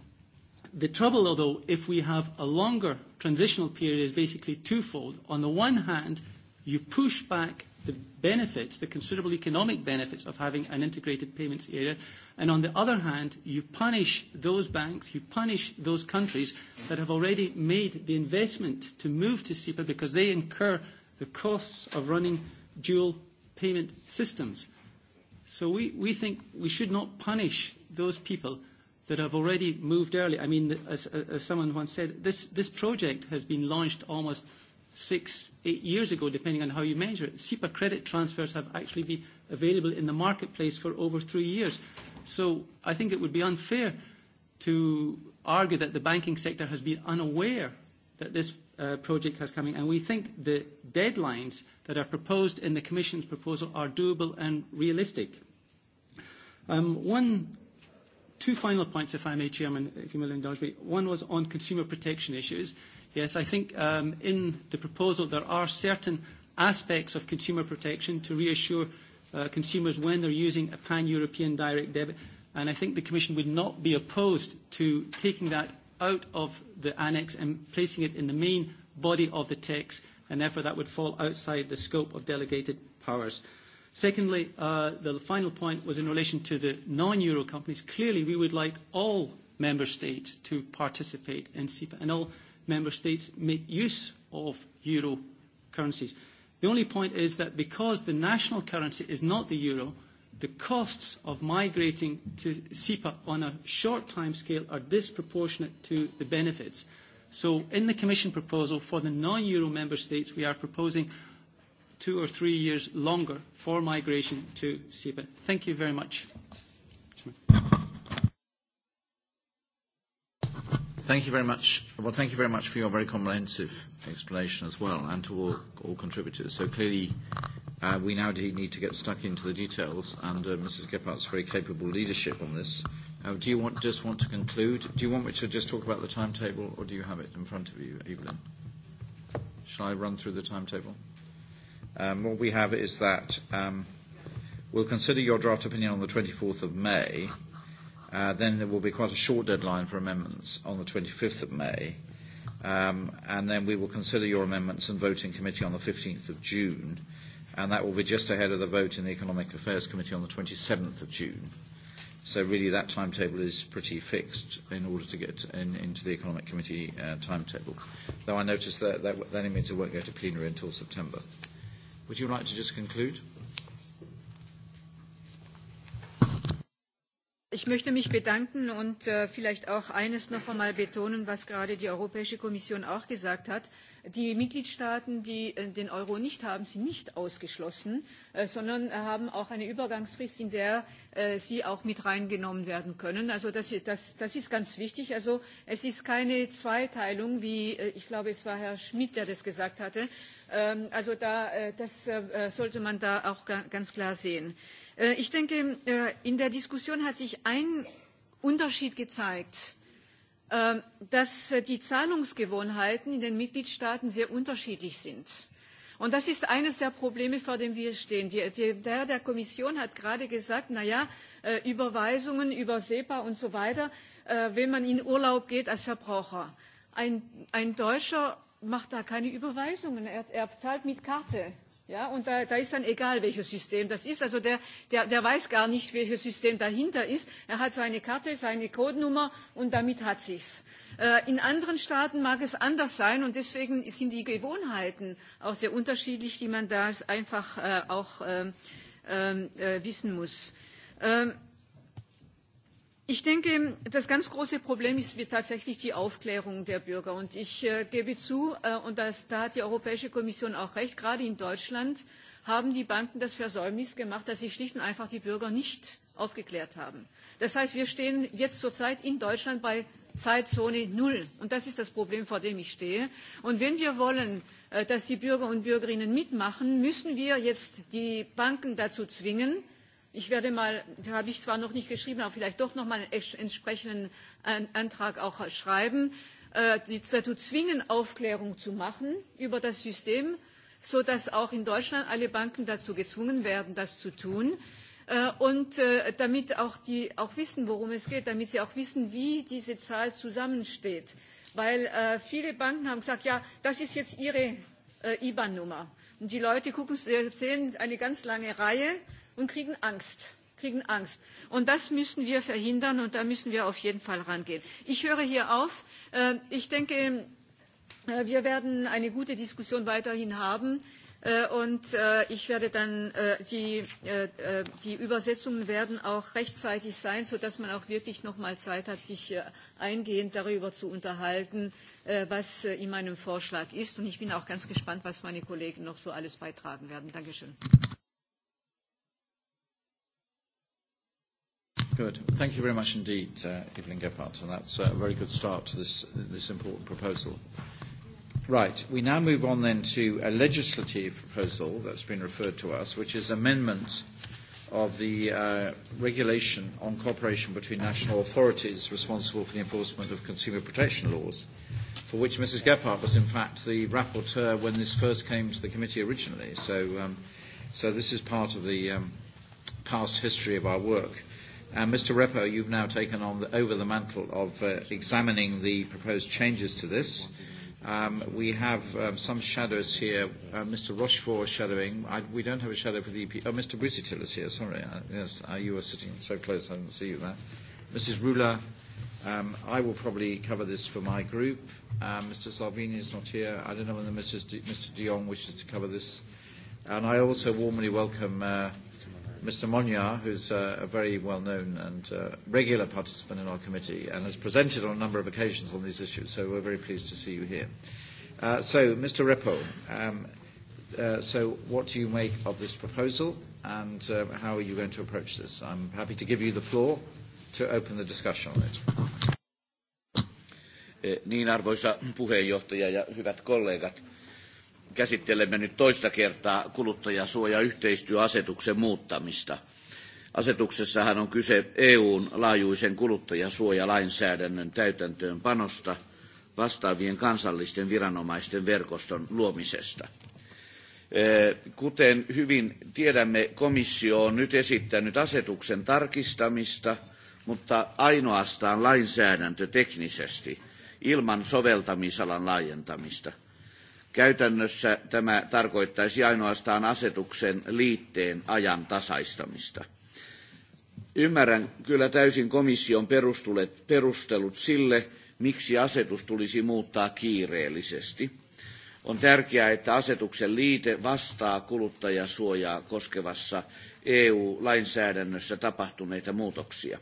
The trouble, although, if we have a longer transitional period, is basically twofold. On the one hand, you push back the benefits, the considerable economic benefits of having an integrated payments area, and on the other hand, you punish those banks, you punish those countries that have already made the investment to move to SEPA because they incur the costs of running dual payment systems. So we, we think we should not punish those people that have already moved early. I mean, as, someone once said, this, this project has been launched almost six, eight years ago, depending on how you measure it. SEPA credit transfers have actually been available in the marketplace for over three years. So I think it would be unfair to argue that the banking sector has been unaware that this uh, project has coming. And we think the deadlines that are proposed in the Commission's proposal are doable and realistic. Um, one Two final points, if I may, Chairman, if you will indulge me. One was on consumer protection issues. Yes, I think um, in the proposal there are certain aspects of consumer protection to reassure uh, consumers when they're using a pan-European direct debit. And I think the Commission would not be opposed to taking that out of the annex and placing it in the main body of the text, and therefore that would fall outside the scope of delegated powers. Secondly, uh, the final point was in relation to the non-euro companies. Clearly, we would like all member states to participate in SEPA, and all member states make use of euro currencies. The only point is that because the national currency is not the euro, the costs of migrating to SEPA on a short time scale are disproportionate to the benefits. So in the Commission proposal for the non-euro member states, we are proposing two or three years longer for migration to SEPA. Thank you very much. Thank you very much. Well, thank you very much for your very comprehensive explanation as well, and to all, all contributors. So clearly, uh, we now do need to get stuck into the details, and uh, Mrs. Gephardt's very capable leadership on this. Uh, do you want, just want to conclude? Do you want me to just talk about the timetable, or do you have it in front of you, Evelyn? Shall I run through the timetable? Um, what we have is that um, we'll consider your draft opinion on the 24th of May. Uh, then there will be quite a short deadline for amendments on the 25th of May. Um, and then we will consider your amendments and vote in committee on the 15th of June. And that will be just ahead of the vote in the Economic Affairs Committee on the 27th of June. So really that timetable is pretty fixed in order to get in, into the Economic Committee uh, timetable. Though I notice that, that that means it won't go to plenary until September. Uh, Would you like to just conclude? Ich möchte mich bedanken und äh, vielleicht auch eines noch einmal betonen, was gerade die Europäische Kommission auch gesagt hat. Die Mitgliedstaaten, die äh, den Euro nicht haben, sind nicht ausgeschlossen, äh, sondern äh, haben auch eine Übergangsfrist, in der äh, sie auch mit reingenommen werden können. Also das, das, das ist ganz wichtig. Also es ist keine Zweiteilung, wie äh, ich glaube, es war Herr Schmidt, der das gesagt hatte. Ähm, also da, das sollte man da auch ganz klar sehen. Äh, Äh, ich denke, äh, in der Diskussion hat sich ein Unterschied gezeigt, ähm, dass äh, die Zahlungsgewohnheiten in den Mitgliedstaaten sehr unterschiedlich sind. Und das ist eines der Probleme, vor denen wir stehen. Die, die, der, der Kommission hat gerade gesagt, na ja Überweisungen über SEPA und so weiter, wenn man in Urlaub geht als Verbraucher. Ein, Deutscher macht da keine Überweisungen, er, er zahlt mit Karte Ja, und da, da ist dann egal, welches System das ist. Also der, der, der weiß gar nicht, welches System dahinter ist. Er hat seine Karte, seine Codenummer und damit hat sich's. Äh, in anderen Staaten mag es anders sein und deswegen sind die Gewohnheiten auch sehr unterschiedlich, die man da einfach äh, auch ähm, ähm, äh, wissen muss. Ähm, Ich denke, das ganz große Problem ist tatsächlich die Aufklärung der Bürger. Und ich äh, gebe zu, äh, und das, da hat die Europäische Kommission auch recht, gerade in Deutschland haben die Banken das Versäumnis gemacht, dass sie schlicht und einfach die Bürger nicht aufgeklärt haben. Das heißt, wir stehen jetzt zurzeit in Deutschland bei Zeitzone Null. Und das ist das Problem, vor dem ich stehe. Und wenn wir wollen, äh, dass die Bürger und Bürgerinnen mitmachen, müssen wir jetzt die Banken dazu zwingen, Ich werde mal, da habe ich zwar noch nicht geschrieben, aber vielleicht doch noch mal einen entsprechenden Antrag auch schreiben, äh, die dazu zwingen, Aufklärung zu machen über das System, sodass auch in Deutschland alle Banken dazu gezwungen werden, das zu tun. Äh, und äh, damit auch die auch wissen, worum es geht, damit sie auch wissen, wie diese Zahl zusammensteht. Weil viele Banken haben gesagt, ja, das ist jetzt ihre IBAN-Nummer. Und die Leute gucken, sehen eine ganz lange Reihe und kriegen Angst kriegen Angst. Und das müssen wir verhindern und da müssen wir auf jeden Fall rangehen. Ich höre hier auf. Ähm, ich denke, äh, wir werden eine gute Diskussion weiterhin haben. Äh, und äh, ich werde dann, die, die Übersetzungen werden auch rechtzeitig sein, sodass man auch wirklich noch mal Zeit hat, sich eingehend darüber zu unterhalten, was in meinem Vorschlag ist. Und ich bin auch ganz gespannt, was meine Kollegen noch so alles beitragen werden. Dankeschön. Good. Thank you very much indeed, uh, Evelyn Gephardt, and that's a very good start to this, this important proposal. Right. We now move on then to a legislative proposal that's been referred to us, which is amendment of the uh, regulation on cooperation between national authorities responsible for the enforcement of consumer protection laws, for which Mrs. Gephardt was in fact the rapporteur when this first came to the committee originally. So, um, so this is part of the um, past history of our work. And uh, Mr. Repo, you've now taken on the, over the mantle of uh, examining the proposed changes to this. Um, we have um, some shadows here. Uh, Mr. Rochefort shadowing. I, we don't have a shadow for the EP. Oh, Mr. Brusitil is here. Sorry. Uh, yes, uh, you were sitting so close I didn't see you there. Mrs. Rula, um, I will probably cover this for my group. Uh, Mr. Salvini is not here. I don't know whether Mrs. D- Mr. Dion wishes to cover this. And I also warmly welcome. Uh, Mr. Monya, who's uh, a very well-known and uh, regular participant in our committee and has presented on a number of occasions on these issues, so we're very pleased to see you here. Uh, so, Mr. Repo, um, uh, so what do you make of this proposal and uh, how are you going to approach this? I'm happy to give you the floor to open the discussion on it. Eh, niin arvoisa puheenjohtaja ja hyvät kollegat, käsittelemme nyt toista kertaa kuluttajasuojayhteistyöasetuksen muuttamista. Asetuksessahan on kyse EUn laajuisen kuluttajasuojalainsäädännön täytäntöönpanosta vastaavien kansallisten viranomaisten verkoston luomisesta. Kuten hyvin tiedämme, komissio on nyt esittänyt asetuksen tarkistamista, mutta ainoastaan lainsäädäntöteknisesti, ilman soveltamisalan laajentamista – Käytännössä tämä tarkoittaisi ainoastaan asetuksen liitteen ajan tasaistamista. Ymmärrän kyllä täysin komission perustelut sille, miksi asetus tulisi muuttaa kiireellisesti. On tärkeää, että asetuksen liite vastaa kuluttajasuojaa koskevassa EU-lainsäädännössä tapahtuneita muutoksia.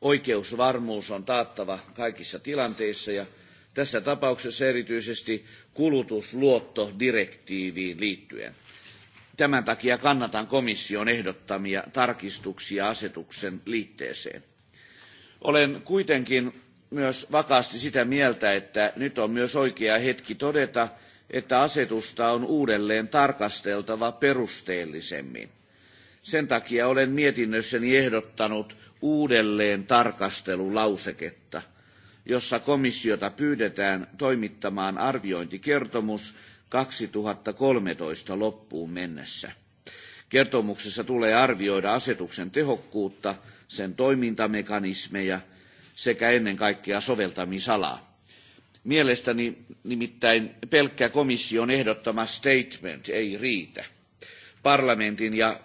Oikeusvarmuus on taattava kaikissa tilanteissa ja tässä tapauksessa erityisesti kulutusluottodirektiiviin liittyen. Tämän takia kannatan komission ehdottamia tarkistuksia asetuksen liitteeseen. Olen kuitenkin myös vakaasti sitä mieltä, että nyt on myös oikea hetki todeta, että asetusta on uudelleen tarkasteltava perusteellisemmin. Sen takia olen mietinnössäni ehdottanut uudelleen tarkastelulauseketta – jossa komissiota pyydetään toimittamaan arviointikertomus 2013 loppuun mennessä. Kertomuksessa tulee arvioida asetuksen tehokkuutta, sen toimintamekanismeja sekä ennen kaikkea soveltamisalaa. Mielestäni nimittäin pelkkä komission ehdottama statement ei riitä. Parlamentin ja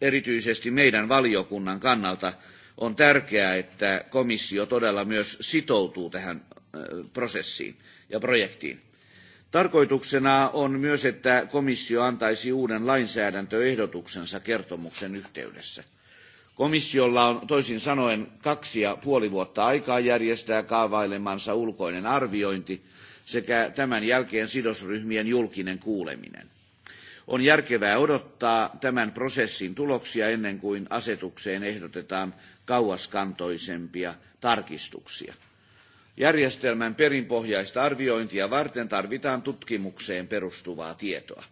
erityisesti meidän valiokunnan kannalta on tärkeää, että komissio todella myös sitoutuu tähän prosessiin ja projektiin. Tarkoituksena on myös, että komissio antaisi uuden lainsäädäntöehdotuksensa kertomuksen yhteydessä. Komissiolla on toisin sanoen kaksi ja puoli vuotta aikaa järjestää kaavailemansa ulkoinen arviointi sekä tämän jälkeen sidosryhmien julkinen kuuleminen. On järkevää odottaa tämän prosessin tuloksia ennen kuin asetukseen ehdotetaan kauaskantoisempia tarkistuksia. Järjestelmän perinpohjaista arviointia varten tarvitaan tutkimukseen perustuvaa tietoa.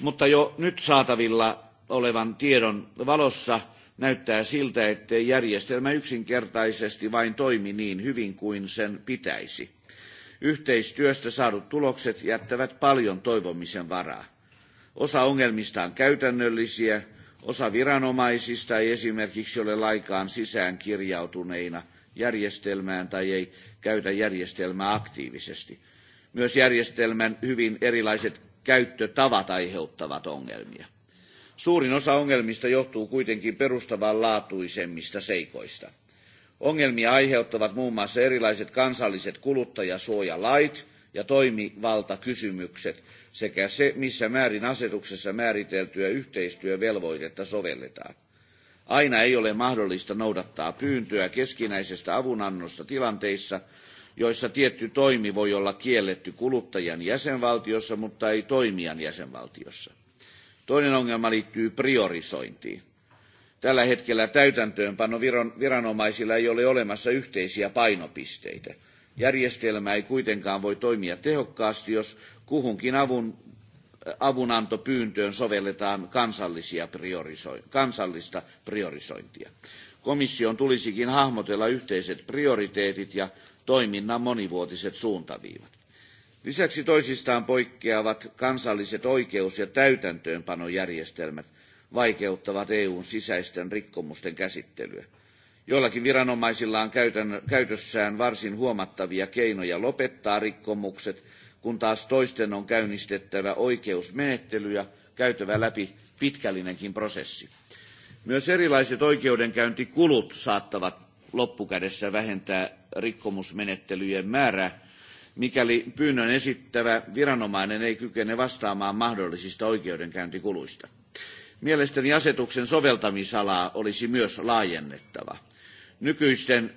Mutta jo nyt saatavilla olevan tiedon valossa näyttää siltä, ettei järjestelmä yksinkertaisesti vain toimi niin hyvin kuin sen pitäisi. Yhteistyöstä saadut tulokset jättävät paljon toivomisen varaa. Osa ongelmista on käytännöllisiä, Osa viranomaisista ei esimerkiksi ole lainkaan sisään kirjautuneina järjestelmään tai ei käytä järjestelmää aktiivisesti. Myös järjestelmän hyvin erilaiset käyttötavat aiheuttavat ongelmia. Suurin osa ongelmista johtuu kuitenkin perustavanlaatuisemmista seikoista. Ongelmia aiheuttavat muun muassa erilaiset kansalliset kuluttajasuojalait – ja toimivaltakysymykset sekä se, missä määrin asetuksessa määriteltyä yhteistyövelvoitetta sovelletaan. Aina ei ole mahdollista noudattaa pyyntöä keskinäisestä avunannosta tilanteissa, joissa tietty toimi voi olla kielletty kuluttajan jäsenvaltiossa, mutta ei toimijan jäsenvaltiossa. Toinen ongelma liittyy priorisointiin. Tällä hetkellä täytäntöönpano viranomaisilla ei ole olemassa yhteisiä painopisteitä – Järjestelmä ei kuitenkaan voi toimia tehokkaasti, jos kuhunkin avun, avunantopyyntöön sovelletaan kansallisia prioriso, kansallista priorisointia. Komission tulisikin hahmotella yhteiset prioriteetit ja toiminnan monivuotiset suuntaviivat. Lisäksi toisistaan poikkeavat kansalliset oikeus- ja täytäntöönpanojärjestelmät vaikeuttavat EUn sisäisten rikkomusten käsittelyä. Joillakin viranomaisilla on käytössään varsin huomattavia keinoja lopettaa rikkomukset, kun taas toisten on käynnistettävä oikeusmenettely ja käytävä läpi pitkällinenkin prosessi. Myös erilaiset oikeudenkäyntikulut saattavat loppukädessä vähentää rikkomusmenettelyjen määrää, mikäli pyynnön esittävä viranomainen ei kykene vastaamaan mahdollisista oikeudenkäyntikuluista. Mielestäni asetuksen soveltamisalaa olisi myös laajennettava nykyisten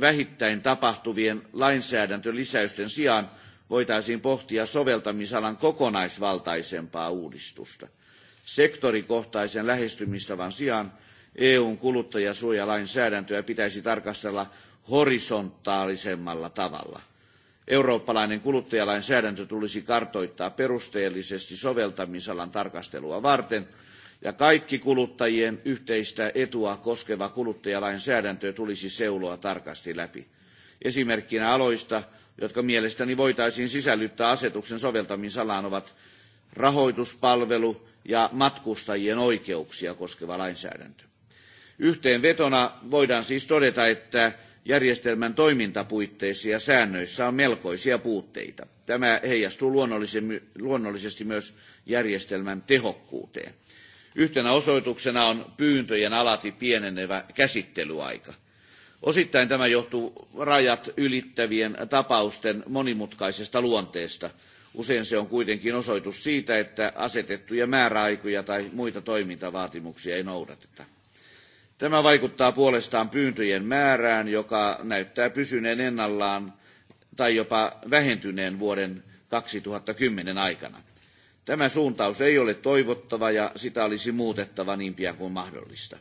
vähittäin tapahtuvien lainsäädäntölisäysten sijaan voitaisiin pohtia soveltamisalan kokonaisvaltaisempaa uudistusta. Sektorikohtaisen lähestymistavan sijaan EUn kuluttajasuojalainsäädäntöä pitäisi tarkastella horisontaalisemmalla tavalla. Eurooppalainen kuluttajalainsäädäntö tulisi kartoittaa perusteellisesti soveltamisalan tarkastelua varten – ja kaikki kuluttajien yhteistä etua koskeva kuluttajalainsäädäntö tulisi seuloa tarkasti läpi. Esimerkkinä aloista, jotka mielestäni voitaisiin sisällyttää asetuksen soveltamisalaan, ovat rahoituspalvelu ja matkustajien oikeuksia koskeva lainsäädäntö. Yhteenvetona voidaan siis todeta, että järjestelmän toimintapuitteissa ja säännöissä on melkoisia puutteita. Tämä heijastuu luonnollisesti myös järjestelmän tehokkuuteen. Yhtenä osoituksena on pyyntöjen alati pienenevä käsittelyaika. Osittain tämä johtuu rajat ylittävien tapausten monimutkaisesta luonteesta. Usein se on kuitenkin osoitus siitä, että asetettuja määräaikoja tai muita toimintavaatimuksia ei noudateta. Tämä vaikuttaa puolestaan pyyntöjen määrään, joka näyttää pysyneen ennallaan tai jopa vähentyneen vuoden 2010 aikana. Tämä suuntaus ei ole toivottava ja sitä olisi muutettava niin pian kuin mahdollista.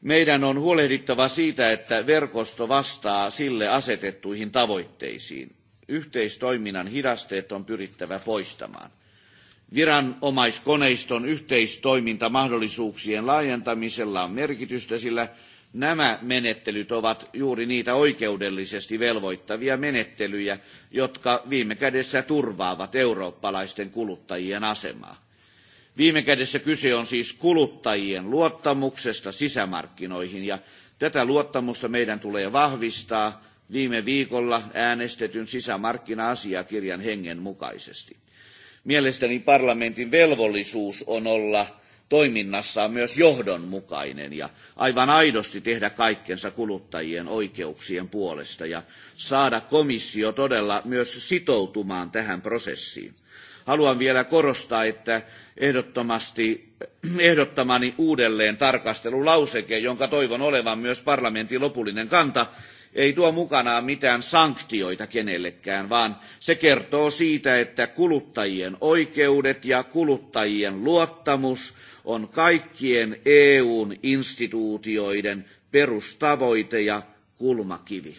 Meidän on huolehdittava siitä, että verkosto vastaa sille asetettuihin tavoitteisiin. Yhteistoiminnan hidasteet on pyrittävä poistamaan. Viranomaiskoneiston yhteistoimintamahdollisuuksien laajentamisella on merkitystä, sillä Nämä menettelyt ovat juuri niitä oikeudellisesti velvoittavia menettelyjä, jotka viime kädessä turvaavat eurooppalaisten kuluttajien asemaa. Viime kädessä kyse on siis kuluttajien luottamuksesta sisämarkkinoihin ja tätä luottamusta meidän tulee vahvistaa viime viikolla äänestetyn sisämarkkina-asiakirjan hengen mukaisesti. Mielestäni parlamentin velvollisuus on olla toiminnassaan myös johdonmukainen ja aivan aidosti tehdä kaikkensa kuluttajien oikeuksien puolesta ja saada komissio todella myös sitoutumaan tähän prosessiin. Haluan vielä korostaa, että ehdottomasti ehdottamani uudelleen tarkastelulauseke, jonka toivon olevan myös parlamentin lopullinen kanta, ei tuo mukanaan mitään sanktioita kenellekään, vaan se kertoo siitä, että kuluttajien oikeudet ja kuluttajien luottamus on kaikkien EUn instituutioiden perustavoite ja kulmakivi.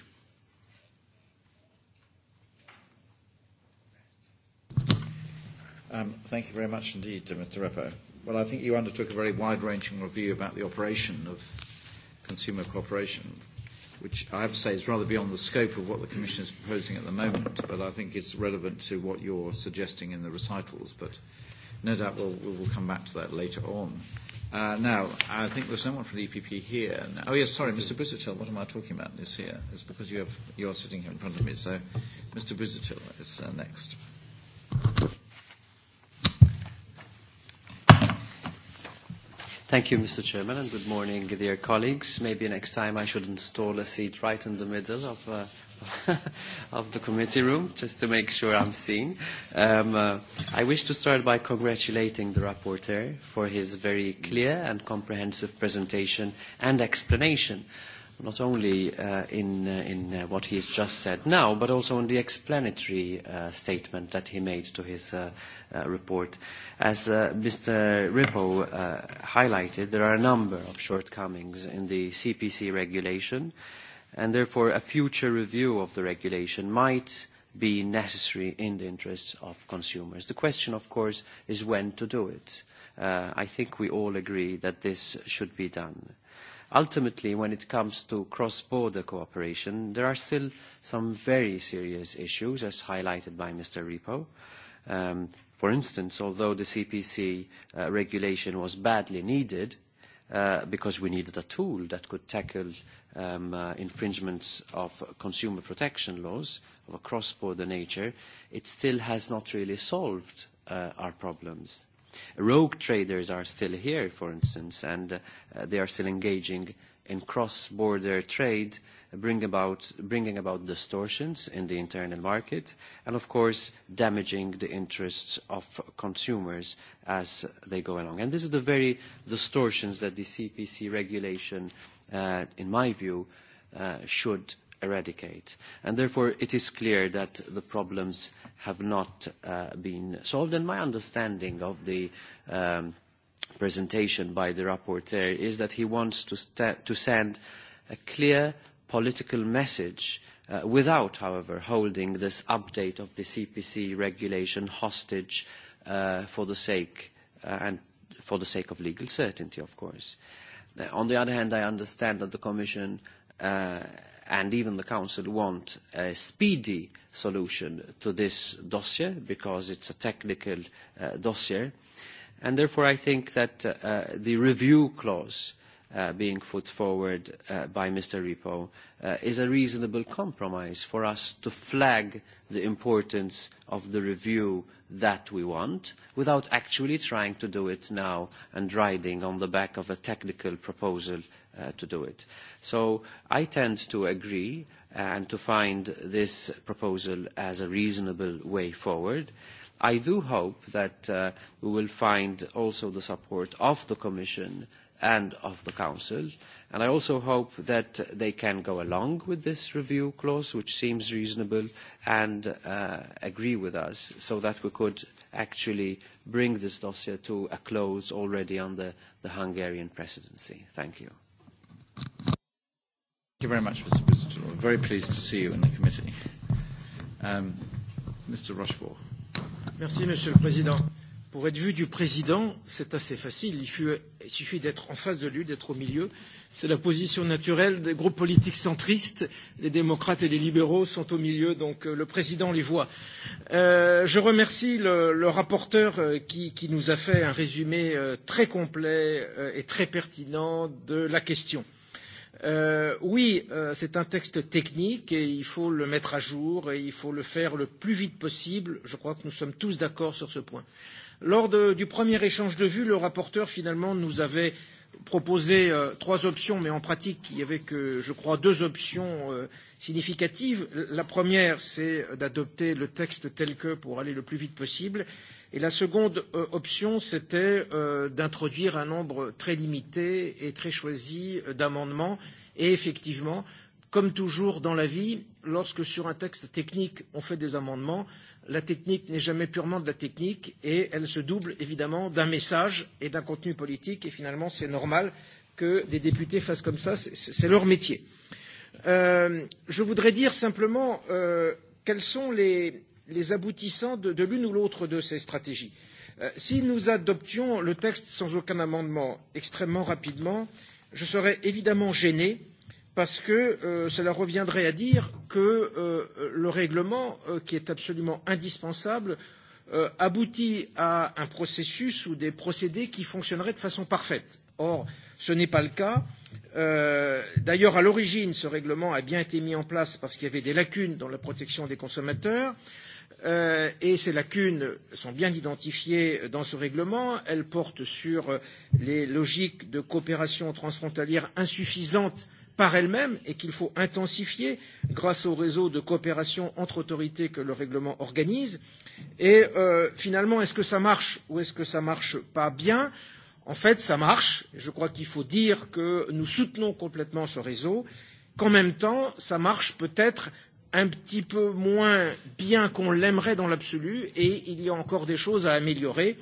Um, thank you very much indeed, uh, Mr. Repo. Well, I think you undertook a very wide-ranging review about the operation of consumer cooperation, which I have to say is rather beyond the scope of what the Commission is proposing at the moment, but I think it's relevant to what you're suggesting in the recitals. But no doubt we'll, we'll come back to that later on. Uh, now, I think there's someone from the EPP here. Now, oh, yes, sorry, Mr. Brisitil. What am I talking about is here. It's because you have, you're sitting here in front of me. So Mr. Brisitil is uh, next. Thank you, Mr. Chairman, and good morning, dear colleagues. Maybe next time I should install a seat right in the middle of uh, of the committee room, just to make sure I'm seen. Um, uh, I wish to start by congratulating the rapporteur for his very clear and comprehensive presentation and explanation not only uh, in, uh, in uh, what he's just said now, but also in the explanatory uh, statement that he made to his uh, uh, report. As uh, Mr. Ripoll uh, highlighted, there are a number of shortcomings in the CPC regulation. Uh, and therefore a future review of the regulation might be necessary in the interests of consumers. The question, of course, is when to do it. Uh, I think we all agree that this should be done. Ultimately, when it comes to cross-border cooperation, there are still some very serious issues, as highlighted by Mr. Repo. Um, for instance, although the CPC uh, regulation was badly needed, uh, because we needed a tool that could tackle um, uh, infringements of consumer protection laws of a cross-border nature, it still has not really solved uh, our problems. Rogue traders are still here, for instance, and uh, they are still engaging in cross-border trade about, bringing about distortions in the internal market and, of course, damaging the interests of consumers as they go along. And this is the very distortions that the CPC regulation, uh, in my view, uh, should eradicate. And therefore, it is clear that the problems have not uh, been solved. And my understanding of the um, presentation by the rapporteur is that he wants to, to send a clear political message uh, without, however, holding this update of the CPC regulation hostage uh, for the sake uh, and for the sake of legal certainty, of course. Uh, on the other hand, I understand that the Commission uh, and even the Council want a speedy solution to this dossier because it's a technical uh, dossier. And therefore, I think that the review clause Uh, being put forward uh, by Mr. Repo uh, is a reasonable compromise for us to flag the importance of the review that we want without actually trying to do it now and riding on the back of a technical proposal uh, to do it. So I tend to agree uh, and to find this proposal as a reasonable way forward. I do hope that uh, we will find also the support of the Commission uh, and of the Council. And I also hope that they can go along with this review clause, which seems reasonable, and uh, agree with us so that we could actually bring this dossier to a close already under the Hungarian presidency. Thank you. Thank you very much, Mr. President. We're very pleased to see you in the committee. Um, Mr. Rochefort. Merci, Monsieur le Président. Pour être vu du président, c'est assez facile. Il, fut, il suffit d'être en face de lui, d'être au milieu. C'est la position naturelle des groupes politiques centristes. Les démocrates et les libéraux sont au milieu, donc euh, le président les voit. Euh, je remercie le, le rapporteur euh, qui, qui nous a fait un résumé euh, très complet et très pertinent de la question. Euh, oui, euh, c'est un texte technique et il faut le mettre à jour et il faut le faire le plus vite possible. Je crois que nous sommes tous d'accord sur ce point. Euh, Lors de, du premier échange de vues, le rapporteur finalement nous avait proposé euh, trois options, mais en pratique, il n'y avait que, je crois, deux options euh, significatives. La première, c'est d'adopter le texte tel que pour aller le plus vite possible. Et la seconde euh, option, c'était euh, d'introduire un nombre très limité et très choisi euh, d'amendements. Et effectivement, comme toujours dans la vie, lorsque sur un texte technique, on fait des amendements, la technique n'est jamais purement de la technique et elle se double évidemment d'un message et d'un contenu politique et finalement c'est normal que des députés fassent comme ça, c'est leur métier. Euh, je voudrais dire simplement euh, quels sont les, les aboutissants de, de l'une ou l'autre de ces stratégies. Euh, si nous adoptions le texte sans aucun amendement extrêmement rapidement, je serais évidemment gêné euh, parce que euh, cela reviendrait à dire que euh, le règlement, euh, qui est absolument indispensable, euh, aboutit à un processus ou des procédés qui fonctionneraient de façon parfaite. Or, ce n'est pas le cas. Euh, D'ailleurs, à l'origine, ce règlement a bien été mis en place parce qu'il y avait des lacunes dans la protection des consommateurs. Euh, et ces lacunes sont bien identifiées dans ce règlement. Elles portent sur les logiques de coopération transfrontalière insuffisantes par elles-mêmes et qu'il faut intensifier grâce au réseau de coopération entre autorités que le règlement organise. Et euh, finalement, est-ce que ça marche ou est-ce que ça marche pas bien En fait, ça marche. Je crois qu'il faut dire que nous soutenons complètement ce réseau. Qu'en même temps, ça marche peut-être un petit peu moins bien qu'on l'aimerait dans l'absolu et il y a encore des choses à améliorer.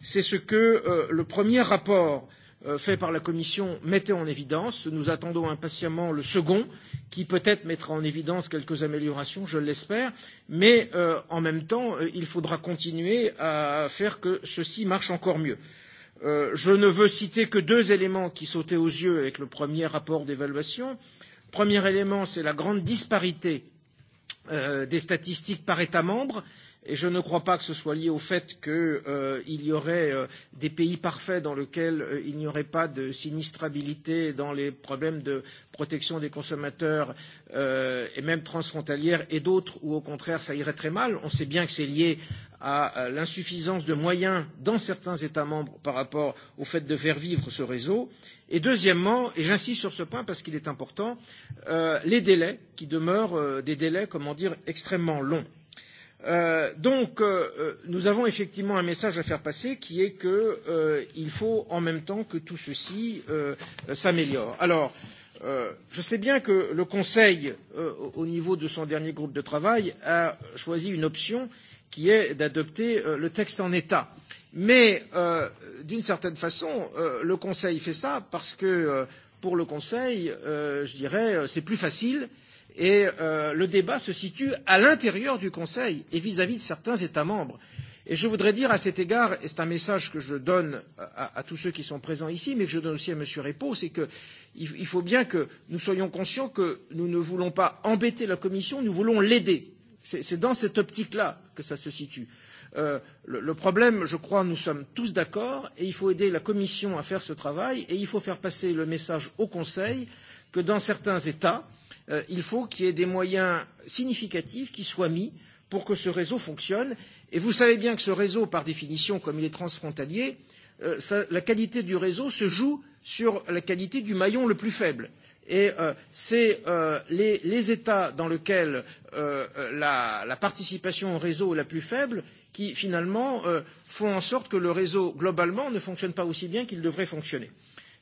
C'est ce que euh, le premier rapport euh, Euh, fait par la Commission mettait en évidence. Nous attendons impatiemment le second, qui peut-être mettra en évidence quelques améliorations, je l'espère, mais euh, en même temps, euh, il faudra continuer à faire que ceci marche encore mieux. Euh, je ne veux citer que deux éléments qui sautaient aux yeux avec le premier rapport d'évaluation. Premier élément, c'est la grande disparité euh, des statistiques par État membre. Euh, Et je ne crois pas que ce soit lié au fait qu'il euh, y aurait euh, des pays parfaits dans lesquels euh, il n'y aurait pas de sinistrabilité dans les problèmes de protection des consommateurs euh, et même transfrontalières et d'autres où au contraire ça irait très mal. On sait bien que c'est lié à l'insuffisance de moyens dans certains États membres par rapport au fait de faire vivre ce réseau. Et deuxièmement, et j'insiste sur ce point parce qu'il est important, euh, les délais qui demeurent euh, des délais, comment dire, extrêmement longs. Euh, donc, euh, euh, nous avons effectivement un message à faire passer qui est qu'il euh, faut en même temps que tout ceci euh, s'améliore. Alors, euh, je sais bien que le Conseil, euh, au niveau de son dernier groupe de travail, a choisi une option qui est d'adopter euh, le texte en état. Mais euh, d'une certaine façon, euh, le Conseil fait ça parce que euh, pour le Conseil, euh, je dirais, euh, c'est plus facile euh, et euh, le débat se situe à l'intérieur du Conseil et vis-à-vis -vis de certains États membres. Et je voudrais dire à cet égard, et c'est un message que je donne à, à tous ceux qui sont présents ici, mais que je donne aussi à M. Repo, c'est qu'il il faut bien que nous soyons conscients que nous ne voulons pas embêter la Commission, nous voulons l'aider. C'est dans cette optique-là que ça se situe. Euh, le, le problème, je crois, nous sommes tous d'accord, et il faut aider la Commission à faire ce travail, et il faut faire passer le message au Conseil que dans certains États, euh, il faut qu'il y ait des moyens significatifs qui soient mis pour que ce réseau fonctionne. Et vous savez bien que ce réseau, par définition, comme il est transfrontalier, euh, ça, la qualité du réseau se joue sur la qualité du maillon le plus faible. Et euh, c'est euh, les, les États dans lesquels euh, euh la, la participation au réseau est la plus faible qui, finalement, euh, font en sorte que le réseau, globalement, ne fonctionne pas aussi bien qu'il devrait fonctionner.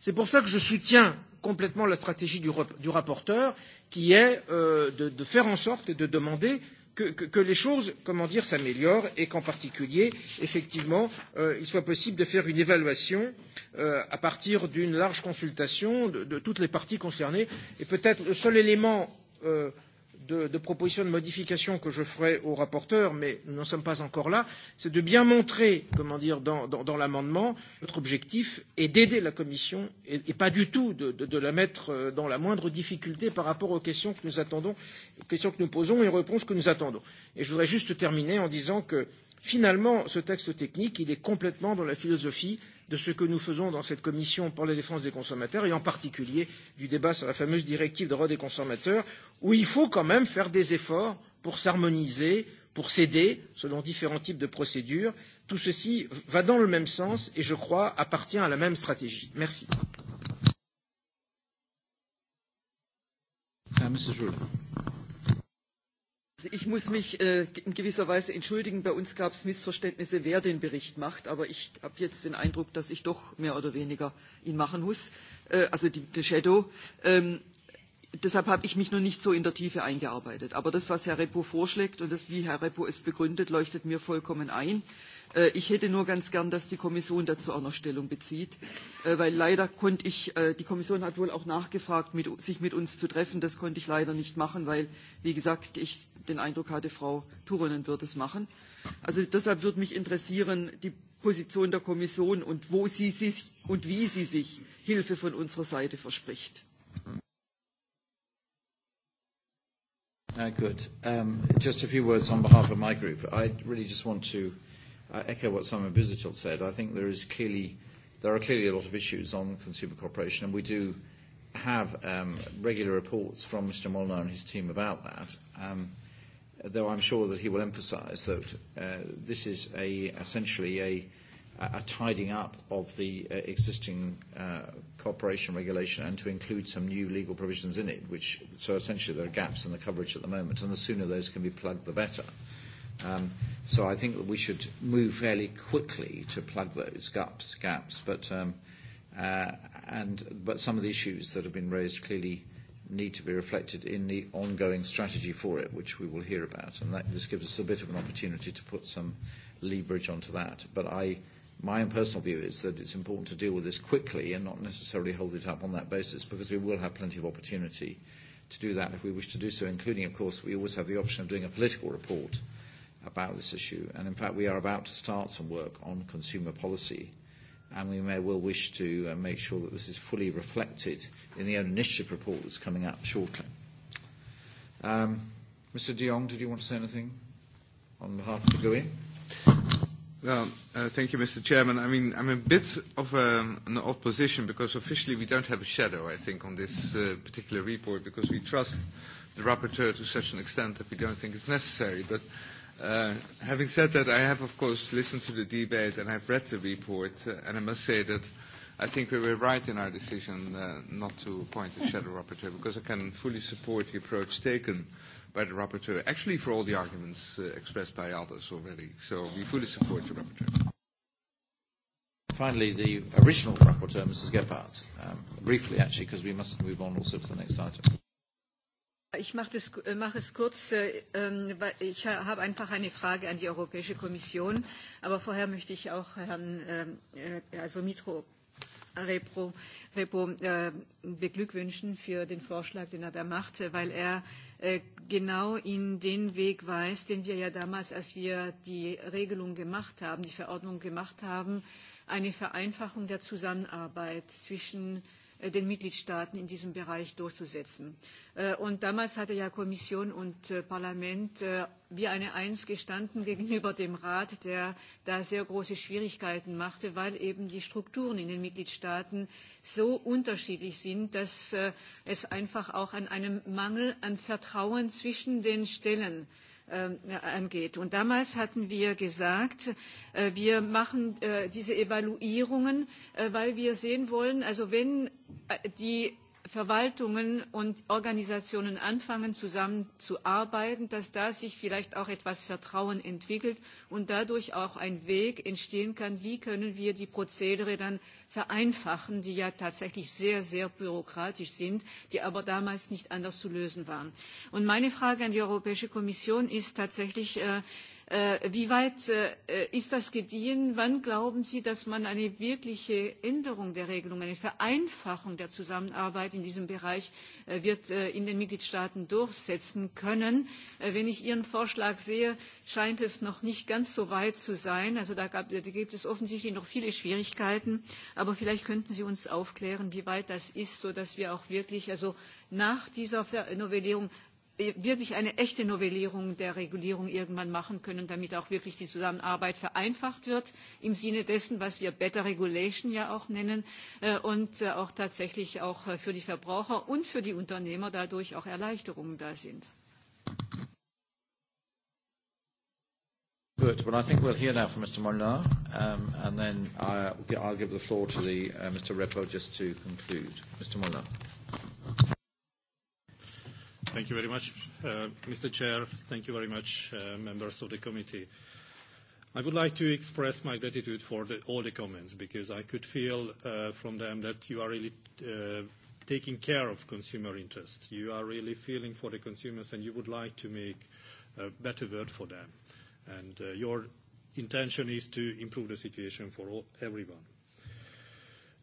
C'est pour ça que je soutiens complètement la stratégie du, du rapporteur, qui est euh, de, de faire en sorte et de demander que, que, que les choses, comment dire, s'améliorent et qu'en particulier, effectivement, euh, il soit possible de faire une évaluation euh, à partir d'une large consultation de, de toutes les parties concernées. Et peut-être le seul élément euh, de, de propositions de modification que je ferai au rapporteur, mais nous n'en sommes pas encore là, c'est de bien montrer, comment dire, dans, dans, dans l'amendement, notre objectif est d'aider la Commission et, et pas du tout de, de, de la mettre euh, dans la moindre difficulté par rapport aux questions que nous attendons, aux questions que nous posons et aux réponses que nous attendons. Et je voudrais juste terminer en disant que finalement, ce texte technique, il est complètement dans la philosophie de ce que nous faisons dans cette commission pour la défense des consommateurs et en particulier du débat sur la fameuse directive droit des consommateurs où il faut quand même faire des efforts pour s'harmoniser, pour s'aider selon différents types de procédures. Tout ceci va dans le même sens et je crois appartient à la même stratégie. Merci. Uh, Mrs. Ruler. Ich muss mich äh, in gewisser Weise entschuldigen. Bei uns gab es Missverständnisse, wer den Bericht macht. Aber ich habe jetzt den Eindruck, dass ich doch mehr oder weniger ihn machen muss, äh, also die, die Shadow. Ähm, deshalb habe ich mich noch nicht so in der Tiefe eingearbeitet. Aber das, was Herr Repo vorschlägt und das, wie Herr Repo es begründet, leuchtet mir vollkommen ein. Äh, Äh, ich hätte nur ganz gern, dass die Kommission dazu auch noch Stellung bezieht, äh, weil leider konnte ich, äh, die Kommission hat wohl auch nachgefragt, sich mit uns zu treffen. Das konnte ich leider nicht machen, weil, wie gesagt, ich den Eindruck hatte, Frau Turunen wird es machen. Also deshalb würde mich interessieren, die Position der Kommission und wo sie sich und wie sie sich Hilfe von unserer Seite verspricht. Uh, good. Um, just a few words on behalf of my group. I really just want to I echo what Simon Busuttil said. I think there is clearly there are clearly a lot of issues on consumer cooperation, and we do have um, regular reports from Mr. Molnar and his team about that. Um, though I'm sure that he will emphasise that uh, this is a, essentially a, a tidying up of the uh, existing uh, cooperation regulation and to include some new legal provisions in it, which so essentially there are gaps in the coverage at the moment, and the sooner those can be plugged, the better. Um, so I think that we should move fairly quickly to plug those gaps. gaps. But, um, uh, and, but some of the issues that have been raised clearly need to be reflected in the ongoing strategy for it, which we will hear about. And that, this gives us a bit of an opportunity to put some leverage onto that. But I, my own personal view is that it's important to deal with this quickly and not necessarily hold it up on that basis, because we will have plenty of opportunity to do that if we wish to do so, including, of course, we always have the option of doing a political report about this issue. And in fact, we are about to start some work on consumer policy, and we may well wish to uh, make sure that this is fully reflected in the own initiative report that's coming up shortly. Um, Mr. De Jong, did you want to say anything on behalf of the GUI? Well, uh, thank you, Mr. Chairman. I mean, I'm a bit of a, um, an odd position because officially we don't have a shadow, I think, on this uh, particular report because we trust the rapporteur to such an extent that we don't think it's necessary. But Uh, having said that, I have, of course, listened to the debate and I've read the report, uh, and I must say that I think we were right in our decision uh, not to appoint a shadow rapporteur because I can fully support the approach taken by the rapporteur, actually for all the arguments uh, expressed by others already. So we fully support the rapporteur. Finally, the original rapporteur, Mrs. Gebhardt, um, briefly actually, because we must move on also to the next item. Ich mache, das, äh, mache es kurz. Äh, ähm, ich habe einfach eine Frage an die Europäische Kommission. Aber vorher möchte ich auch Herrn ähm, äh, also Mitro Repo, Repo äh, beglückwünschen für den Vorschlag, den er da macht, weil er äh, genau in den Weg weist, den wir ja damals, als wir die Regelung gemacht haben, die Verordnung gemacht haben, eine Vereinfachung der Zusammenarbeit zwischen Äh, den Mitgliedstaaten in diesem Bereich durchzusetzen. Äh, und damals hatte ja Kommission und äh, Parlament wie eine Eins gestanden gegenüber dem Rat, der da sehr große Schwierigkeiten machte, weil eben die Strukturen in den Mitgliedstaaten so unterschiedlich sind, dass es einfach auch an einem Mangel an Vertrauen zwischen den Stellen Äh, angeht. Und damals hatten wir gesagt, äh, wir machen äh, diese Evaluierungen, weil wir sehen wollen, also wenn die Verwaltungen und Organisationen anfangen, zusammenzuarbeiten, dass da sich vielleicht auch etwas Vertrauen entwickelt und dadurch auch ein Weg entstehen kann, wie können wir die Prozedere dann vereinfachen, die ja tatsächlich sehr, sehr bürokratisch sind, die aber damals nicht anders zu lösen waren. Und meine Frage an die Europäische Kommission ist tatsächlich, äh, Äh, wie weit äh, ist das gediehen? Wann glauben Sie, dass man eine wirkliche Änderung der Regelung, eine Vereinfachung der Zusammenarbeit in diesem Bereich äh, wird in den Mitgliedstaaten durchsetzen können? Wenn ich Ihren Vorschlag sehe, scheint es noch nicht ganz so weit zu sein. Also da, gab, da gibt es offensichtlich noch viele Schwierigkeiten. Aber vielleicht könnten Sie uns aufklären, wie weit das ist, sodass wir auch wirklich also nach dieser Novellierung Äh, wirklich eine echte Novellierung der Regulierung irgendwann machen können, damit auch wirklich die Zusammenarbeit vereinfacht wird im Sinne dessen, was wir Better Regulation ja auch nennen äh, und äh, auch tatsächlich auch für die Verbraucher und für die Unternehmer dadurch auch Erleichterungen da sind. Good. Well, I think we'll hear now from Mr. Molnar, um, and then I'll, I'll give the floor to the, uh, Mr. Repo just to conclude. Mr. Molnar. Thank you very much, uh, Mr. Chair. Thank you very much, uh, members of the committee. I would like to express my gratitude for the, all the comments because I could feel uh, from them that you are really uh, taking care of consumer interest. You are really feeling for the consumers and you would like to make a better world for them. And uh, your intention is to improve the situation for all, everyone.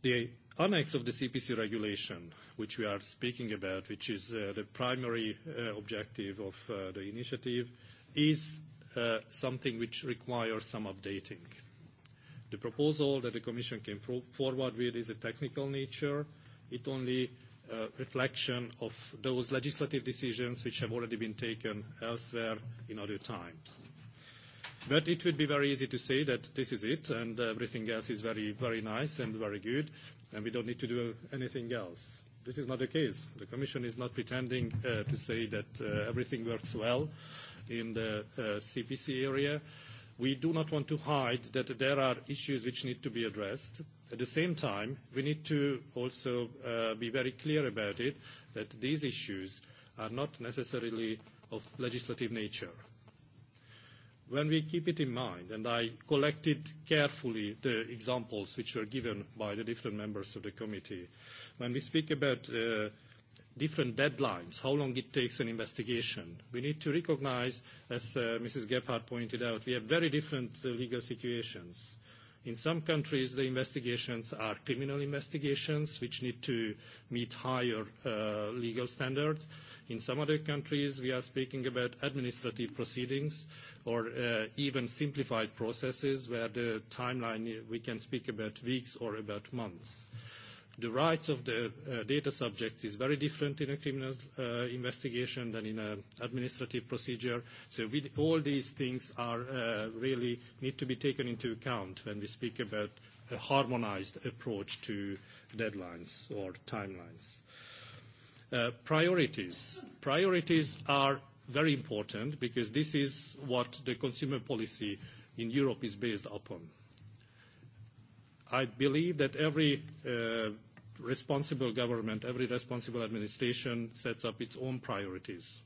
The annex of the CPC regulation, which we are speaking about, which is uh, the primary uh, objective of uh, the initiative, is uh, something which requires some updating. The proposal that the Commission came for forward with is a technical nature. It only Uh, reflection of those legislative decisions which have already been taken elsewhere in other times. But it would be very easy to say that this is it and everything else is very, very nice and very good and we don't need to do anything else. This is not the case. The Commission is not pretending uh, to say that uh, everything works well in the uh, CPC area. We do not want to hide that there are issues which need to be addressed. At the same time, we need to also uh, be very clear about it that these issues are not necessarily of legislative nature When we keep it in mind, and I collected carefully the examples which were given by the different members of the committee, when we speak about uh, different deadlines, how long it takes an investigation. We need to recognize, as uh, Mrs. Gebhardt pointed out, we have very different uh, legal situations. In some countries, the investigations are criminal investigations, which need to meet higher uh, legal standards. In some other countries, we are speaking about administrative proceedings or uh, even simplified processes where the timeline uh, we can speak about weeks or about months. The rights of the uh, data subjects is very different in a criminal investigation than in an administrative procedure. So all these things are really need to be taken into account when we speak about a harmonized approach to deadlines or timelines. Uh, priorities. Priorities are very important because this is what the consumer policy in Europe is based upon. I believe that every uh, responsible government, every responsible administration sets up its own priorities.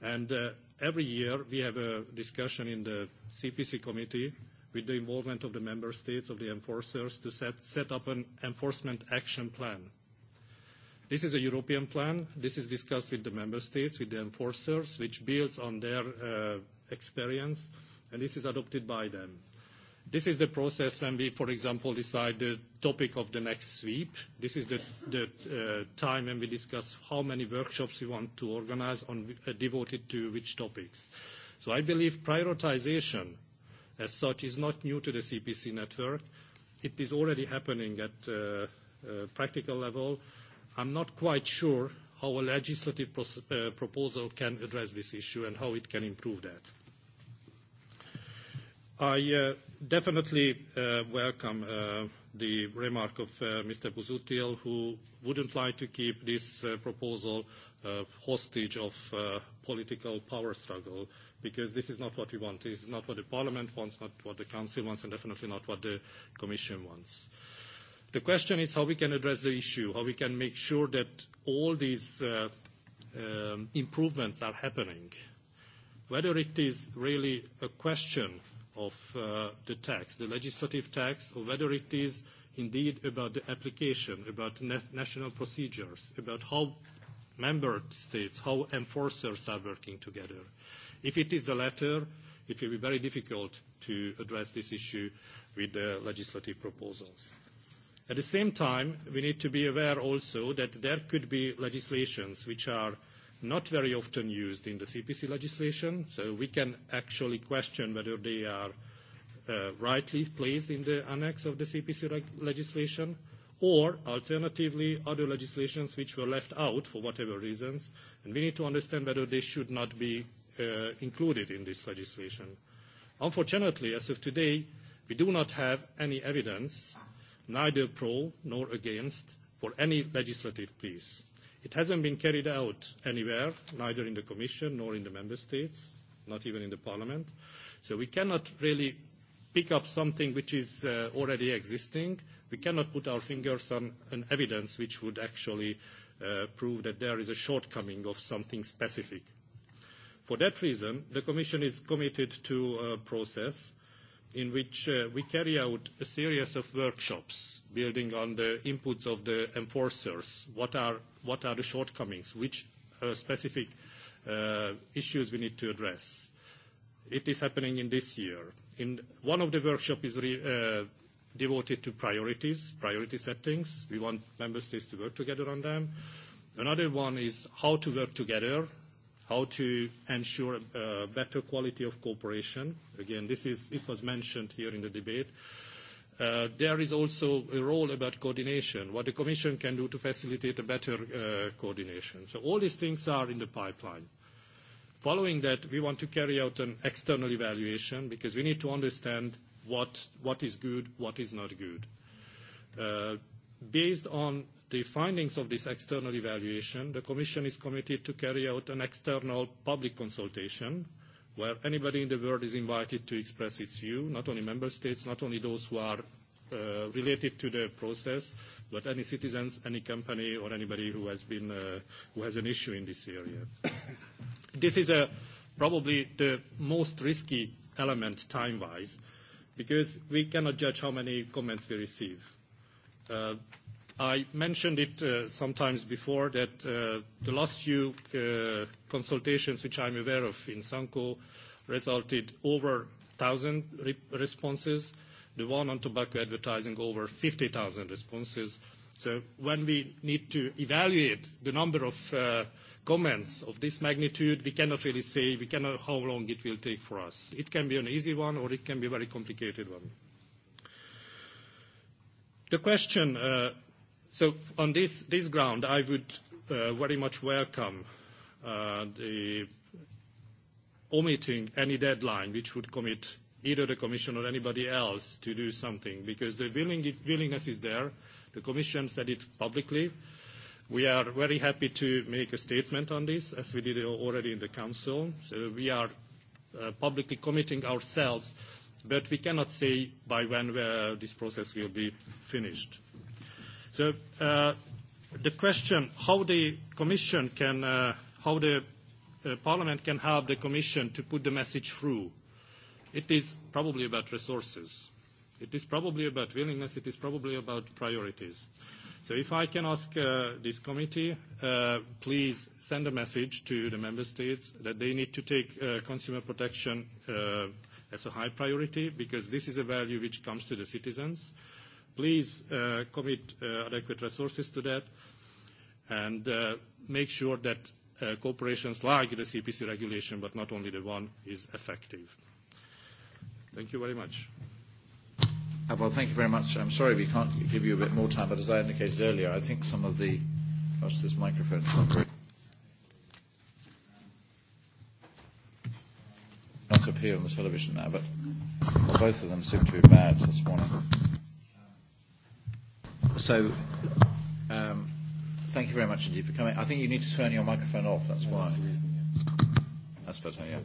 And uh, every year we have a discussion in the CPC committee with the involvement of the member states, of the enforcers, to set up an enforcement action plan This is a European plan. This is discussed with the member states, with the enforcers, which builds on their uh, experience, and this is adopted by them. This is the process when we, for example, decide the topic of the next sweep. This is the, the uh, time when we discuss how many workshops we want to organize on, uh, devoted to which topics. So I believe prioritization as such is not new to the CPC network. It is already happening at uh, uh practical level I'm not quite sure how a legislative uh, proposal can address this issue and how it can improve that. I uh, definitely uh, welcome uh, the remark of uh, Mr. Busuttil, who wouldn't like to keep this uh, proposal uh, hostage of political power struggle, because this is not what we want. This is not what the parliament wants, not what the council wants, and definitely not what the commission wants. Uh, The question is how we can address the issue, how we can make sure that all these uh, um, improvements are happening. Whether it is really a question of uh, the tax, the legislative tax, or whether it is indeed about the application, about national procedures, about how member states, how enforcers are working together. If it is the latter, it will be very difficult to address this issue with the legislative proposals. At the same time, we need to be aware also that there could be legislations which are not very often used in the CPC legislation, so we can actually question whether they are uh, rightly placed in the annex of the CPC legislation, or alternatively, other legislations which were left out for whatever reasons, and we need to understand whether they should not be uh, included in this legislation. Unfortunately, as of today, we do not have any evidence neither pro nor against, for any legislative piece. It hasn't been carried out anywhere, neither in the Commission nor in the Member States, not even in the Parliament. So we cannot really pick up something which is uh, already existing. We cannot put our fingers on, an evidence which would actually uh, prove that there is a shortcoming of something specific. For that reason, the Commission is committed to a process in which uh, we carry out a series of workshops building on the inputs of the enforcers. What are, what are the shortcomings? Which uh, specific uh, issues we need to address? It is happening in this year. In one of the workshops is re, uh, devoted to priorities, priority settings. We want member states to work together on them. Another one is how to work together how to ensure uh, better quality of cooperation. Again, this is, it was mentioned here in the debate. Uh, there is also a role about coordination, what the Commission can do to facilitate a better uh, coordination. So all these things are in the pipeline. Following that, we want to carry out an external evaluation because we need to understand what, what is good, what is not good. Uh, Based on the findings of this external evaluation, the Commission is committed to carry out an external public consultation where anybody in the world is invited to express its view, not only member states, not only those who are uh, related to the process, but any citizens, any company, or anybody who has been uh, who has an issue in this area. this is a, probably the most risky element time-wise, because we cannot judge how many comments we receive Uh, I mentioned it uh, sometimes before that uh, the last few uh, consultations which I'm aware of in Sanko resulted over 1,000 re responses, the one on tobacco advertising over 50,000 responses. So when we need to evaluate the number of uh, comments of this magnitude, we cannot really say, we cannot how long it will take for us. It can be an easy one or it can be a very complicated one. The question, uh, so on this, this ground, I would uh, very much welcome uh, the omitting any deadline which would commit either the Commission or anybody else to do something, because the willing, willingness is there. The Commission said it publicly. We are very happy to make a statement on this, as we did already in the Council. So we are uh, publicly committing ourselves but we cannot say by when uh, this process will be finished. So uh, the question how the Commission can, uh, how the uh, Parliament can help the Commission to put the message through, it is probably about resources. It is probably about willingness. It is probably about priorities. So if I can ask uh, this committee, uh, please send a message to the member states that they need to take uh, consumer protection uh, as a high priority because this is a value which comes to the citizens. Please uh, commit uh, adequate resources to that and uh, make sure that uh, corporations like the CPC regulation, but not only the one, is effective. Thank you very much. Uh, well, thank you very much. I'm sorry we can't give you a bit more time, but as I indicated earlier, I think some of the... Gosh, this microphone's not not appear on the television now, but both of them seem to be bad this morning. So, um, thank you very much indeed for coming. I think you need to turn your microphone off, that's why. That's, the reason, yeah. that's better, yeah.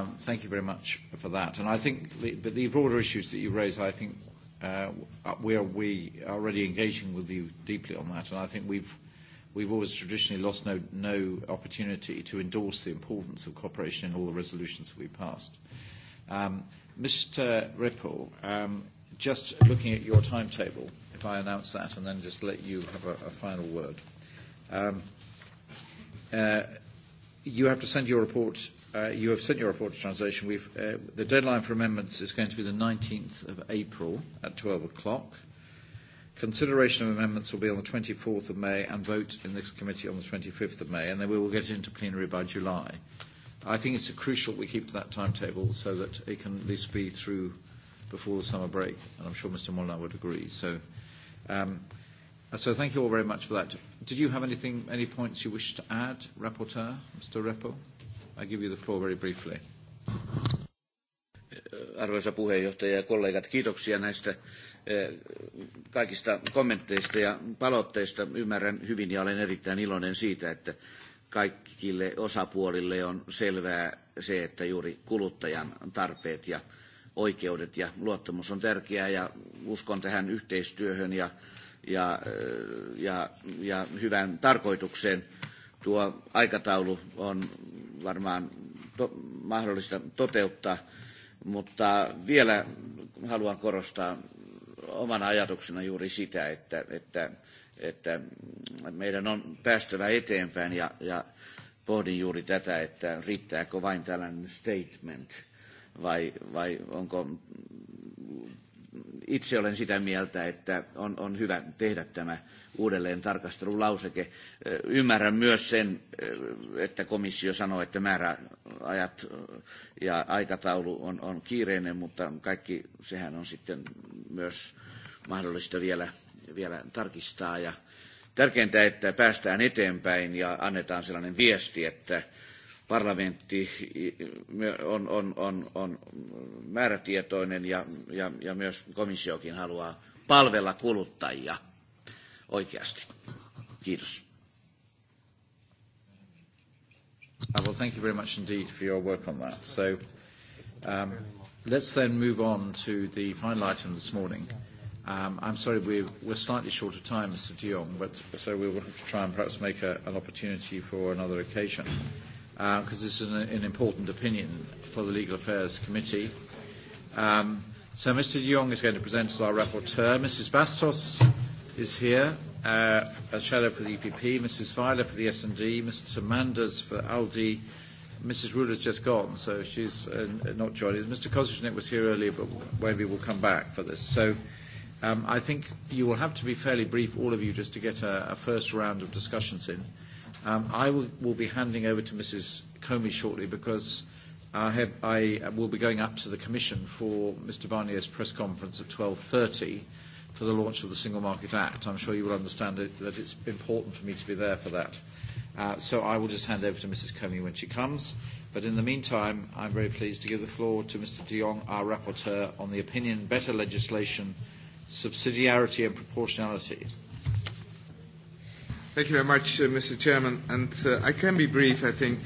Um, thank you very much for that. And I think the, but the broader issues that you raise, I think uh, where we are already engaging with you deeply on that, and I think we've We've always traditionally lost no, no opportunity to endorse the importance of cooperation in all the resolutions we passed. Um, Mr. Ripple, um, just looking at your timetable, if I announce that and then just let you have a, a final word. Um, uh, you have to send your report. Uh, you have sent your report to translation. We've, uh, the deadline for amendments is going to be the 19th of April at 12 o'clock. Consideration of amendments will be on the 24th of May and vote in this committee on the 25th of May, and then we will get it into plenary by July. I think it's crucial we keep to that timetable so that it can at least be through before the summer break, and I'm sure Mr. Molnar would agree. So, um, so thank you all very much for that. Did you have anything, any points you wish to add, Rapporteur, Mr. Repo? I give you the floor very briefly arvoisa puheenjohtaja ja kollegat, kiitoksia näistä eh, kaikista kommentteista ja palautteista. Ymmärrän hyvin ja olen erittäin iloinen siitä, että kaikille osapuolille on selvää se, että juuri kuluttajan tarpeet ja oikeudet ja luottamus on tärkeää ja uskon tähän yhteistyöhön ja, ja, eh, ja, ja hyvään tarkoitukseen. Tuo aikataulu on varmaan to, mahdollista toteuttaa. Mutta vielä haluan korostaa omana ajatuksena juuri sitä, että, että, että meidän on päästävä eteenpäin ja, ja pohdin juuri tätä, että riittääkö vain tällainen statement vai, vai onko itse olen sitä mieltä, että on, on hyvä tehdä tämä uudelleen tarkastelulauseke. Ymmärrän myös sen, että komissio sanoo, että määräajat ja aikataulu on, on kiireinen, mutta kaikki sehän on sitten myös mahdollista vielä, vielä tarkistaa. Ja tärkeintä, että päästään eteenpäin ja annetaan sellainen viesti, että parlamentti on, on, on, on määrätietoinen ja, ja, ja myös komissiokin haluaa palvella kuluttajia – oikeasti. Kiitos. Uh, well, thank you very much indeed for your work on that. So um, let's then move on to the final item this morning. Um, I'm sorry, we're, we're slightly short of time, Mr. de Jong, but so we will have to try and perhaps make a, an opportunity for another occasion, because uh, this is an, an important opinion for the Legal Affairs Committee. Um, so Mr. de Jong is going to present as our rapporteur. Mrs. Bastos is here, uh, a shadow for the EPP, Mrs. Viler for the S&D, Mr. Manders for ALDI, Mrs. Ruler's just gone, so she's uh, not joining. Mr. Kozicnik was here earlier, but maybe we'll come back for this. So um, I think you will have to be fairly brief, all of you, just to get a, a first round of discussions in. Um, I will, will be handing over to Mrs. Comey shortly because I, have, I will be going up to the Commission for Mr. Barnier's press conference at 12.30 for the launch of the Single Market Act. I'm sure you will understand it, that it's important for me to be there for that. Uh, so I will just hand over to Mrs. Comey when she comes. But in the meantime, I'm very pleased to give the floor to Mr. de Jong, our rapporteur on the opinion Better Legislation, Subsidiarity and Proportionality. Thank you very much, uh, Mr. Chairman. And uh, I can be brief, I think,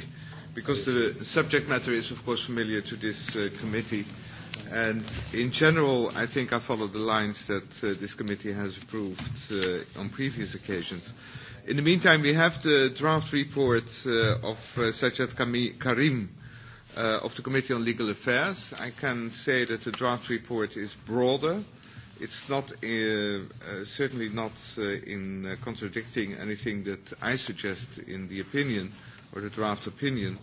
because the subject matter is, of course, familiar to this uh, committee. And in general, I think I follow the lines that uh, this committee has approved uh, on previous occasions. In the meantime, we have the draft report uh, of uh, Sajjad Karim uh, of the Committee on Legal Affairs. I can say that the draft report is broader. It's not, uh, uh, certainly not uh, in uh, contradicting anything that I suggest in the opinion or the draft opinion.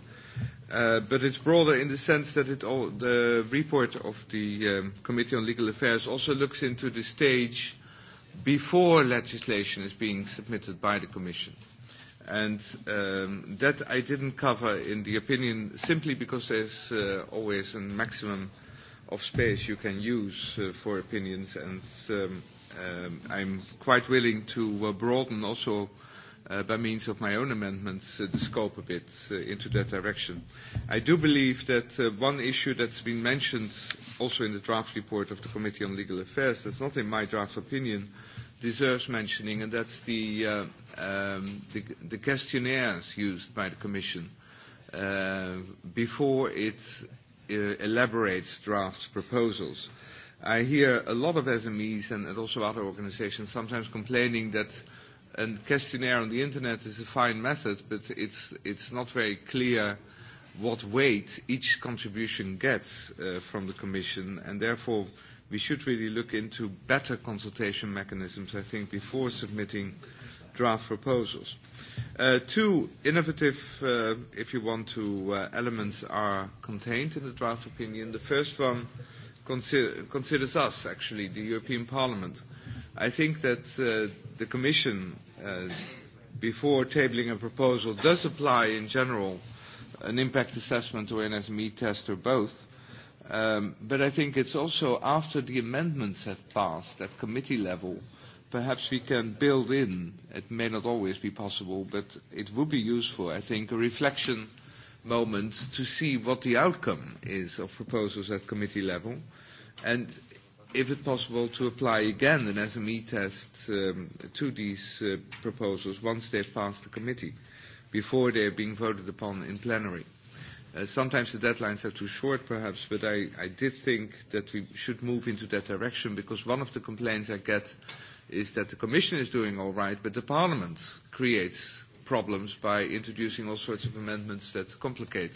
Uh, but it's broader in the sense that it all, the report of the um, Committee on Legal Affairs also looks into the stage before legislation is being submitted by the Commission. And um, that I didn't cover in the opinion simply because there's uh, always a maximum of space you can use uh, for opinions. And um, um, I'm quite willing to uh, broaden also uh, uh, by means of my own amendments, uh, the scope a bit uh, into that direction. I do believe that uh, one issue that's been mentioned also in the draft report of the Committee on Legal Affairs, that's not in my draft opinion, deserves mentioning, and that's the, uh, um, the, the questionnaires used by the Commission uh, before it uh, elaborates draft proposals. I hear a lot of SMEs and, and also other organizations sometimes complaining that a questionnaire on the internet is a fine method, but it's, it's not very clear what weight each contribution gets uh, from the Commission, and therefore we should really look into better consultation mechanisms, I think, before submitting draft proposals. Uh, two innovative, uh, if you want to, uh, elements are contained in the draft opinion. The first one consider, considers us, actually, the European Parliament. I think that uh, the Commission, uh, before tabling a proposal, does apply in general an impact assessment or an SME test or both. Um, but I think it's also after the amendments have passed at committee level, perhaps we can build in, it may not always be possible, but it would be useful, I think, a reflection moment to see what the outcome is of proposals at committee level. And if it possible, to apply again an SME test um, to these uh, proposals once they've passed the committee, before they're being voted upon in plenary. Uh, sometimes the deadlines are too short, perhaps, but I, I did think that we should move into that direction because one of the complaints I get is that the Commission is doing all right, but the Parliament creates problems by introducing all sorts of amendments that complicate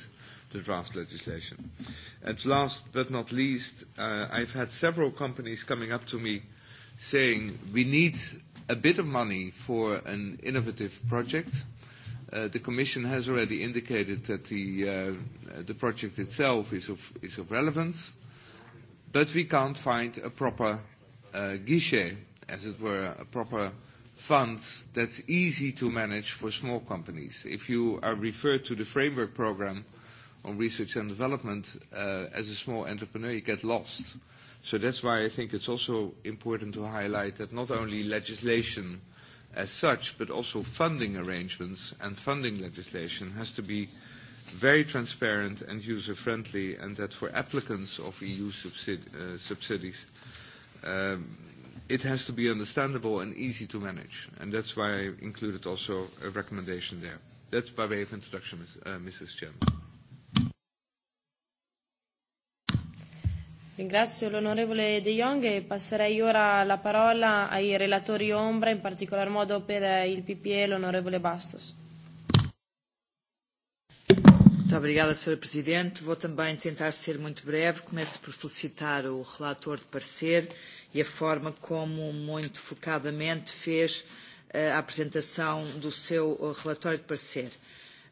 the draft legislation. And last but not least, uh, I've had several companies coming up to me saying, "We need a bit of money for an innovative project." Uh, the Commission has already indicated that the, uh, the project itself is of, is of relevance, but we can't find a proper uh, guichet, as it were, a proper funds that's easy to manage for small companies. If you are referred to the framework program, on research and development, uh, as a small entrepreneur, you get lost. So that's why I think it's also important to highlight that not only legislation as such, but also funding arrangements and funding legislation has to be very transparent and user-friendly, and that for applicants of EU uh, subsidies, um, it has to be understandable and easy to manage. And that's why I included also a recommendation there. That's by way of introduction, uh, Mrs. Chairman. Ringrazio l'onorevole De Jong e passerei ora la parola ai relatori ombra, in particolar modo per il PPE l'onorevole Bastos. Muito obrigada, Sra. Presidente. Vou também tentar ser muito breve. Começo por felicitar o relator de parecer e a forma como muito focadamente fez eh, a apresentação do seu eh, relatório de parecer.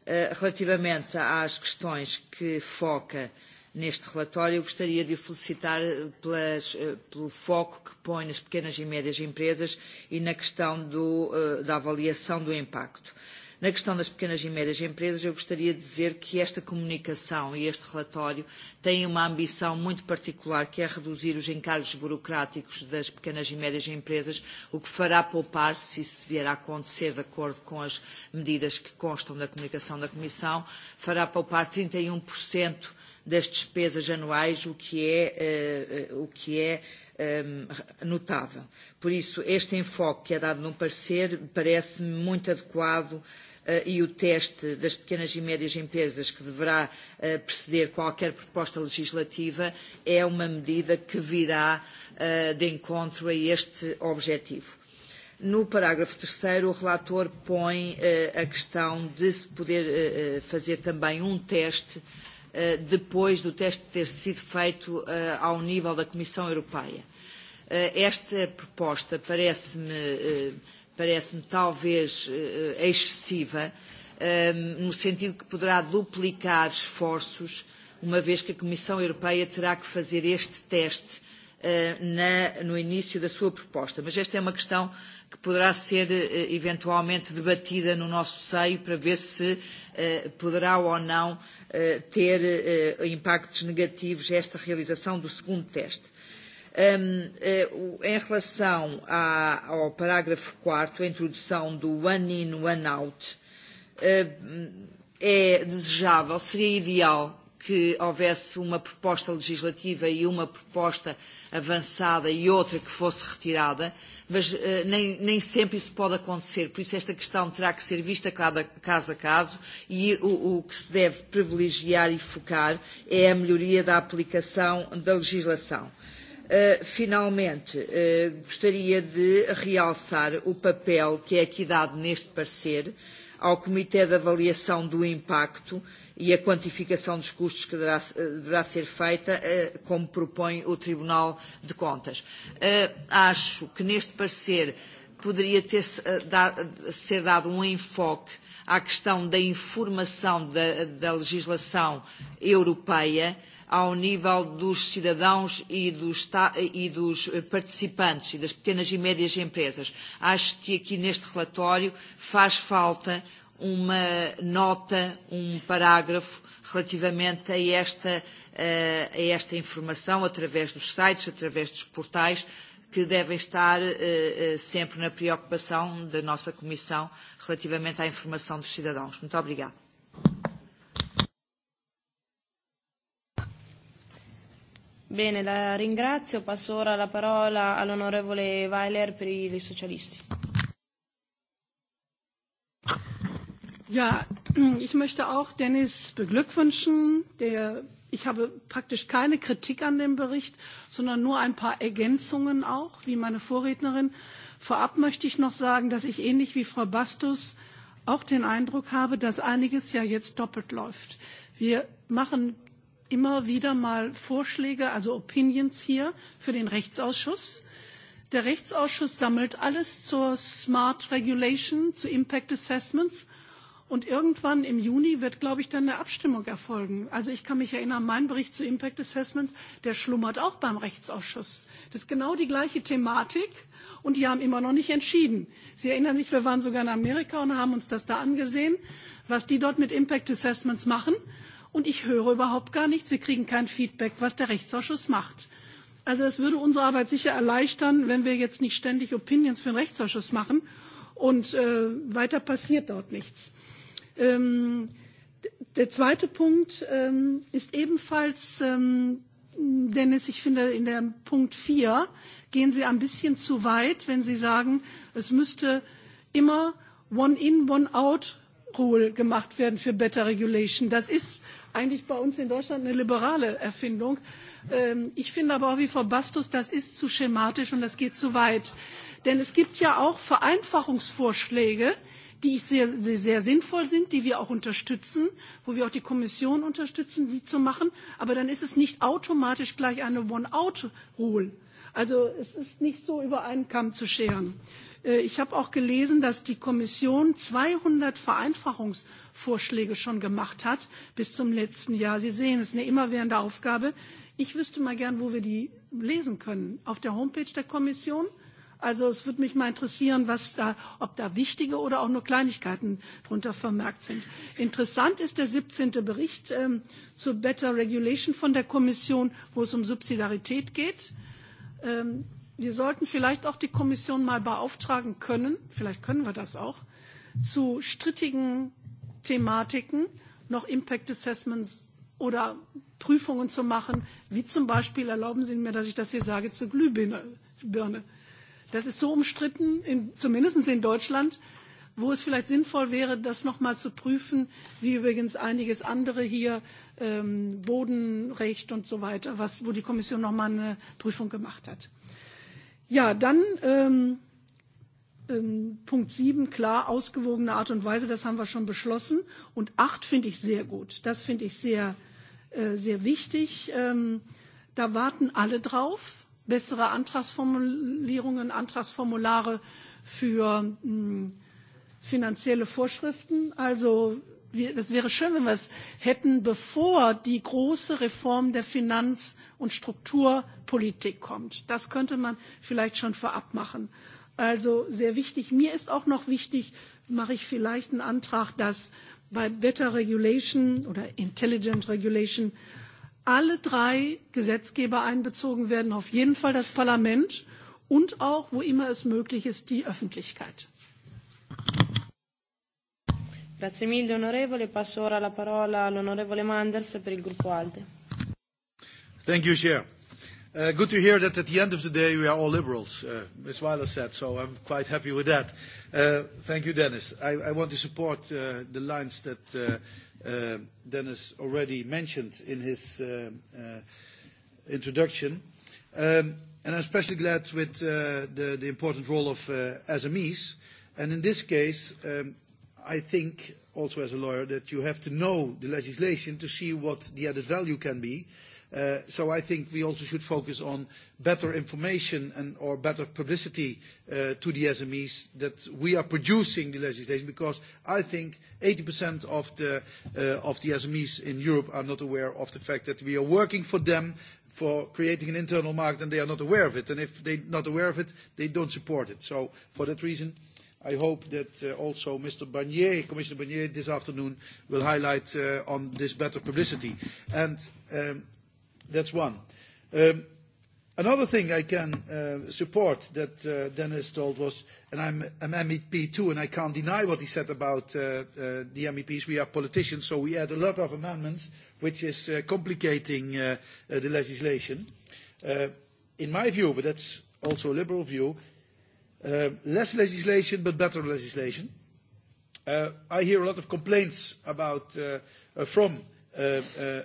Eh, relativamente às questões que foca neste relatório. Eu gostaria de o felicitar eh, pelas, eh, pelo foco que põe nas pequenas e médias empresas e na questão do, eh, da avaliação do impacto. Na questão das pequenas e médias empresas, eu gostaria de dizer que esta comunicação e este relatório têm uma ambição muito particular, que é reduzir os encargos burocráticos das pequenas e médias empresas, o que fará poupar, se isso vier a acontecer de acordo com as medidas que constam da comunicação da Comissão, fará poupar 31% das despesas anuais, o que é, uh, o que é um, notável. Por isso, este enfoque que é dado num parecer parece-me muito adequado uh, e o teste das pequenas e médias empresas que deverá uh, preceder qualquer proposta legislativa é uma medida que virá uh, de encontro a este objetivo. No parágrafo terceiro, o relator põe uh, a questão de se poder fazer também um teste Eh, depois do teste ter sido feito uh, ao nível da Comissão Europeia. Uh, Esta proposta parece-me uh, parece talvez uh, excessiva, uh, no sentido que poderá duplicar esforços, uma vez que a Comissão Europeia terá que fazer este teste uh, na, no início da sua proposta. Mas esta é uma questão que poderá ser eventualmente debatida no nosso seio para ver se Eh, poderá ou não eh, ter eh, impactos negativos esta realização do segundo teste. Um, uh, em relação à, ao parágrafo 4, a introdução do one in, one out, uh, é desejável, seria ideal que houvesse uma proposta legislativa e uma proposta avançada e outra que fosse retirada, mas uh, nem, nem sempre isso pode acontecer. Por isso esta questão terá que ser vista cada, caso a caso e o, o que se deve privilegiar e focar é a melhoria da aplicação da legislação. Uh, finalmente, uh, gostaria de realçar o papel que é aqui dado neste parecer, uh, ao Comitê de Avaliação do Impacto e a quantificação dos custos que deverá, deverá ser feita, eh, como propõe o Tribunal de Contas. Eh, acho que neste parecer poderia ter eh, da, ser dado um enfoque à questão da informação da, da legislação europeia ao nível dos cidadãos e dos, e dos participantes e das pequenas e médias empresas. Acho que aqui neste relatório faz falta uma nota, um parágrafo relativamente a esta, a esta informação através dos sites, através dos portais, que devem estar eh, eh, sempre na preocupação da nossa Comissão relativamente à informação dos cidadãos. Muito obrigada. Bene, la ringrazio. Passo ora la parola all'onorevole Weiler per i socialisti. Ja, ich möchte auch Dennis beglückwünschen. Der, ich habe praktisch keine Kritik an dem Bericht, sondern nur ein paar Ergänzungen auch, wie meine Vorrednerin. Vorab möchte ich noch sagen, dass ich ähnlich wie Frau Bastus auch den Eindruck habe, dass einiges ja jetzt doppelt läuft. Wir machen immer wieder mal Vorschläge, also Opinions hier für den Rechtsausschuss. Der Rechtsausschuss sammelt alles zur Smart Regulation, zu Impact Assessments Und irgendwann im Juni wird, glaube ich, dann eine Abstimmung erfolgen. Also ich kann mich erinnern, mein Bericht zu Impact Assessments, der schlummert auch beim Rechtsausschuss. Das ist genau die gleiche Thematik und die haben immer noch nicht entschieden. Sie erinnern sich, wir waren sogar in Amerika und haben uns das da angesehen, was die dort mit Impact Assessments machen. Und ich höre überhaupt gar nichts. Wir kriegen kein Feedback, was der Rechtsausschuss macht. Also es würde unsere Arbeit sicher erleichtern, wenn wir jetzt nicht ständig Opinions für den Rechtsausschuss machen und äh, weiter passiert dort nichts. Ähm, der zweite Punkt ähm, ist ebenfalls, ähm, Dennis, ich finde, in der Punkt 4 gehen Sie ein bisschen zu weit, wenn Sie sagen, es müsste immer One-in, One-out Rule gemacht werden für Better Regulation. Das ist eigentlich bei uns in Deutschland eine liberale Erfindung. Ähm, ich finde aber auch wie Frau Bastos, das ist zu schematisch und das geht zu weit. Denn es gibt ja auch Vereinfachungsvorschläge, die ich sehr, sehr sinnvoll sind, die wir auch unterstützen, wo wir auch die Kommission unterstützen, die zu machen. Aber dann ist es nicht automatisch gleich eine One-Out-Rule. Also es ist nicht so über einen Kamm zu scheren. Äh, ich habe auch gelesen, dass die Kommission 200 Vereinfachungsvorschläge schon gemacht hat bis zum letzten Jahr. Sie sehen, es ist eine immerwährende Aufgabe. Ich wüsste mal gern, wo wir die lesen können. Auf der Homepage der Kommission? Also es würde mich mal interessieren, was da, ob da wichtige oder auch nur Kleinigkeiten drunter vermerkt sind. Interessant ist der 17. Bericht ähm, zur Better Regulation von der Kommission, wo es um Subsidiarität geht. Ähm, wir sollten vielleicht auch die Kommission mal beauftragen können, vielleicht können wir das auch, zu strittigen Thematiken noch Impact Assessments oder Prüfungen zu machen, wie zum Beispiel, erlauben Sie mir, dass ich das hier sage, zur Glühbirne. Das ist so umstritten, in, zumindest in Deutschland, wo es vielleicht sinnvoll wäre, das nochmal zu prüfen, wie übrigens einiges andere hier, ähm, Bodenrecht und so weiter, was, wo die Kommission nochmal eine Prüfung gemacht hat. Ja, dann ähm, ähm, Punkt 7, klar, ausgewogene Art und Weise, das haben wir schon beschlossen. Und 8 finde ich sehr gut, das finde ich sehr, äh, sehr wichtig. Ähm, da warten alle drauf bessere Antragsformulierungen, Antragsformulare für mh, mm, finanzielle Vorschriften. Also wir, wäre schön, wenn wir es hätten, bevor die große Reform der Finanz- und Strukturpolitik kommt. Das könnte man vielleicht schon vorab machen. Also sehr wichtig. Mir ist auch noch wichtig, mache ich vielleicht einen Antrag, dass bei Better Regulation oder Intelligent Regulation alle drei Gesetzgeber einbezogen werden, auf jeden Fall das Parlament und auch, wo immer es möglich ist, die Öffentlichkeit. Grazie mille onorevole, passo ora la parola all'onorevole Manders per il gruppo ALDE. Thank you, Chair. Uh, good to hear that at the end of the day we are all liberals, uh, Ms. Weiler said, so I'm quite happy with that. Uh, thank you, Dennis. I, I want to support uh, the lines that uh, uh, Dennis already mentioned in his uh, uh, introduction. Um, and I'm especially glad with uh, the, the important role of uh, SMEs. And in this case, um, I think, also as a lawyer, that you have to know the legislation to see what the added value can be. Uh, Uh, so I think we also should focus on better information and or better publicity uh, to the SMEs that we are producing the legislation because I think 80% of the, uh, of the SMEs in Europe are not aware of the fact that we are working for them for creating an internal market and they are not aware of it. And if they're not aware of it, they don't support it. So for that reason, I hope that uh, also Mr. Barnier, Commissioner Barnier, this afternoon will highlight uh, on this better publicity. And um, That's one. Um, another thing I can uh, support that uh, Dennis told was, and I'm an MEP too, and I can't deny what he said about uh, uh, the MEPs. We are politicians, so we add a lot of amendments, which is uh, complicating uh, uh, the legislation. Uh, in my view, but that's also a liberal view, uh, less legislation but better legislation. Uh, I hear a lot of complaints about, uh, uh from uh, uh,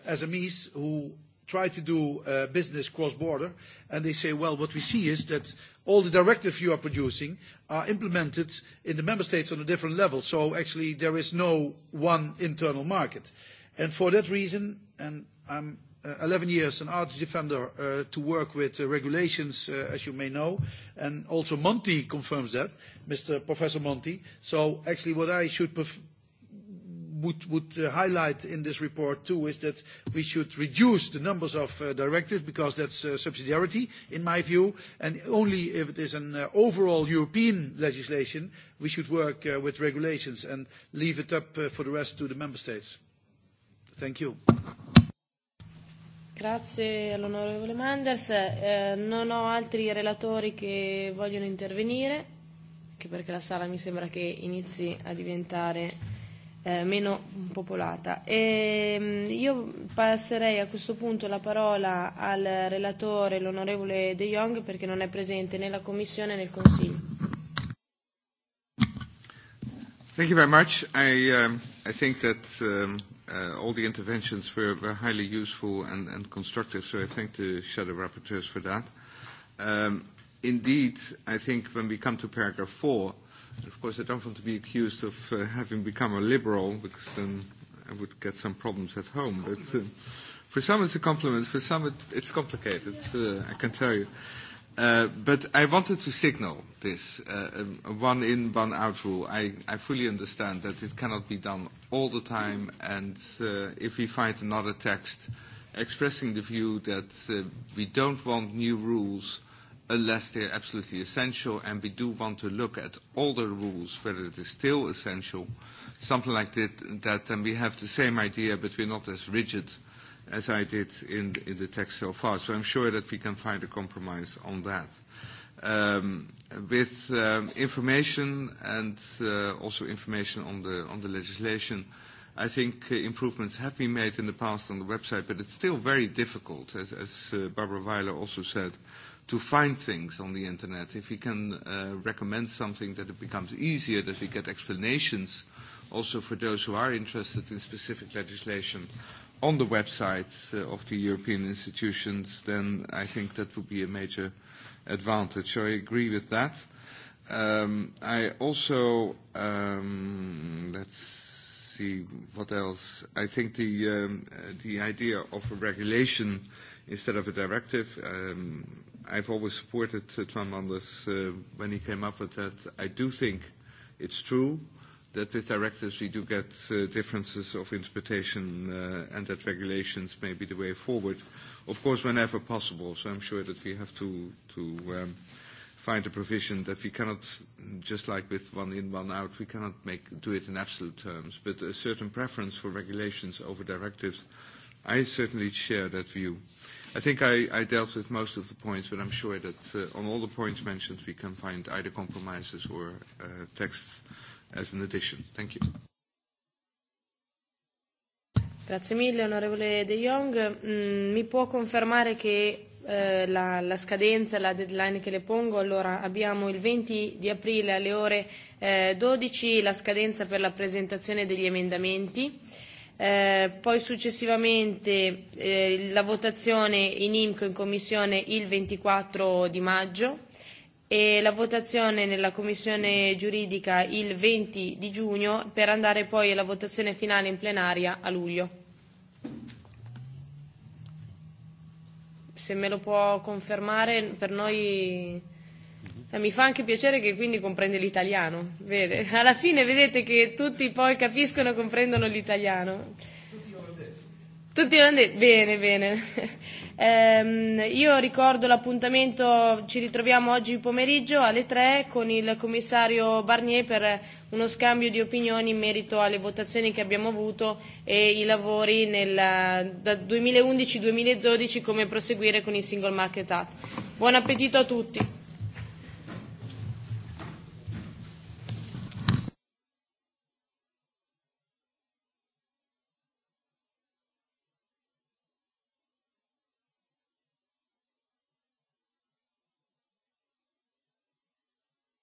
SMEs who try to do uh, business cross-border, and they say, well, what we see is that all the directives you are producing are implemented in the member states on a different level, so actually there is no one internal market. And for that reason, and I'm uh, 11 years an arts defender uh, to work with uh, regulations, uh, as you may know, and also Monti confirms that, Mr. Professor Monti. So actually what I should would, would uh, highlight in this report too is that we should reduce the numbers of uh, directives because that's uh, subsidiarity in my view and only if it is an uh, overall European legislation we should work uh, with regulations and leave it up uh, for the rest to the member states. Thank you. Grazie all'onorevole Manders. Eh, non ho altri relatori che vogliono intervenire, anche perché la sala mi sembra che inizi a diventare eh, meno popolata. E, mm, io passerei a questo punto la parola al relatore, l'onorevole De Jong, perché non è presente né la Commissione né il Consiglio. Thank you very much. I, um, I think that um, uh, all the interventions were, were highly useful and, and constructive, so I thank the shadow rapporteurs for that. Um, indeed, I think when we come to paragraph four, Of course, I don't want to be accused of uh, having become a liberal, because then I would get some problems at home. But uh, for some it's a compliment, for some it, it's complicated, uh, I can tell you. Uh, but I wanted to signal this uh, um, one in, one out rule. I, I fully understand that it cannot be done all the time, and uh, if we find another text expressing the view that uh, we don't want new rules unless they are absolutely essential, and we do want to look at all the rules, whether it is still essential, something like that, that and we have the same idea, but we're not as rigid as I did in, in the text so far. So I'm sure that we can find a compromise on that. Um, with um, information and uh, also information on the, on the legislation, I think uh, improvements have been made in the past on the website, but it's still very difficult, as, as uh, Barbara Weiler also said, uh, to find things on the internet. If we can uh, recommend something that it becomes easier, that we get explanations also for those who are interested in specific legislation on the websites uh, of the European institutions, then I think that would be a major advantage. So I agree with that. Um, I also, um, let's see what else. I think the, um, uh, the idea of a regulation instead of a directive, um, I've always supported uh, Twan Manders uh, when he came up with that. I do think it's true that with directives we do get uh, differences of interpretation uh, and that regulations may be the way forward, of course, whenever possible. So I'm sure that we have to, to um, find a provision that we cannot, just like with one in, one out, we cannot make, do it in absolute terms. But a certain preference for regulations over directives, I certainly share that view. I think I, I dealt with most of the points, but I'm sure that uh, on all the points mentioned, we can find either compromises or uh, texts as an addition. Thank you. Grazie mille, onorevole De Jong. Mm, mi può confermare che eh, la, la scadenza, la deadline che le pongo? Allora, abbiamo il 20 di aprile alle ore eh, 12 la scadenza per la presentazione degli emendamenti eh, poi successivamente eh, la votazione in IMCO in commissione il 24 di maggio e la votazione nella commissione giuridica il 20 di giugno per andare poi alla votazione finale in plenaria a luglio. Se me lo può confermare per noi mi fa anche piacere che quindi comprende l'italiano, vede? Alla fine vedete che tutti poi capiscono e comprendono l'italiano. Tutti olandesi. Tutti olandesi, bene, bene. ehm, io ricordo l'appuntamento, ci ritroviamo oggi pomeriggio alle 3 con il commissario Barnier per uno scambio di opinioni in merito alle votazioni che abbiamo avuto e i lavori nel, da 2011-2012 come proseguire con il Single Market Act. Buon appetito a tutti.